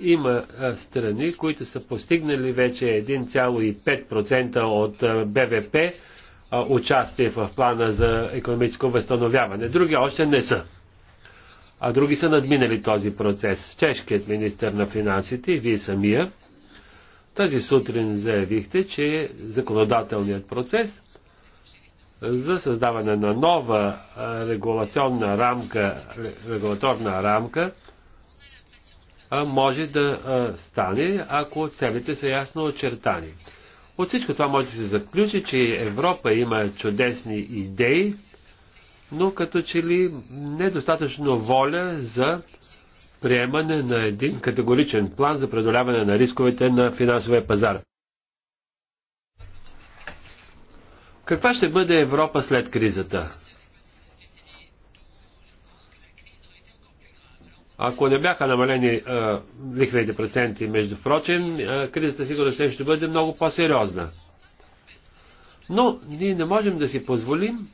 има страни, които са постигнали вече 1,5% от БВП участие в плана за економическо възстановяване. Други още не са. А други са надминали този процес. Чешкият министр на финансите и вие самия тази сутрин заявихте, че законодателният процес за създаване на нова регулационна рамка, регулаторна рамка може да стане, ако целите са ясно очертани. От всичко това може да се заключи, че Европа има чудесни идеи, но като че ли недостатъчно воля за приемане на един категоричен план за преодоляване на рисковете на финансовия пазар. Каква ще бъде Европа след кризата? Ако не бяха намалени лихвените проценти, между прочим, а, кризата сигурно ще, ще бъде много по-сериозна. Но ние не можем да си позволим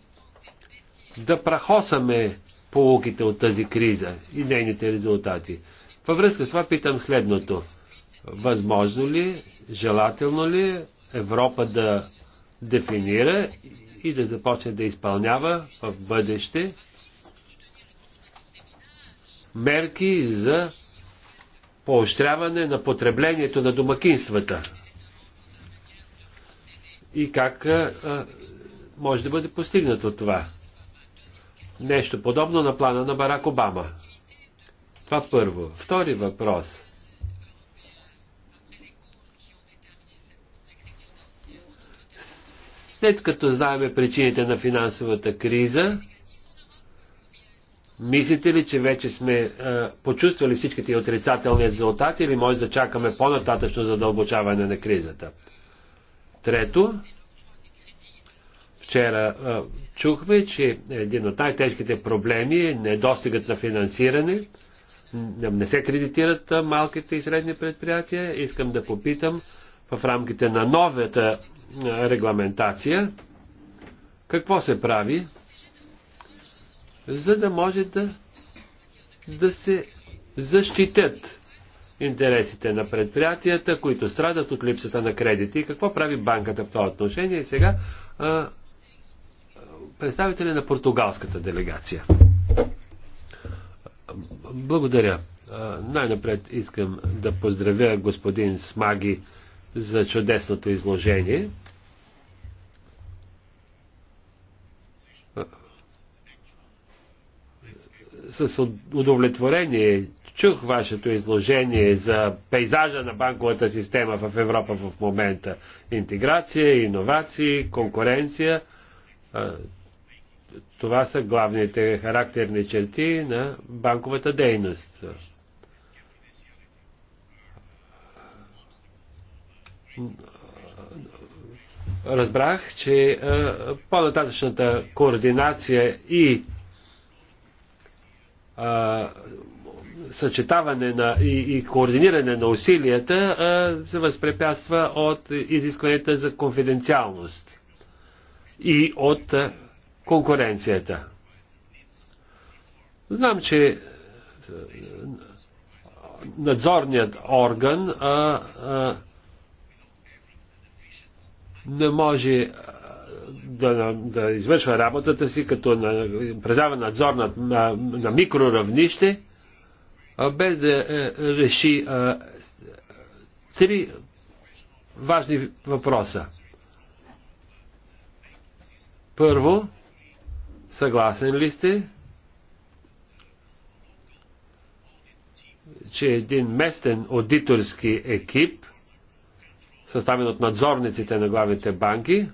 да прахосаме полуките от тази криза и нейните резултати. Във връзка с това питам следното. Възможно ли, желателно ли Европа да дефинира и да започне да изпълнява в бъдеще мерки за поощряване на потреблението на домакинствата и как а, може да бъде постигнато това. Нещо подобно на плана на Барак Обама. Това първо. Втори въпрос. След като знаеме причините на финансовата криза, Мислите ли, че вече сме а, е, почувствали всичките отрицателни резултати или може да чакаме по-нататъчно задълбочаване на кризата? Трето, вчера а, е, чухме, че един от най-тежките проблеми е недостигът на финансиране. Не се кредитират е, малките и средни предприятия. Искам да попитам в рамките на новата регламентация какво се прави за да може да, да се защитят интересите на предприятията, които страдат от липсата на кредити. И какво прави банката в това отношение? И сега а, представителя на португалската делегация. Благодаря. Най-напред искам да поздравя господин Смаги за чудесното изложение. с удовлетворение чух вашето изложение за пейзажа на банковата система в Европа в момента. Интеграция, иновации, конкуренция. Това са главните характерни черти на банковата дейност. Разбрах, че по-нататъчната координация и а, съчетаване на, и, и координиране на усилията а, се възпрепятства от изискванията за конфиденциалност и от а, конкуренцията. Знам, че надзорният орган а, а, не може да, да извършва работата си като на, предава надзор на, на, на микроравнище, без да е, реши е, три важни въпроса. Първо, съгласен ли сте, че един местен аудиторски екип, съставен от надзорниците на главните банки,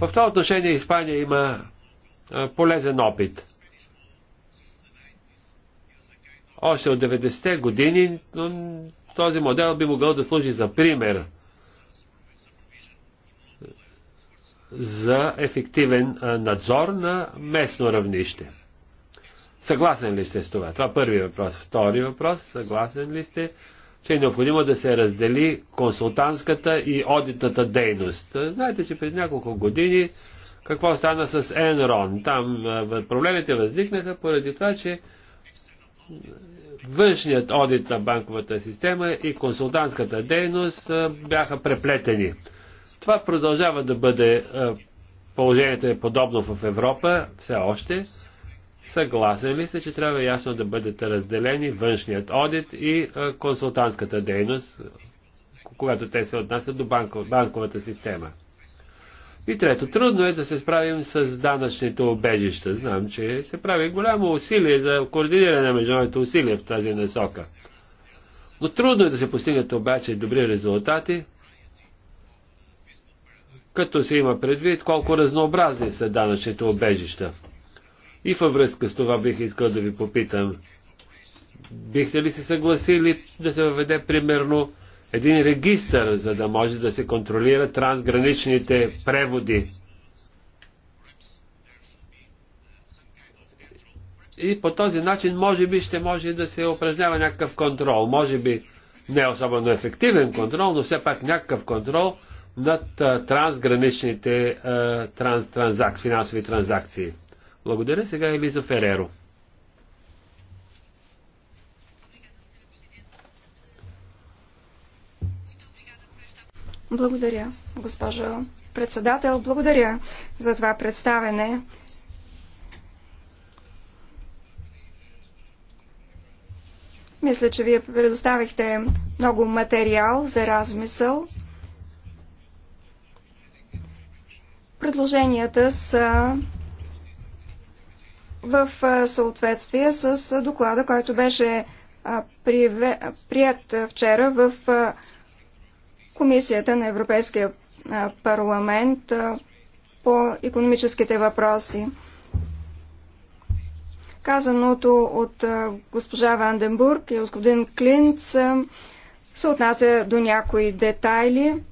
В това отношение Испания има полезен опит. Още от 90-те години този модел би могъл да служи за пример за ефективен надзор на местно равнище. Съгласен ли сте с това? Това е първи въпрос. Втори въпрос. Съгласен ли сте че е необходимо да се раздели консултантската и одитната дейност. Знаете, че преди няколко години какво стана с Енрон? Там проблемите възникнаха поради това, че външният одит на банковата система и консултантската дейност бяха преплетени. Това продължава да бъде положението е подобно в Европа все още. Съгласен ли сте, че трябва ясно да бъдете разделени външният одит и е, консултантската дейност, когато те се отнасят до банков, банковата система? И трето, трудно е да се справим с данъчните обежища. Знам, че се прави голямо усилие за координиране на международните усилия в тази насока. Но трудно е да се постигнат обаче добри резултати, като се има предвид колко разнообразни са данъчните обежища. И във връзка с това бих искал да ви попитам, бихте ли се съгласили да се въведе примерно един регистър, за да може да се контролира трансграничните преводи? И по този начин може би ще може да се упражнява някакъв контрол. Може би не особено ефективен контрол, но все пак някакъв контрол над трансграничните транс, финансови транзакции. Благодаря сега е Лиза Фереро. Благодаря, госпожо председател. Благодаря за това представене. Мисля, че вие предоставихте много материал за размисъл. Предложенията са в съответствие с доклада, който беше прият вчера в Комисията на Европейския парламент по економическите въпроси. Казаното от госпожа Ванденбург и господин Клинц се отнася до някои детайли.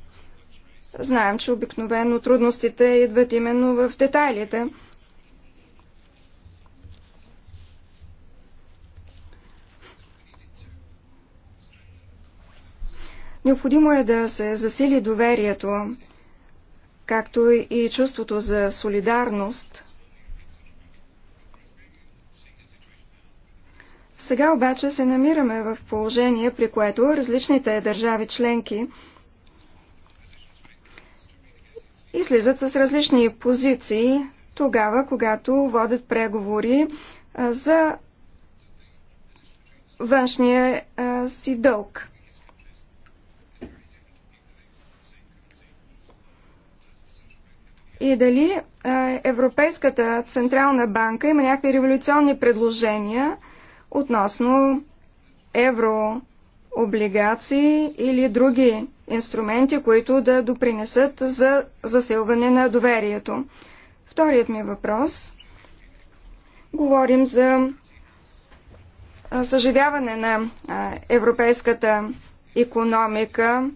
Знаем, че обикновено трудностите идват именно в детайлите. Необходимо е да се засили доверието, както и чувството за солидарност. Сега обаче се намираме в положение, при което различните държави членки излизат с различни позиции тогава, когато водят преговори за външния си дълг. и дали е, Европейската Централна банка има някакви революционни предложения относно еврооблигации или други инструменти, които да допринесат за засилване на доверието. Вторият ми въпрос. Говорим за съживяване на европейската економика.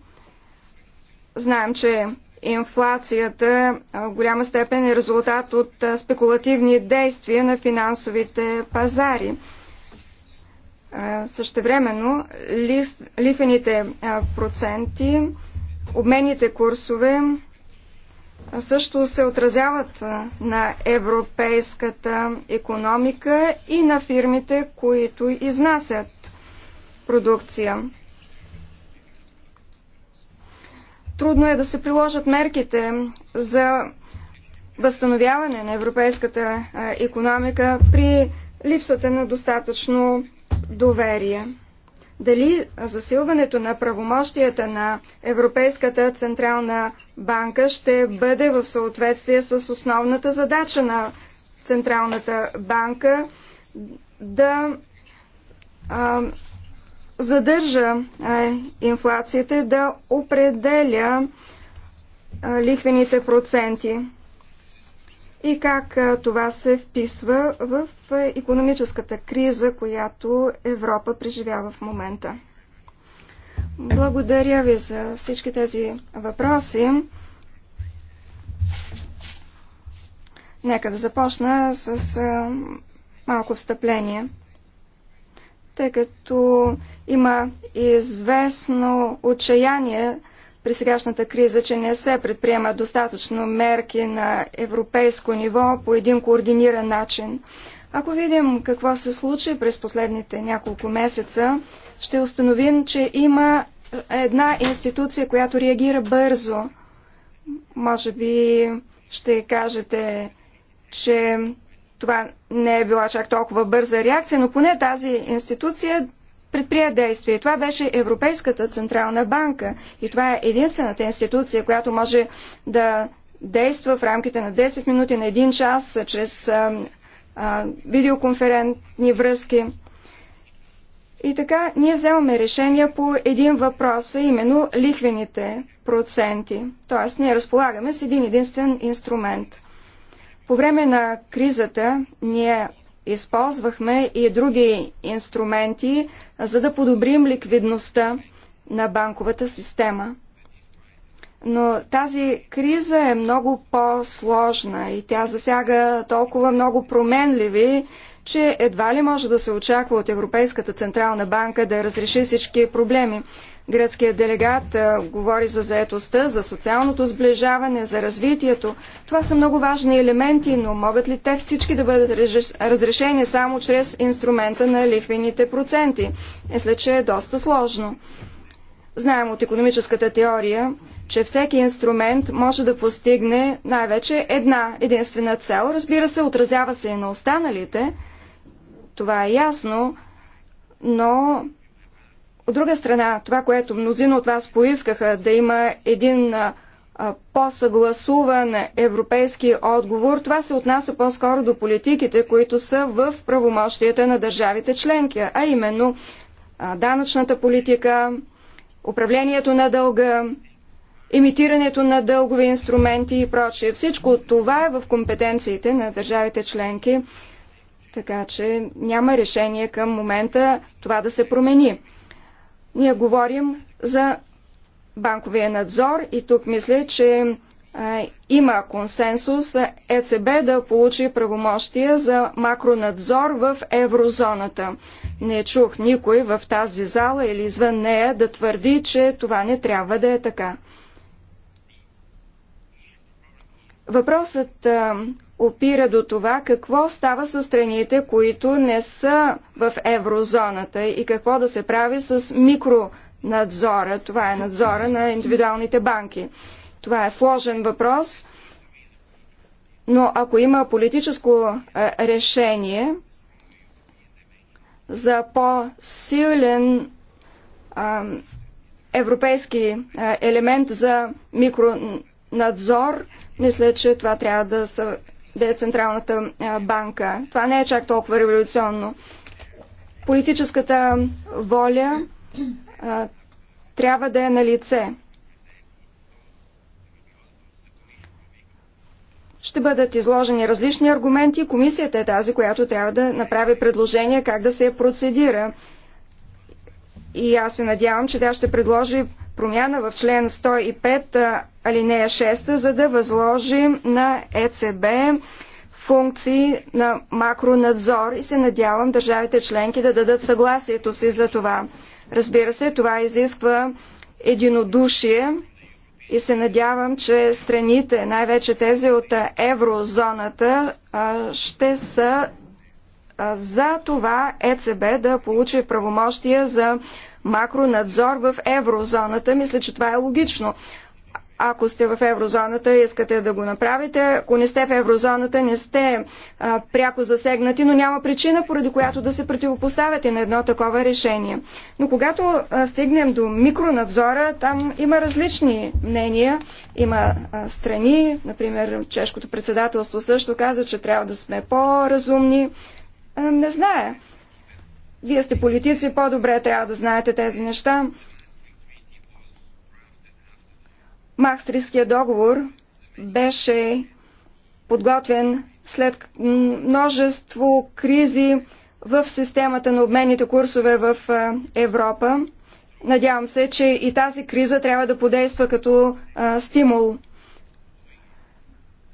Знаем, че инфлацията в голяма степен е резултат от спекулативни действия на финансовите пазари. Същевременно лихвените проценти, обменните курсове също се отразяват на европейската економика и на фирмите, които изнасят продукция. Трудно е да се приложат мерките за възстановяване на европейската економика при липсата на достатъчно доверие. Дали засилването на правомощията на Европейската Централна банка ще бъде в съответствие с основната задача на Централната банка да а, задържа инфлацията да определя лихвените проценти и как това се вписва в економическата криза, която Европа преживява в момента. Благодаря ви за всички тези въпроси. Нека да започна с малко встъпление тъй като има известно отчаяние при сегашната криза, че не се предприема достатъчно мерки на европейско ниво по един координиран начин. Ако видим какво се случи през последните няколко месеца, ще установим, че има една институция, която реагира бързо. Може би ще кажете, че това не е била чак толкова бърза реакция, но поне тази институция предприе действие. Това беше Европейската Централна банка и това е единствената институция, която може да действа в рамките на 10 минути, на 1 час, чрез а, а, видеоконферентни връзки. И така ние вземаме решение по един въпрос, а именно лихвените проценти. Тоест ние разполагаме с един единствен инструмент. По време на кризата ние използвахме и други инструменти, за да подобрим ликвидността на банковата система. Но тази криза е много по-сложна и тя засяга толкова много променливи, че едва ли може да се очаква от Европейската Централна банка да разреши всички проблеми. Гръцкият делегат а, говори за заетостта, за социалното сближаване, за развитието. Това са много важни елементи, но могат ли те всички да бъдат разрешени само чрез инструмента на лихвените проценти? Мисля, че е доста сложно. Знаем от економическата теория, че всеки инструмент може да постигне най-вече една единствена цел. Разбира се, отразява се и на останалите. Това е ясно, но от друга страна, това, което мнозина от вас поискаха, да има един по-съгласуван европейски отговор, това се отнася по-скоро до политиките, които са в правомощията на държавите членки, а именно данъчната политика, управлението на дълга, имитирането на дългови инструменти и прочее. Всичко това е в компетенциите на държавите членки, така че няма решение към момента това да се промени. Ние говорим за банковия надзор и тук мисля, че а, има консенсус ЕЦБ да получи правомощия за макронадзор в еврозоната. Не чух никой в тази зала или извън нея да твърди, че това не трябва да е така. Въпросът а, опира до това какво става с страните, които не са в еврозоната и какво да се прави с микронадзора. Това е надзора на индивидуалните банки. Това е сложен въпрос, но ако има политическо е, решение за по-силен е, европейски е, елемент за микронадзор, мисля, че това трябва да са да е Централната банка. Това не е чак толкова революционно. Политическата воля а, трябва да е на лице. Ще бъдат изложени различни аргументи. Комисията е тази, която трябва да направи предложение как да се процедира. И аз се надявам, че тя ще предложи промяна в член 105 алинея 6, за да възложим на ЕЦБ функции на макронадзор и се надявам държавите членки да дадат съгласието си за това. Разбира се, това изисква единодушие и се надявам, че страните, най-вече тези от еврозоната, ще са за това ЕЦБ да получи правомощия за макронадзор в еврозоната. Мисля, че това е логично. Ако сте в еврозоната, искате да го направите. Ако не сте в еврозоната, не сте а, пряко засегнати, но няма причина, поради която да се противопоставяте на едно такова решение. Но когато а, стигнем до микронадзора, там има различни мнения. Има а, страни, например, чешкото председателство също каза, че трябва да сме по-разумни. не зная. Вие сте политици, по-добре трябва да знаете тези неща. Махстриския договор беше подготвен след множество кризи в системата на обменните курсове в Европа. Надявам се, че и тази криза трябва да подейства като стимул.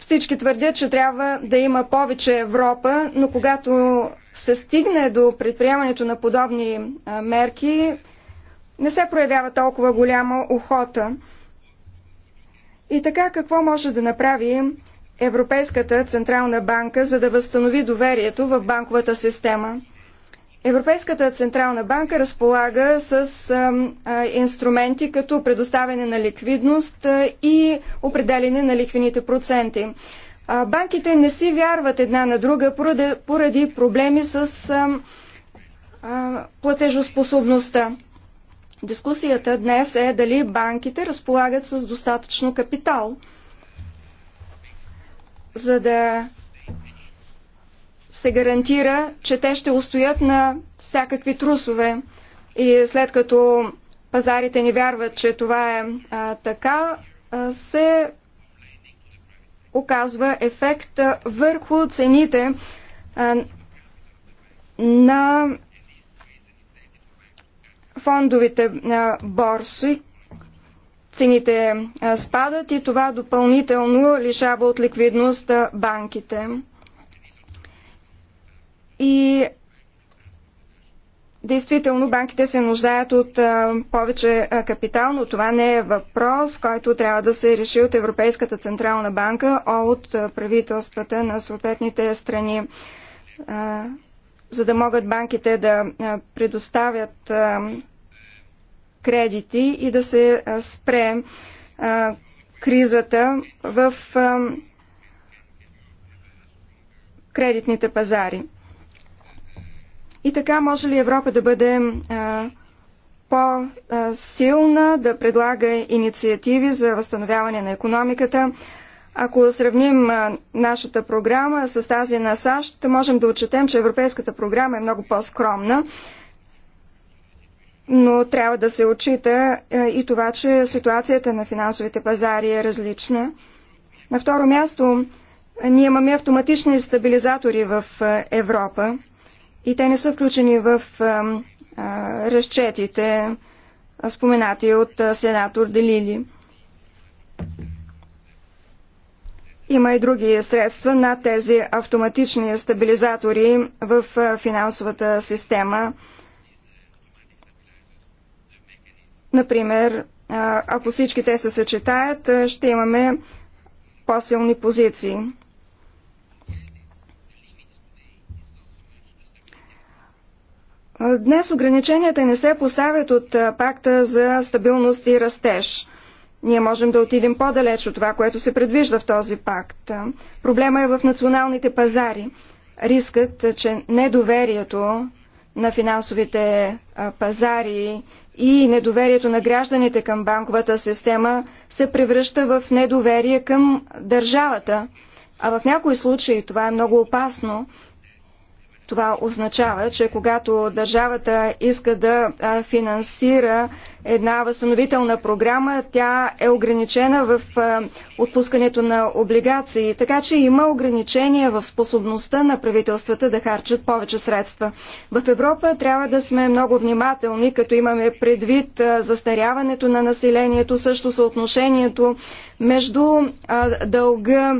Всички твърдят, че трябва да има повече Европа, но когато се стигне до предприемането на подобни мерки, не се проявява толкова голяма охота. И така, какво може да направи Европейската Централна банка, за да възстанови доверието в банковата система? Европейската Централна банка разполага с инструменти като предоставяне на ликвидност и определяне на ликвените проценти. банките не си вярват една на друга поради, поради проблеми с платежоспособността. Дискусията днес е дали банките разполагат с достатъчно капитал, за да се гарантира, че те ще устоят на всякакви трусове. И след като пазарите ни вярват, че това е а, така, а, се оказва ефект върху цените а, на фондовите а, борси. Цените а, спадат и това допълнително лишава от ликвидност а, банките и действително банките се нуждаят от а, повече а, капитал, но това не е въпрос, който трябва да се реши от Европейската Централна банка, а от а, правителствата на съответните страни. А, за да могат банките да а, предоставят а, кредити и да се а, спре а, кризата в а, кредитните пазари. И така може ли Европа да бъде по-силна, да предлага инициативи за възстановяване на економиката? Ако сравним нашата програма с тази на САЩ, можем да отчетем, че европейската програма е много по-скромна, но трябва да се отчита и това, че ситуацията на финансовите пазари е различна. На второ място, ние имаме автоматични стабилизатори в Европа и те не са включени в а, а, разчетите, споменати от а, сенатор Делили. Има и други средства на тези автоматични стабилизатори в а, финансовата система. Например, ако всички те се съчетаят, ще имаме по-силни позиции. Днес ограниченията не се поставят от пакта за стабилност и растеж. Ние можем да отидем по-далеч от това, което се предвижда в този пакт. Проблема е в националните пазари. Рискът, че недоверието на финансовите пазари и недоверието на гражданите към банковата система се превръща в недоверие към държавата. А в някои случаи това е много опасно, това означава, че когато държавата иска да финансира една възстановителна програма, тя е ограничена в отпускането на облигации. Така че има ограничения в способността на правителствата да харчат повече средства. В Европа трябва да сме много внимателни, като имаме предвид застаряването на населението, също съотношението между дълга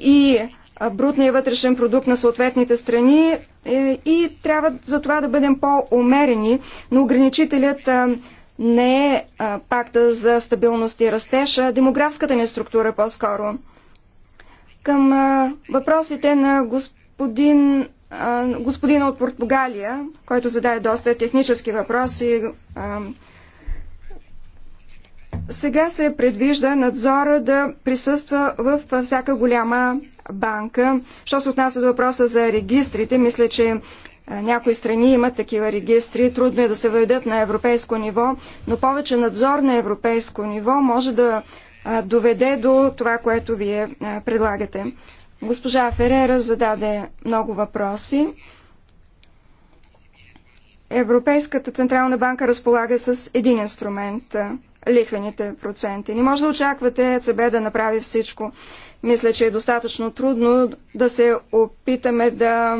и брутния вътрешен продукт на съответните страни е, и трябва за това да бъдем по-умерени, но ограничителят не е пакта за стабилност и растеж, а демографската ни структура по-скоро. Към въпросите на господин, господина от Португалия, който зададе доста технически въпроси, сега се предвижда надзора да присъства в всяка голяма банка. Що се отнася до въпроса за регистрите, мисля, че е, някои страни имат такива регистри, трудно е да се въведат на европейско ниво, но повече надзор на европейско ниво може да е, доведе до това, което вие е, предлагате. Госпожа Ферера зададе много въпроси. Европейската Централна банка разполага с един инструмент – лихвените проценти. Не може да очаквате ЕЦБ да направи всичко. Мисля, че е достатъчно трудно да се опитаме да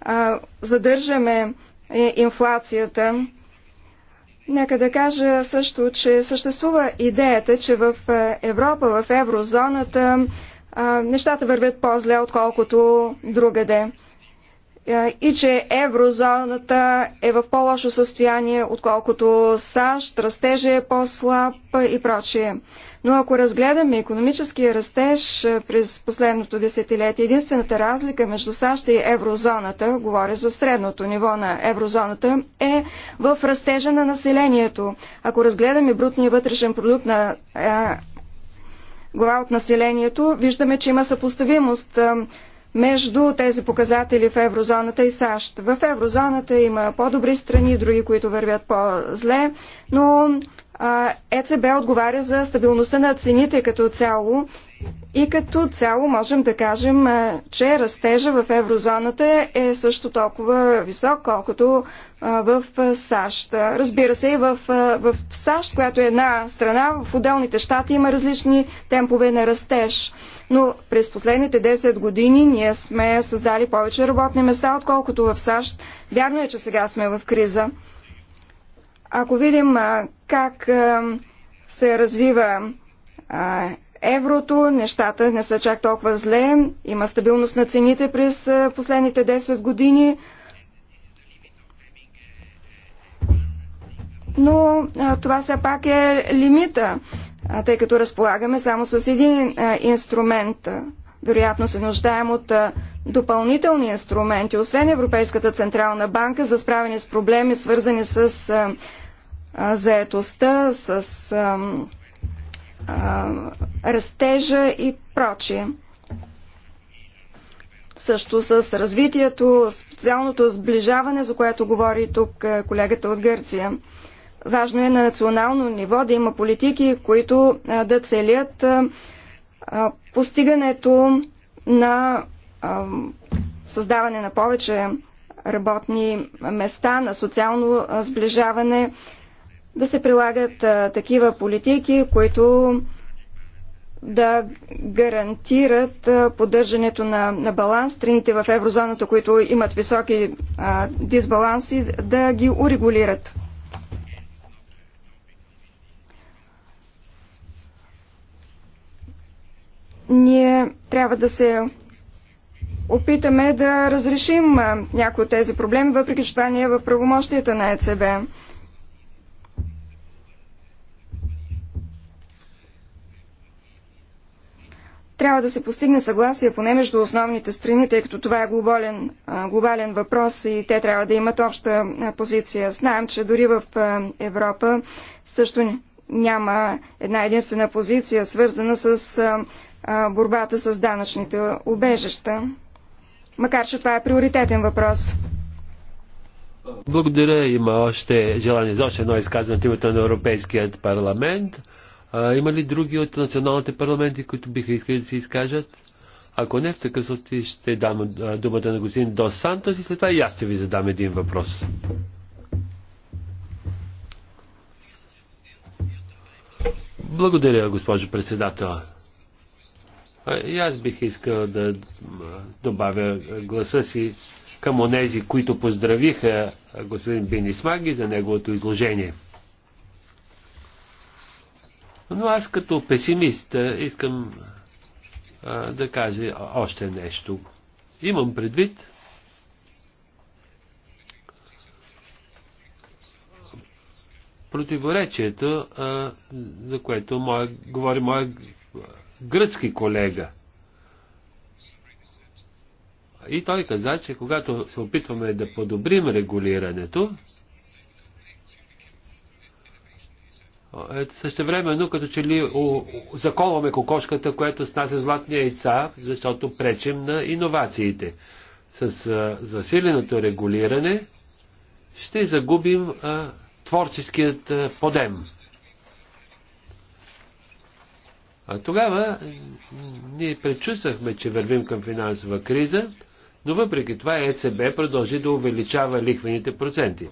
а, задържаме е, инфлацията. Нека да кажа също, че съществува идеята, че в е, Европа, в еврозоната, нещата вървят по-зле, отколкото другаде. Е, и че еврозоната е в по-лошо състояние, отколкото САЩ, растеже е по-слаб и прочие. Но ако разгледаме економическия растеж през последното десетилетие, единствената разлика между САЩ и еврозоната, говоря за средното ниво на еврозоната, е в растежа на населението. Ако разгледаме брутния вътрешен продукт на е, глава от населението, виждаме, че има съпоставимост между тези показатели в еврозоната и САЩ. В еврозоната има по-добри страни, други, които вървят по-зле, но ЕЦБ отговаря за стабилността на цените като цяло и като цяло можем да кажем, че растежа в еврозоната е също толкова висок, колкото в САЩ. Разбира се, и в, в САЩ, която е една страна, в отделните щати има различни темпове на растеж. Но през последните 10 години ние сме създали повече работни места, отколкото в САЩ. Вярно е, че сега сме в криза. Ако видим как се развива еврото, нещата не са чак толкова зле, има стабилност на цените през последните 10 години, но това все пак е лимита, тъй като разполагаме само с един инструмент. Вероятно се нуждаем от допълнителни инструменти, освен Европейската Централна банка за справяне с проблеми, свързани с заетостта, с а, а, растежа и прочие. Също с развитието, специалното сближаване, за което говори тук е, колегата от Гърция. Важно е на национално ниво да има политики, които да целят постигането на създаване на повече работни места, на социално сближаване, да се прилагат а, такива политики, които да гарантират а, поддържането на, на баланс. Страните в еврозоната, които имат високи а, дисбаланси, да ги урегулират. Ние трябва да се опитаме да разрешим някои от тези проблеми, въпреки че това не е в правомощията на ЕЦБ. Трябва да се постигне съгласие поне между основните страни, тъй като това е глобален, глобален въпрос и те трябва да имат обща позиция. Знаем, че дори в Европа също няма една единствена позиция, свързана с борбата с данъчните убежища. Макар, че това е приоритетен въпрос. Благодаря. Има още желание за още едно изказване от името на Европейският парламент. А, има ли други от националните парламенти, които биха искали да се изкажат? Ако не, в такъв случай ще дам думата на господин Дос Сантос и след това и аз ще ви задам един въпрос. Благодаря, госпожо председател. И аз бих искал да добавя гласа си към онези, които поздравиха господин Бенисмаги за неговото изложение. Но аз като песимист искам а, да кажа още нещо. Имам предвид противоречието, а, за което моя, говори моя гръцки колега. И той каза, че когато се опитваме да подобрим регулирането, Е, същевременно, като че ли заколваме кокошката, която снася златни яйца, защото пречим на иновациите. С засиленото регулиране ще загубим а, творческият а, подем. А тогава ние предчувствахме, че вървим към финансова криза, но въпреки това ЕЦБ продължи да увеличава лихвените проценти.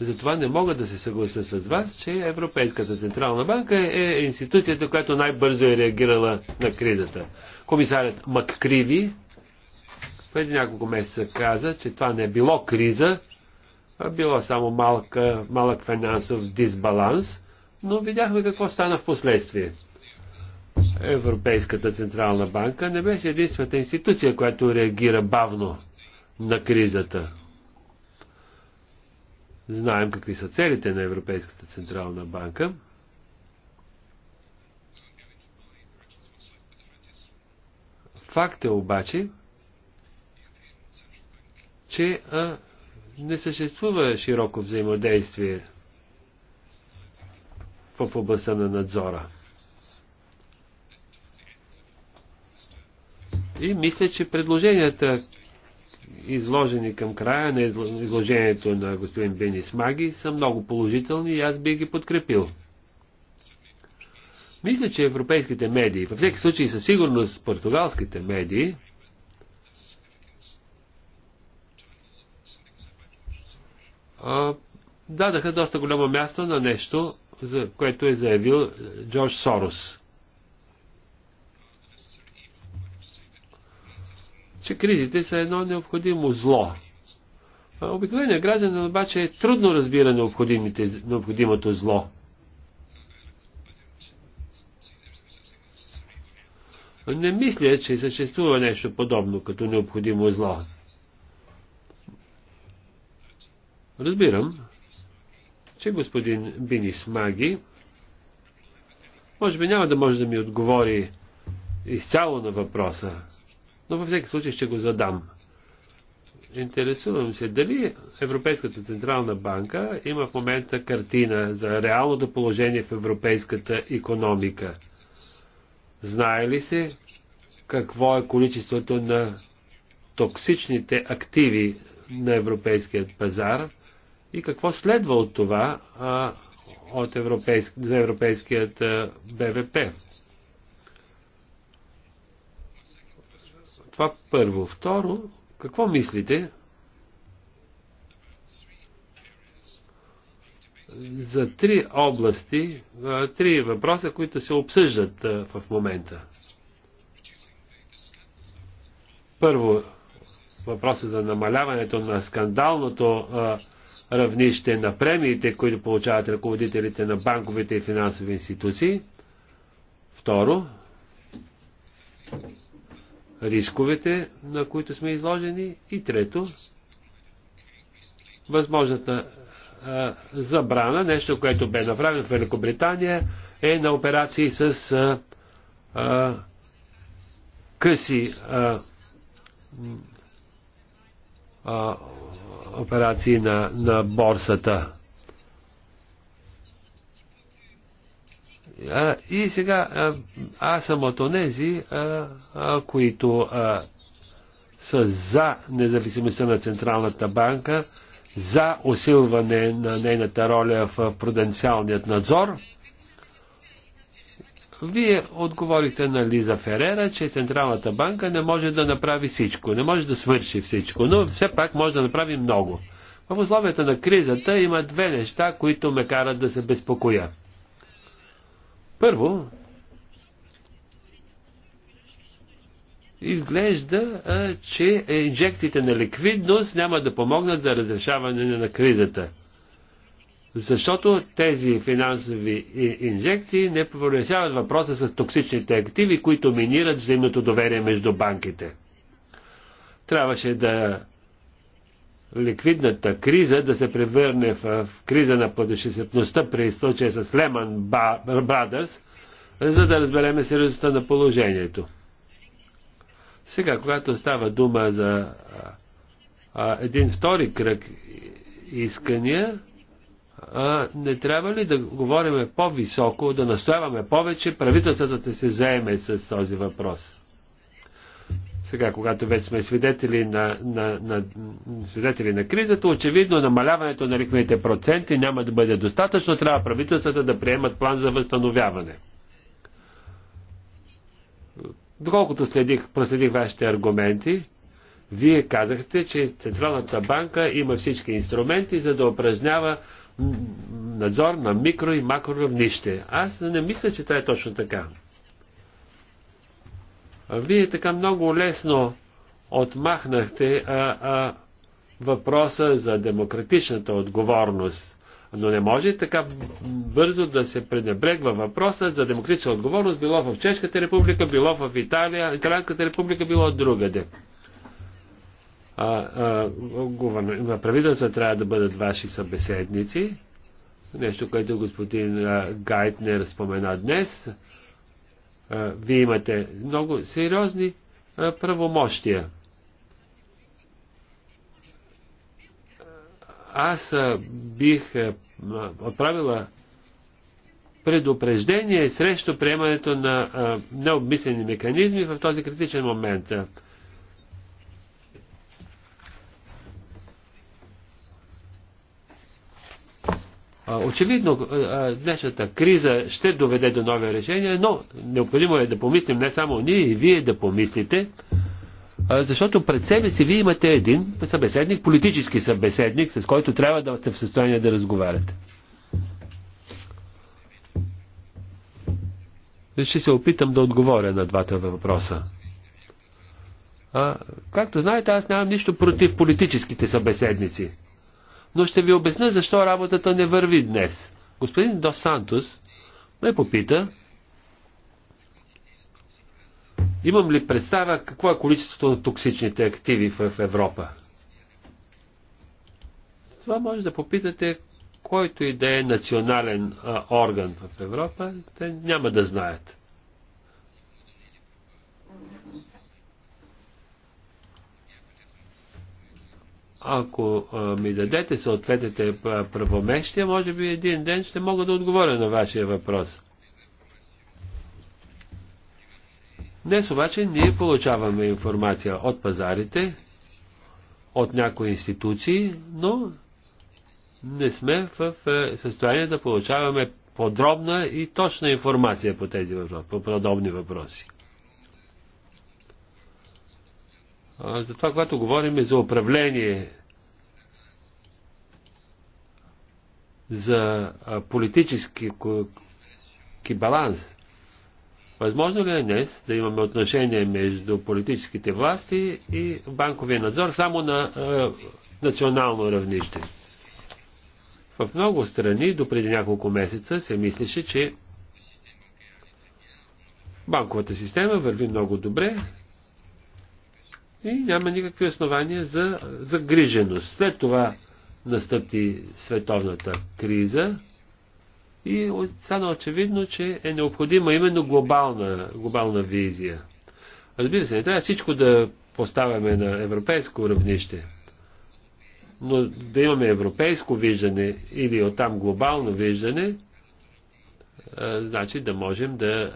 Затова не мога да се съглася с вас, че Европейската Централна банка е институцията, която най-бързо е реагирала на кризата. Комисарят Маккриви преди няколко месеца каза, че това не е било криза, а било само малка, малък финансов дисбаланс, но видяхме какво стана в последствие. Европейската Централна банка не беше единствената институция, която реагира бавно на кризата. Знаем какви са целите на Европейската централна банка. Факт е обаче, че а, не съществува широко взаимодействие в областта на надзора. И мисля, че предложенията, изложени към края на изложението на господин Бенис Маги, са много положителни и аз би ги подкрепил. Мисля, че европейските медии, във всеки случай със сигурност португалските медии, а, дадаха доста голямо място на нещо, за което е заявил Джордж Сорос. че кризите са едно необходимо зло. Обикновеният гражданин обаче е трудно разбира необходимото зло. Не мисля, че съществува нещо подобно като необходимо зло. Разбирам, че господин Бинис Маги може би няма да може да ми отговори изцяло на въпроса, но във всеки случай ще го задам. Интересувам се дали Европейската Централна банка има в момента картина за реалното положение в европейската економика. Знае ли се какво е количеството на токсичните активи на европейският пазар и какво следва от това а, от европейск, за европейският а, БВП? Това първо. Второ, какво мислите за три области, три въпроса, които се обсъждат в момента? Първо, въпроса за намаляването на скандалното равнище на премиите, които получават ръководителите на банковите и финансови институции. Второ, рисковете, на които сме изложени. И трето, възможната а, забрана, нещо, което бе направено в Великобритания, е на операции с а, а, къси а, а, операции на, на борсата. А, и сега а, аз съм от онези, а, а, които а, са за независимостта на Централната банка, за усилване на нейната роля в пруденциалният надзор. Вие отговорите на Лиза Ферера, че Централната банка не може да направи всичко, не може да свърши всичко, но все пак може да направи много. В условията на кризата има две неща, които ме карат да се безпокоя. Първо, изглежда, че инжекциите на ликвидност няма да помогнат за разрешаване на кризата. Защото тези финансови инжекции не поврешават въпроса с токсичните активи, които минират взаимното доверие между банките. Трябваше да ликвидната криза да се превърне в криза на платежеспността при случая с Леман Брадърс, за да разбереме сериозността на положението. Сега, когато става дума за а, един втори кръг искания, а, не трябва ли да говорим по-високо, да настояваме повече, правителството да се заеме с този въпрос? Сега, когато вече сме свидетели на, на, на, свидетели на кризата, очевидно намаляването на лихвените проценти няма да бъде достатъчно. Трябва правителствата да приемат план за възстановяване. Доколкото следих, проследих вашите аргументи, вие казахте, че Централната банка има всички инструменти, за да упражнява надзор на микро и макро равнище. Аз не мисля, че това е точно така. Вие така много лесно отмахнахте а, а, въпроса за демократичната отговорност. Но не може така бързо да се пренебрегва въпроса за демократична отговорност, било в Чешката република, било в Италия, Италианската република, било другаде. А, а, правителства трябва да бъдат ваши събеседници. Нещо, което господин а, Гайтнер спомена днес. Вие имате много сериозни правомощия. Аз бих отправила предупреждение срещу приемането на необмислени механизми в този критичен момент. Очевидно, днешната криза ще доведе до нови решения, но необходимо е да помислим не само ние и вие да помислите, защото пред себе си вие имате един събеседник, политически събеседник, с който трябва да сте в състояние да разговаряте. Ще се опитам да отговоря на двата въпроса. А, както знаете, аз нямам нищо против политическите събеседници но ще ви обясня защо работата не върви днес. Господин Дос Сантос ме попита, имам ли представа какво е количеството на токсичните активи в Европа? Това може да попитате който и да е национален а, орган в Европа, те няма да знаят. Ако ми дадете съответните правомещия, може би един ден ще мога да отговоря на вашия въпрос. Днес обаче ние получаваме информация от пазарите, от някои институции, но не сме в състояние да получаваме подробна и точна информация по тези въпроси, по подобни въпроси. Затова, когато говорим за управление, за политически баланс, възможно ли е днес да имаме отношение между политическите власти и банковия надзор само на национално равнище? В много страни до преди няколко месеца се мислеше, че банковата система върви много добре, и няма никакви основания за загриженост. След това настъпи световната криза и стана очевидно, че е необходима именно глобална, глобална визия. Разбира се, не трябва всичко да поставяме на европейско равнище, но да имаме европейско виждане или оттам глобално виждане, значи да можем да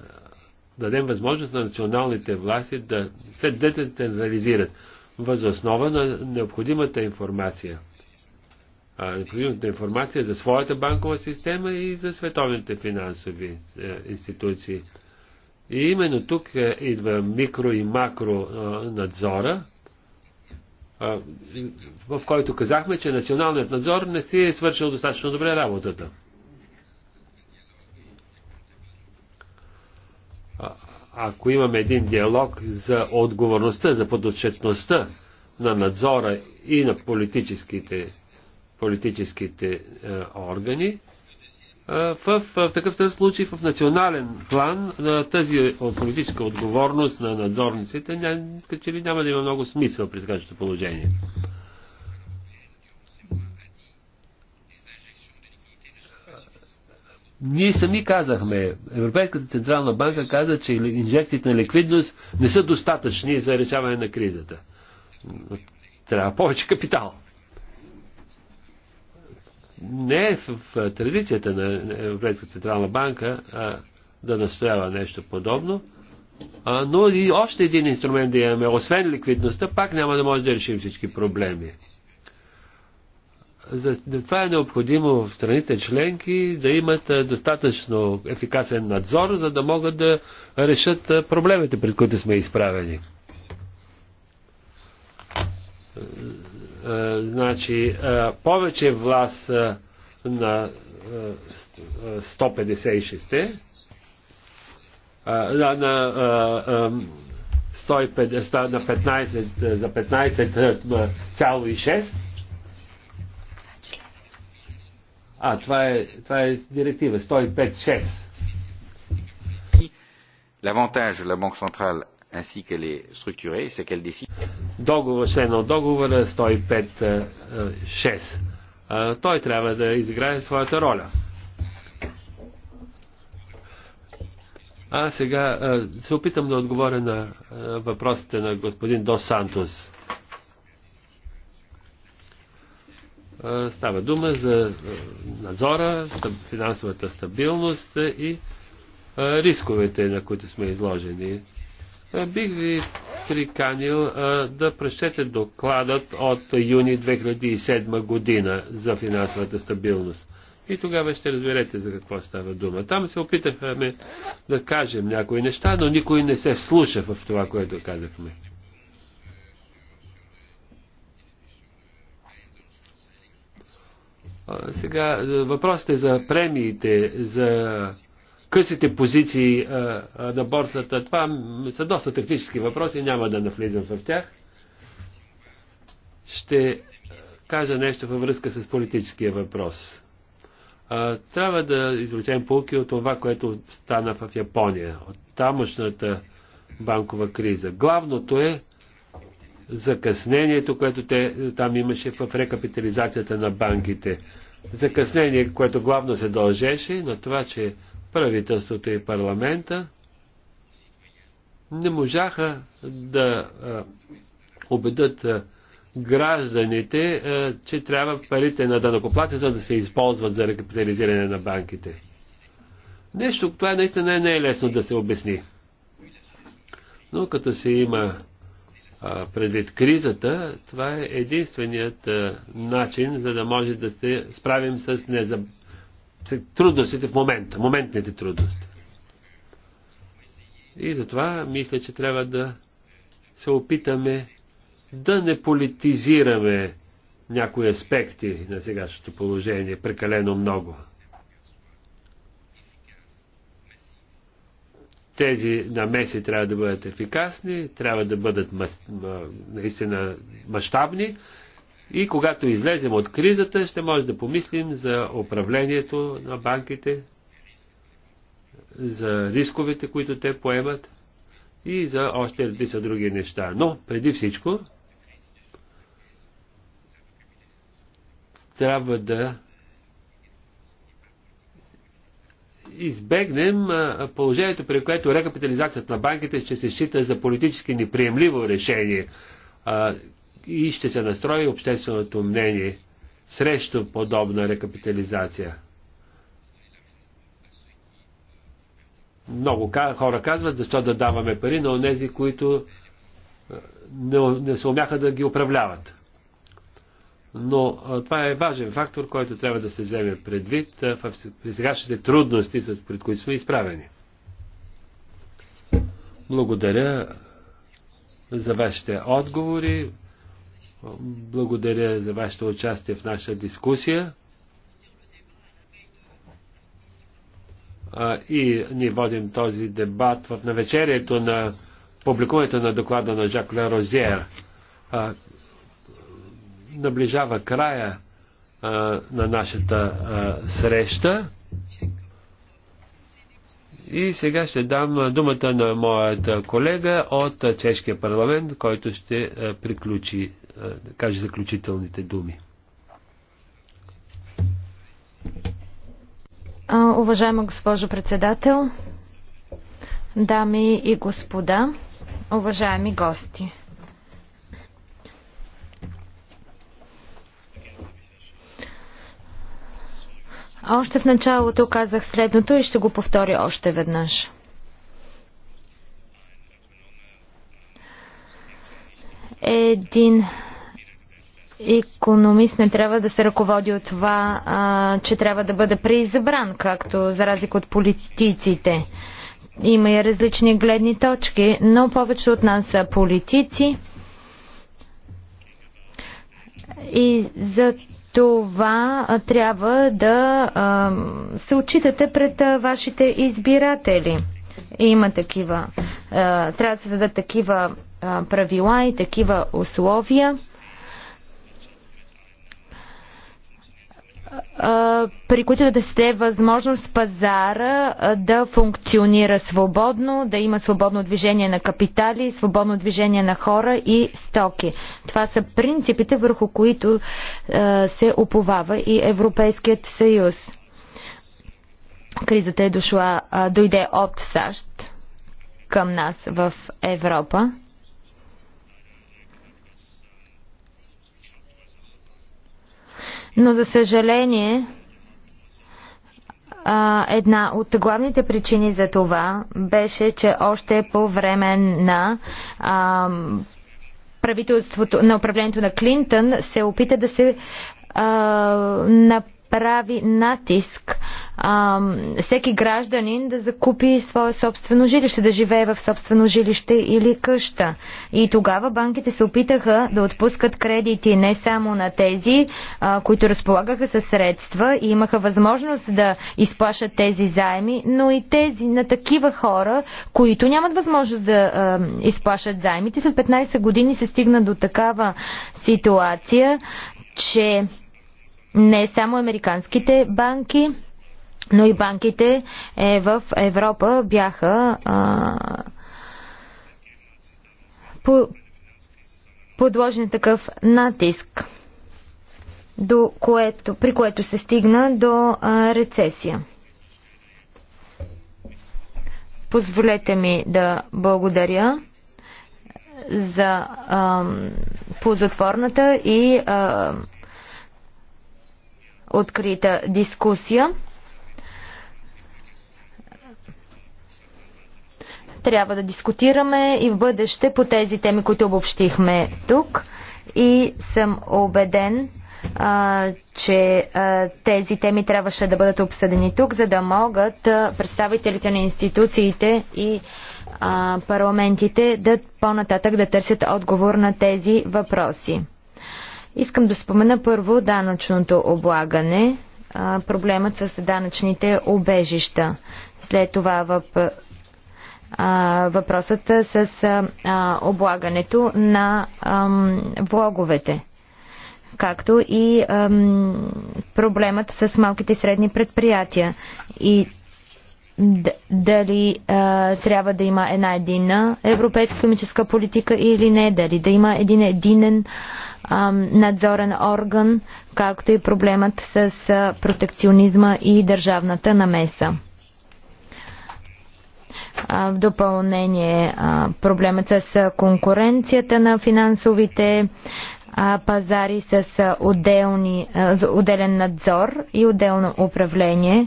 дадем възможност на националните власти да се децентрализират възоснова на необходимата информация. А, необходимата информация за своята банкова система и за световните финансови е, институции. И именно тук е, идва микро и макро е, надзора, е, в който казахме, че националният надзор не си е свършил достатъчно добре работата. ако имаме един диалог за отговорността, за подотчетността на надзора и на политическите, политическите е, органи, в, е, в, в такъв случай в национален план на е, тази политическа отговорност на надзорниците, като че ли няма да има много смисъл при следващото положение. Ние сами казахме, Европейската централна банка каза, че инжекциите на ликвидност не са достатъчни за решаване на кризата. Трябва повече капитал. Не е в традицията на Европейската централна банка а, да настоява нещо подобно, а, но и още един инструмент да имаме, освен ликвидността, пак няма да може да решим всички проблеми. За това е необходимо в страните членки да имат достатъчно ефикасен надзор, за да могат да решат проблемите, пред които сме изправени. Значи, повече власт на 156 на, на на 15, за 15,6 А, това е, това е директива 105-6. L'avantage de la Banque centrale ainsi qu'elle est structurée, c'est qu'elle décide. Договор, член от договора 105-6. Е е, той трябва да изиграе своята роля. А сега е, се опитам да отговоря на въпросите на господин Дос Сантос. Става дума за надзора, финансовата стабилност и рисковете, на които сме изложени. Бих ви приканил да прочете докладът от юни 2007 година за финансовата стабилност. И тогава ще разберете за какво става дума. Там се опитахме да кажем някои неща, но никой не се слуша в това, което казахме. Сега въпросът е за премиите, за късите позиции е, е, на борсата. Това са доста технически въпроси, няма да навлизам в тях. Ще е, кажа нещо във връзка с политическия въпрос. Трябва да извлечем полки от това, което стана в Япония, от тамошната банкова криза. Главното е закъснението, което те, е, там имаше в рекапитализацията на банките. Закъснение, което главно се дължеше на това, че правителството и парламента не можаха да а, е, убедат а, е, гражданите, а, че трябва парите на данокоплатата да се използват за рекапитализиране на банките. Нещо, това наистина не е лесно да се обясни. Но като се има предвид кризата, това е единственият начин, за да може да се справим с незаб... трудностите в момента, моментните трудности. И затова мисля, че трябва да се опитаме да не политизираме някои аспекти на сегашното положение прекалено много. тези намеси трябва да бъдат ефикасни, трябва да бъдат наистина мащабни и когато излезем от кризата, ще може да помислим за управлението на банките, за рисковете, които те поемат и за още редица други неща. Но преди всичко трябва да избегнем положението, при което рекапитализацията на банките ще се счита за политически неприемливо решение и ще се настрои общественото мнение срещу подобна рекапитализация. Много хора казват, защо да даваме пари на тези, които не, не се умяха да ги управляват но това е важен фактор, който трябва да се вземе предвид в, при сегашните трудности, с, пред които сме изправени. Благодаря за вашите отговори. Благодаря за вашето участие в наша дискусия. и ние водим този дебат в навечерието на публикуването на доклада на Жак Ле Розиер наближава края а, на нашата а, среща. И сега ще дам думата на моят колега от Чешкия парламент, който ще приключи, да каже заключителните думи. Уважаема госпожо председател, дами и господа, уважаеми гости. Още в началото казах следното и ще го повторя още веднъж. Един економист не трябва да се ръководи от това, а, че трябва да бъде преизбран, както за разлика от политиците. Има и различни гледни точки, но повече от нас са политици. И за това трябва да се отчитате пред вашите избиратели. Има такива. Трябва да се зададат такива правила и такива условия. при които да се даде възможност пазара да функционира свободно, да има свободно движение на капитали, свободно движение на хора и стоки. Това са принципите, върху които се уповава и Европейският съюз. Кризата е дошла, дойде от САЩ към нас в Европа. Но за съжаление, една от главните причини за това беше, че още по време на правителството на управлението на Клинтън се опита да се направи натиск а, всеки гражданин да закупи свое собствено жилище, да живее в собствено жилище или къща. И тогава банките се опитаха да отпускат кредити не само на тези, а, които разполагаха със средства и имаха възможност да изплащат тези заеми, но и тези на такива хора, които нямат възможност да а, изплащат заемите. След 15 години се стигна до такава ситуация, че не само американските банки, но и банките е, в Европа бяха а, по, подложени такъв натиск, до което, при което се стигна до а, рецесия. Позволете ми да благодаря за а, и а, открита дискусия. Трябва да дискутираме и в бъдеще по тези теми, които обобщихме тук. И съм убеден, а, че а, тези теми трябваше да бъдат обсъдени тук, за да могат а, представителите на институциите и а, парламентите да по-нататък да търсят отговор на тези въпроси. Искам да спомена първо данъчното облагане, а, проблемът с данъчните обежища. След това въп, въпросът с облагането на влоговете както и ам, проблемът с малките и средни предприятия. И дали а, трябва да има една единна европейска комическа политика или не, дали да има един единен ам, надзорен орган, както и проблемът с а, протекционизма и държавната намеса. В допълнение проблемът с конкуренцията на финансовите пазари с отделни, отделен надзор и отделно управление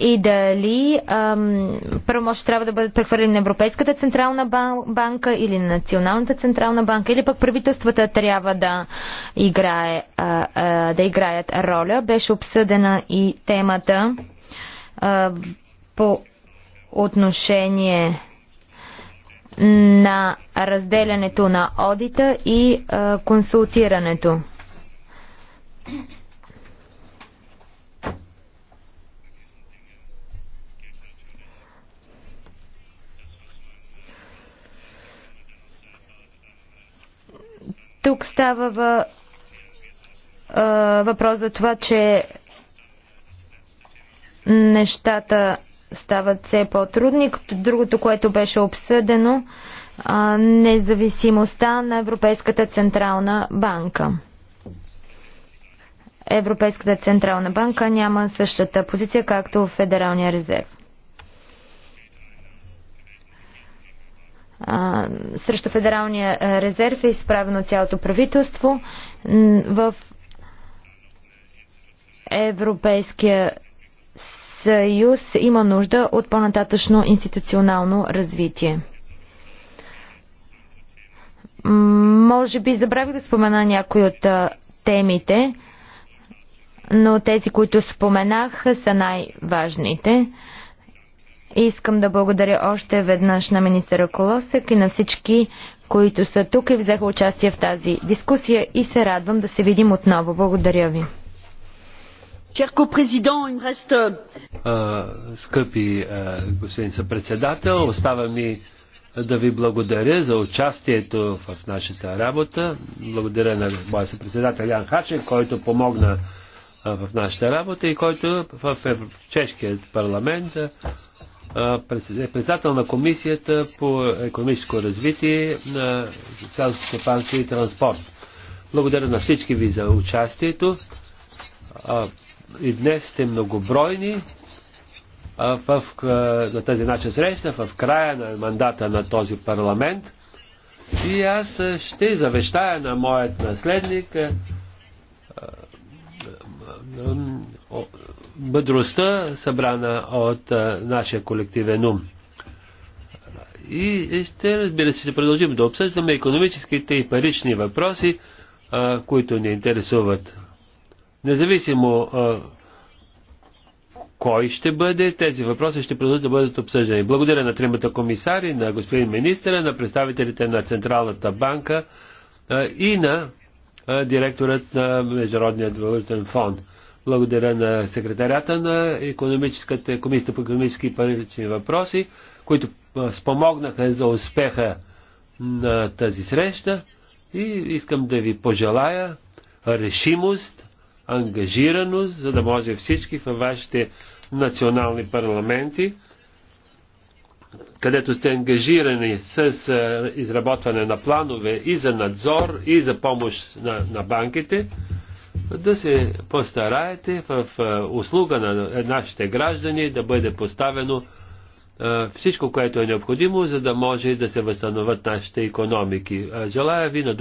и дали може трябва да бъдат прехвърлени на Европейската централна банка или на Националната централна банка, или пък правителствата трябва да, играе, да играят роля. Беше обсъдена и темата по отношение на разделянето на одита и консултирането. Тук става в, а, въпрос за това, че нещата стават все по-трудни. Другото, което беше обсъдено, а, независимостта на Европейската централна банка. Европейската централна банка няма същата позиция, както Федералния резерв. срещу Федералния резерв е изправено цялото правителство. В Европейския съюз има нужда от по-нататъчно институционално развитие. Може би забравих да спомена някои от темите, но тези, които споменах, са най-важните. Искам да благодаря още веднъж на министъра Колосък и на всички, които са тук и взеха участие в тази дискусия и се радвам да се видим отново. Благодаря ви. реста... Euh, скъпи господин съпредседател, остава ми да ви благодаря за участието в нашата работа. Благодаря на моя съпредседател Ян Хачен, който помогна в нашата работа и който в, в чешкият парламент е председател на комисията по економическо развитие на социалното стопанство и транспорт. Благодаря на всички ви за участието. И днес сте многобройни в, на тази наша среща, в края на мандата на този парламент. И аз ще завещая на моят наследник мъдростта, събрана от а, нашия колективен ум. И ще, разбира се, ще продължим да обсъждаме економическите и парични въпроси, а, които ни интересуват. Независимо а, кой ще бъде, тези въпроси ще продължат да бъдат обсъждани. Благодаря на тримата комисари, на господин министъра, на представителите на Централната банка а, и на а, директорът на Международния валутен фонд. Благодаря на секретарята на економическата, Комисията по економически и парични въпроси, които спомогнаха за успеха на тази среща и искам да ви пожелая решимост, ангажираност, за да може всички във вашите национални парламенти, където сте ангажирани с изработване на планове и за надзор, и за помощ на, на банките, да се постараете в услуга на нашите граждани да бъде поставено всичко, което е необходимо, за да може да се възстановят нашите економики. Желая ви на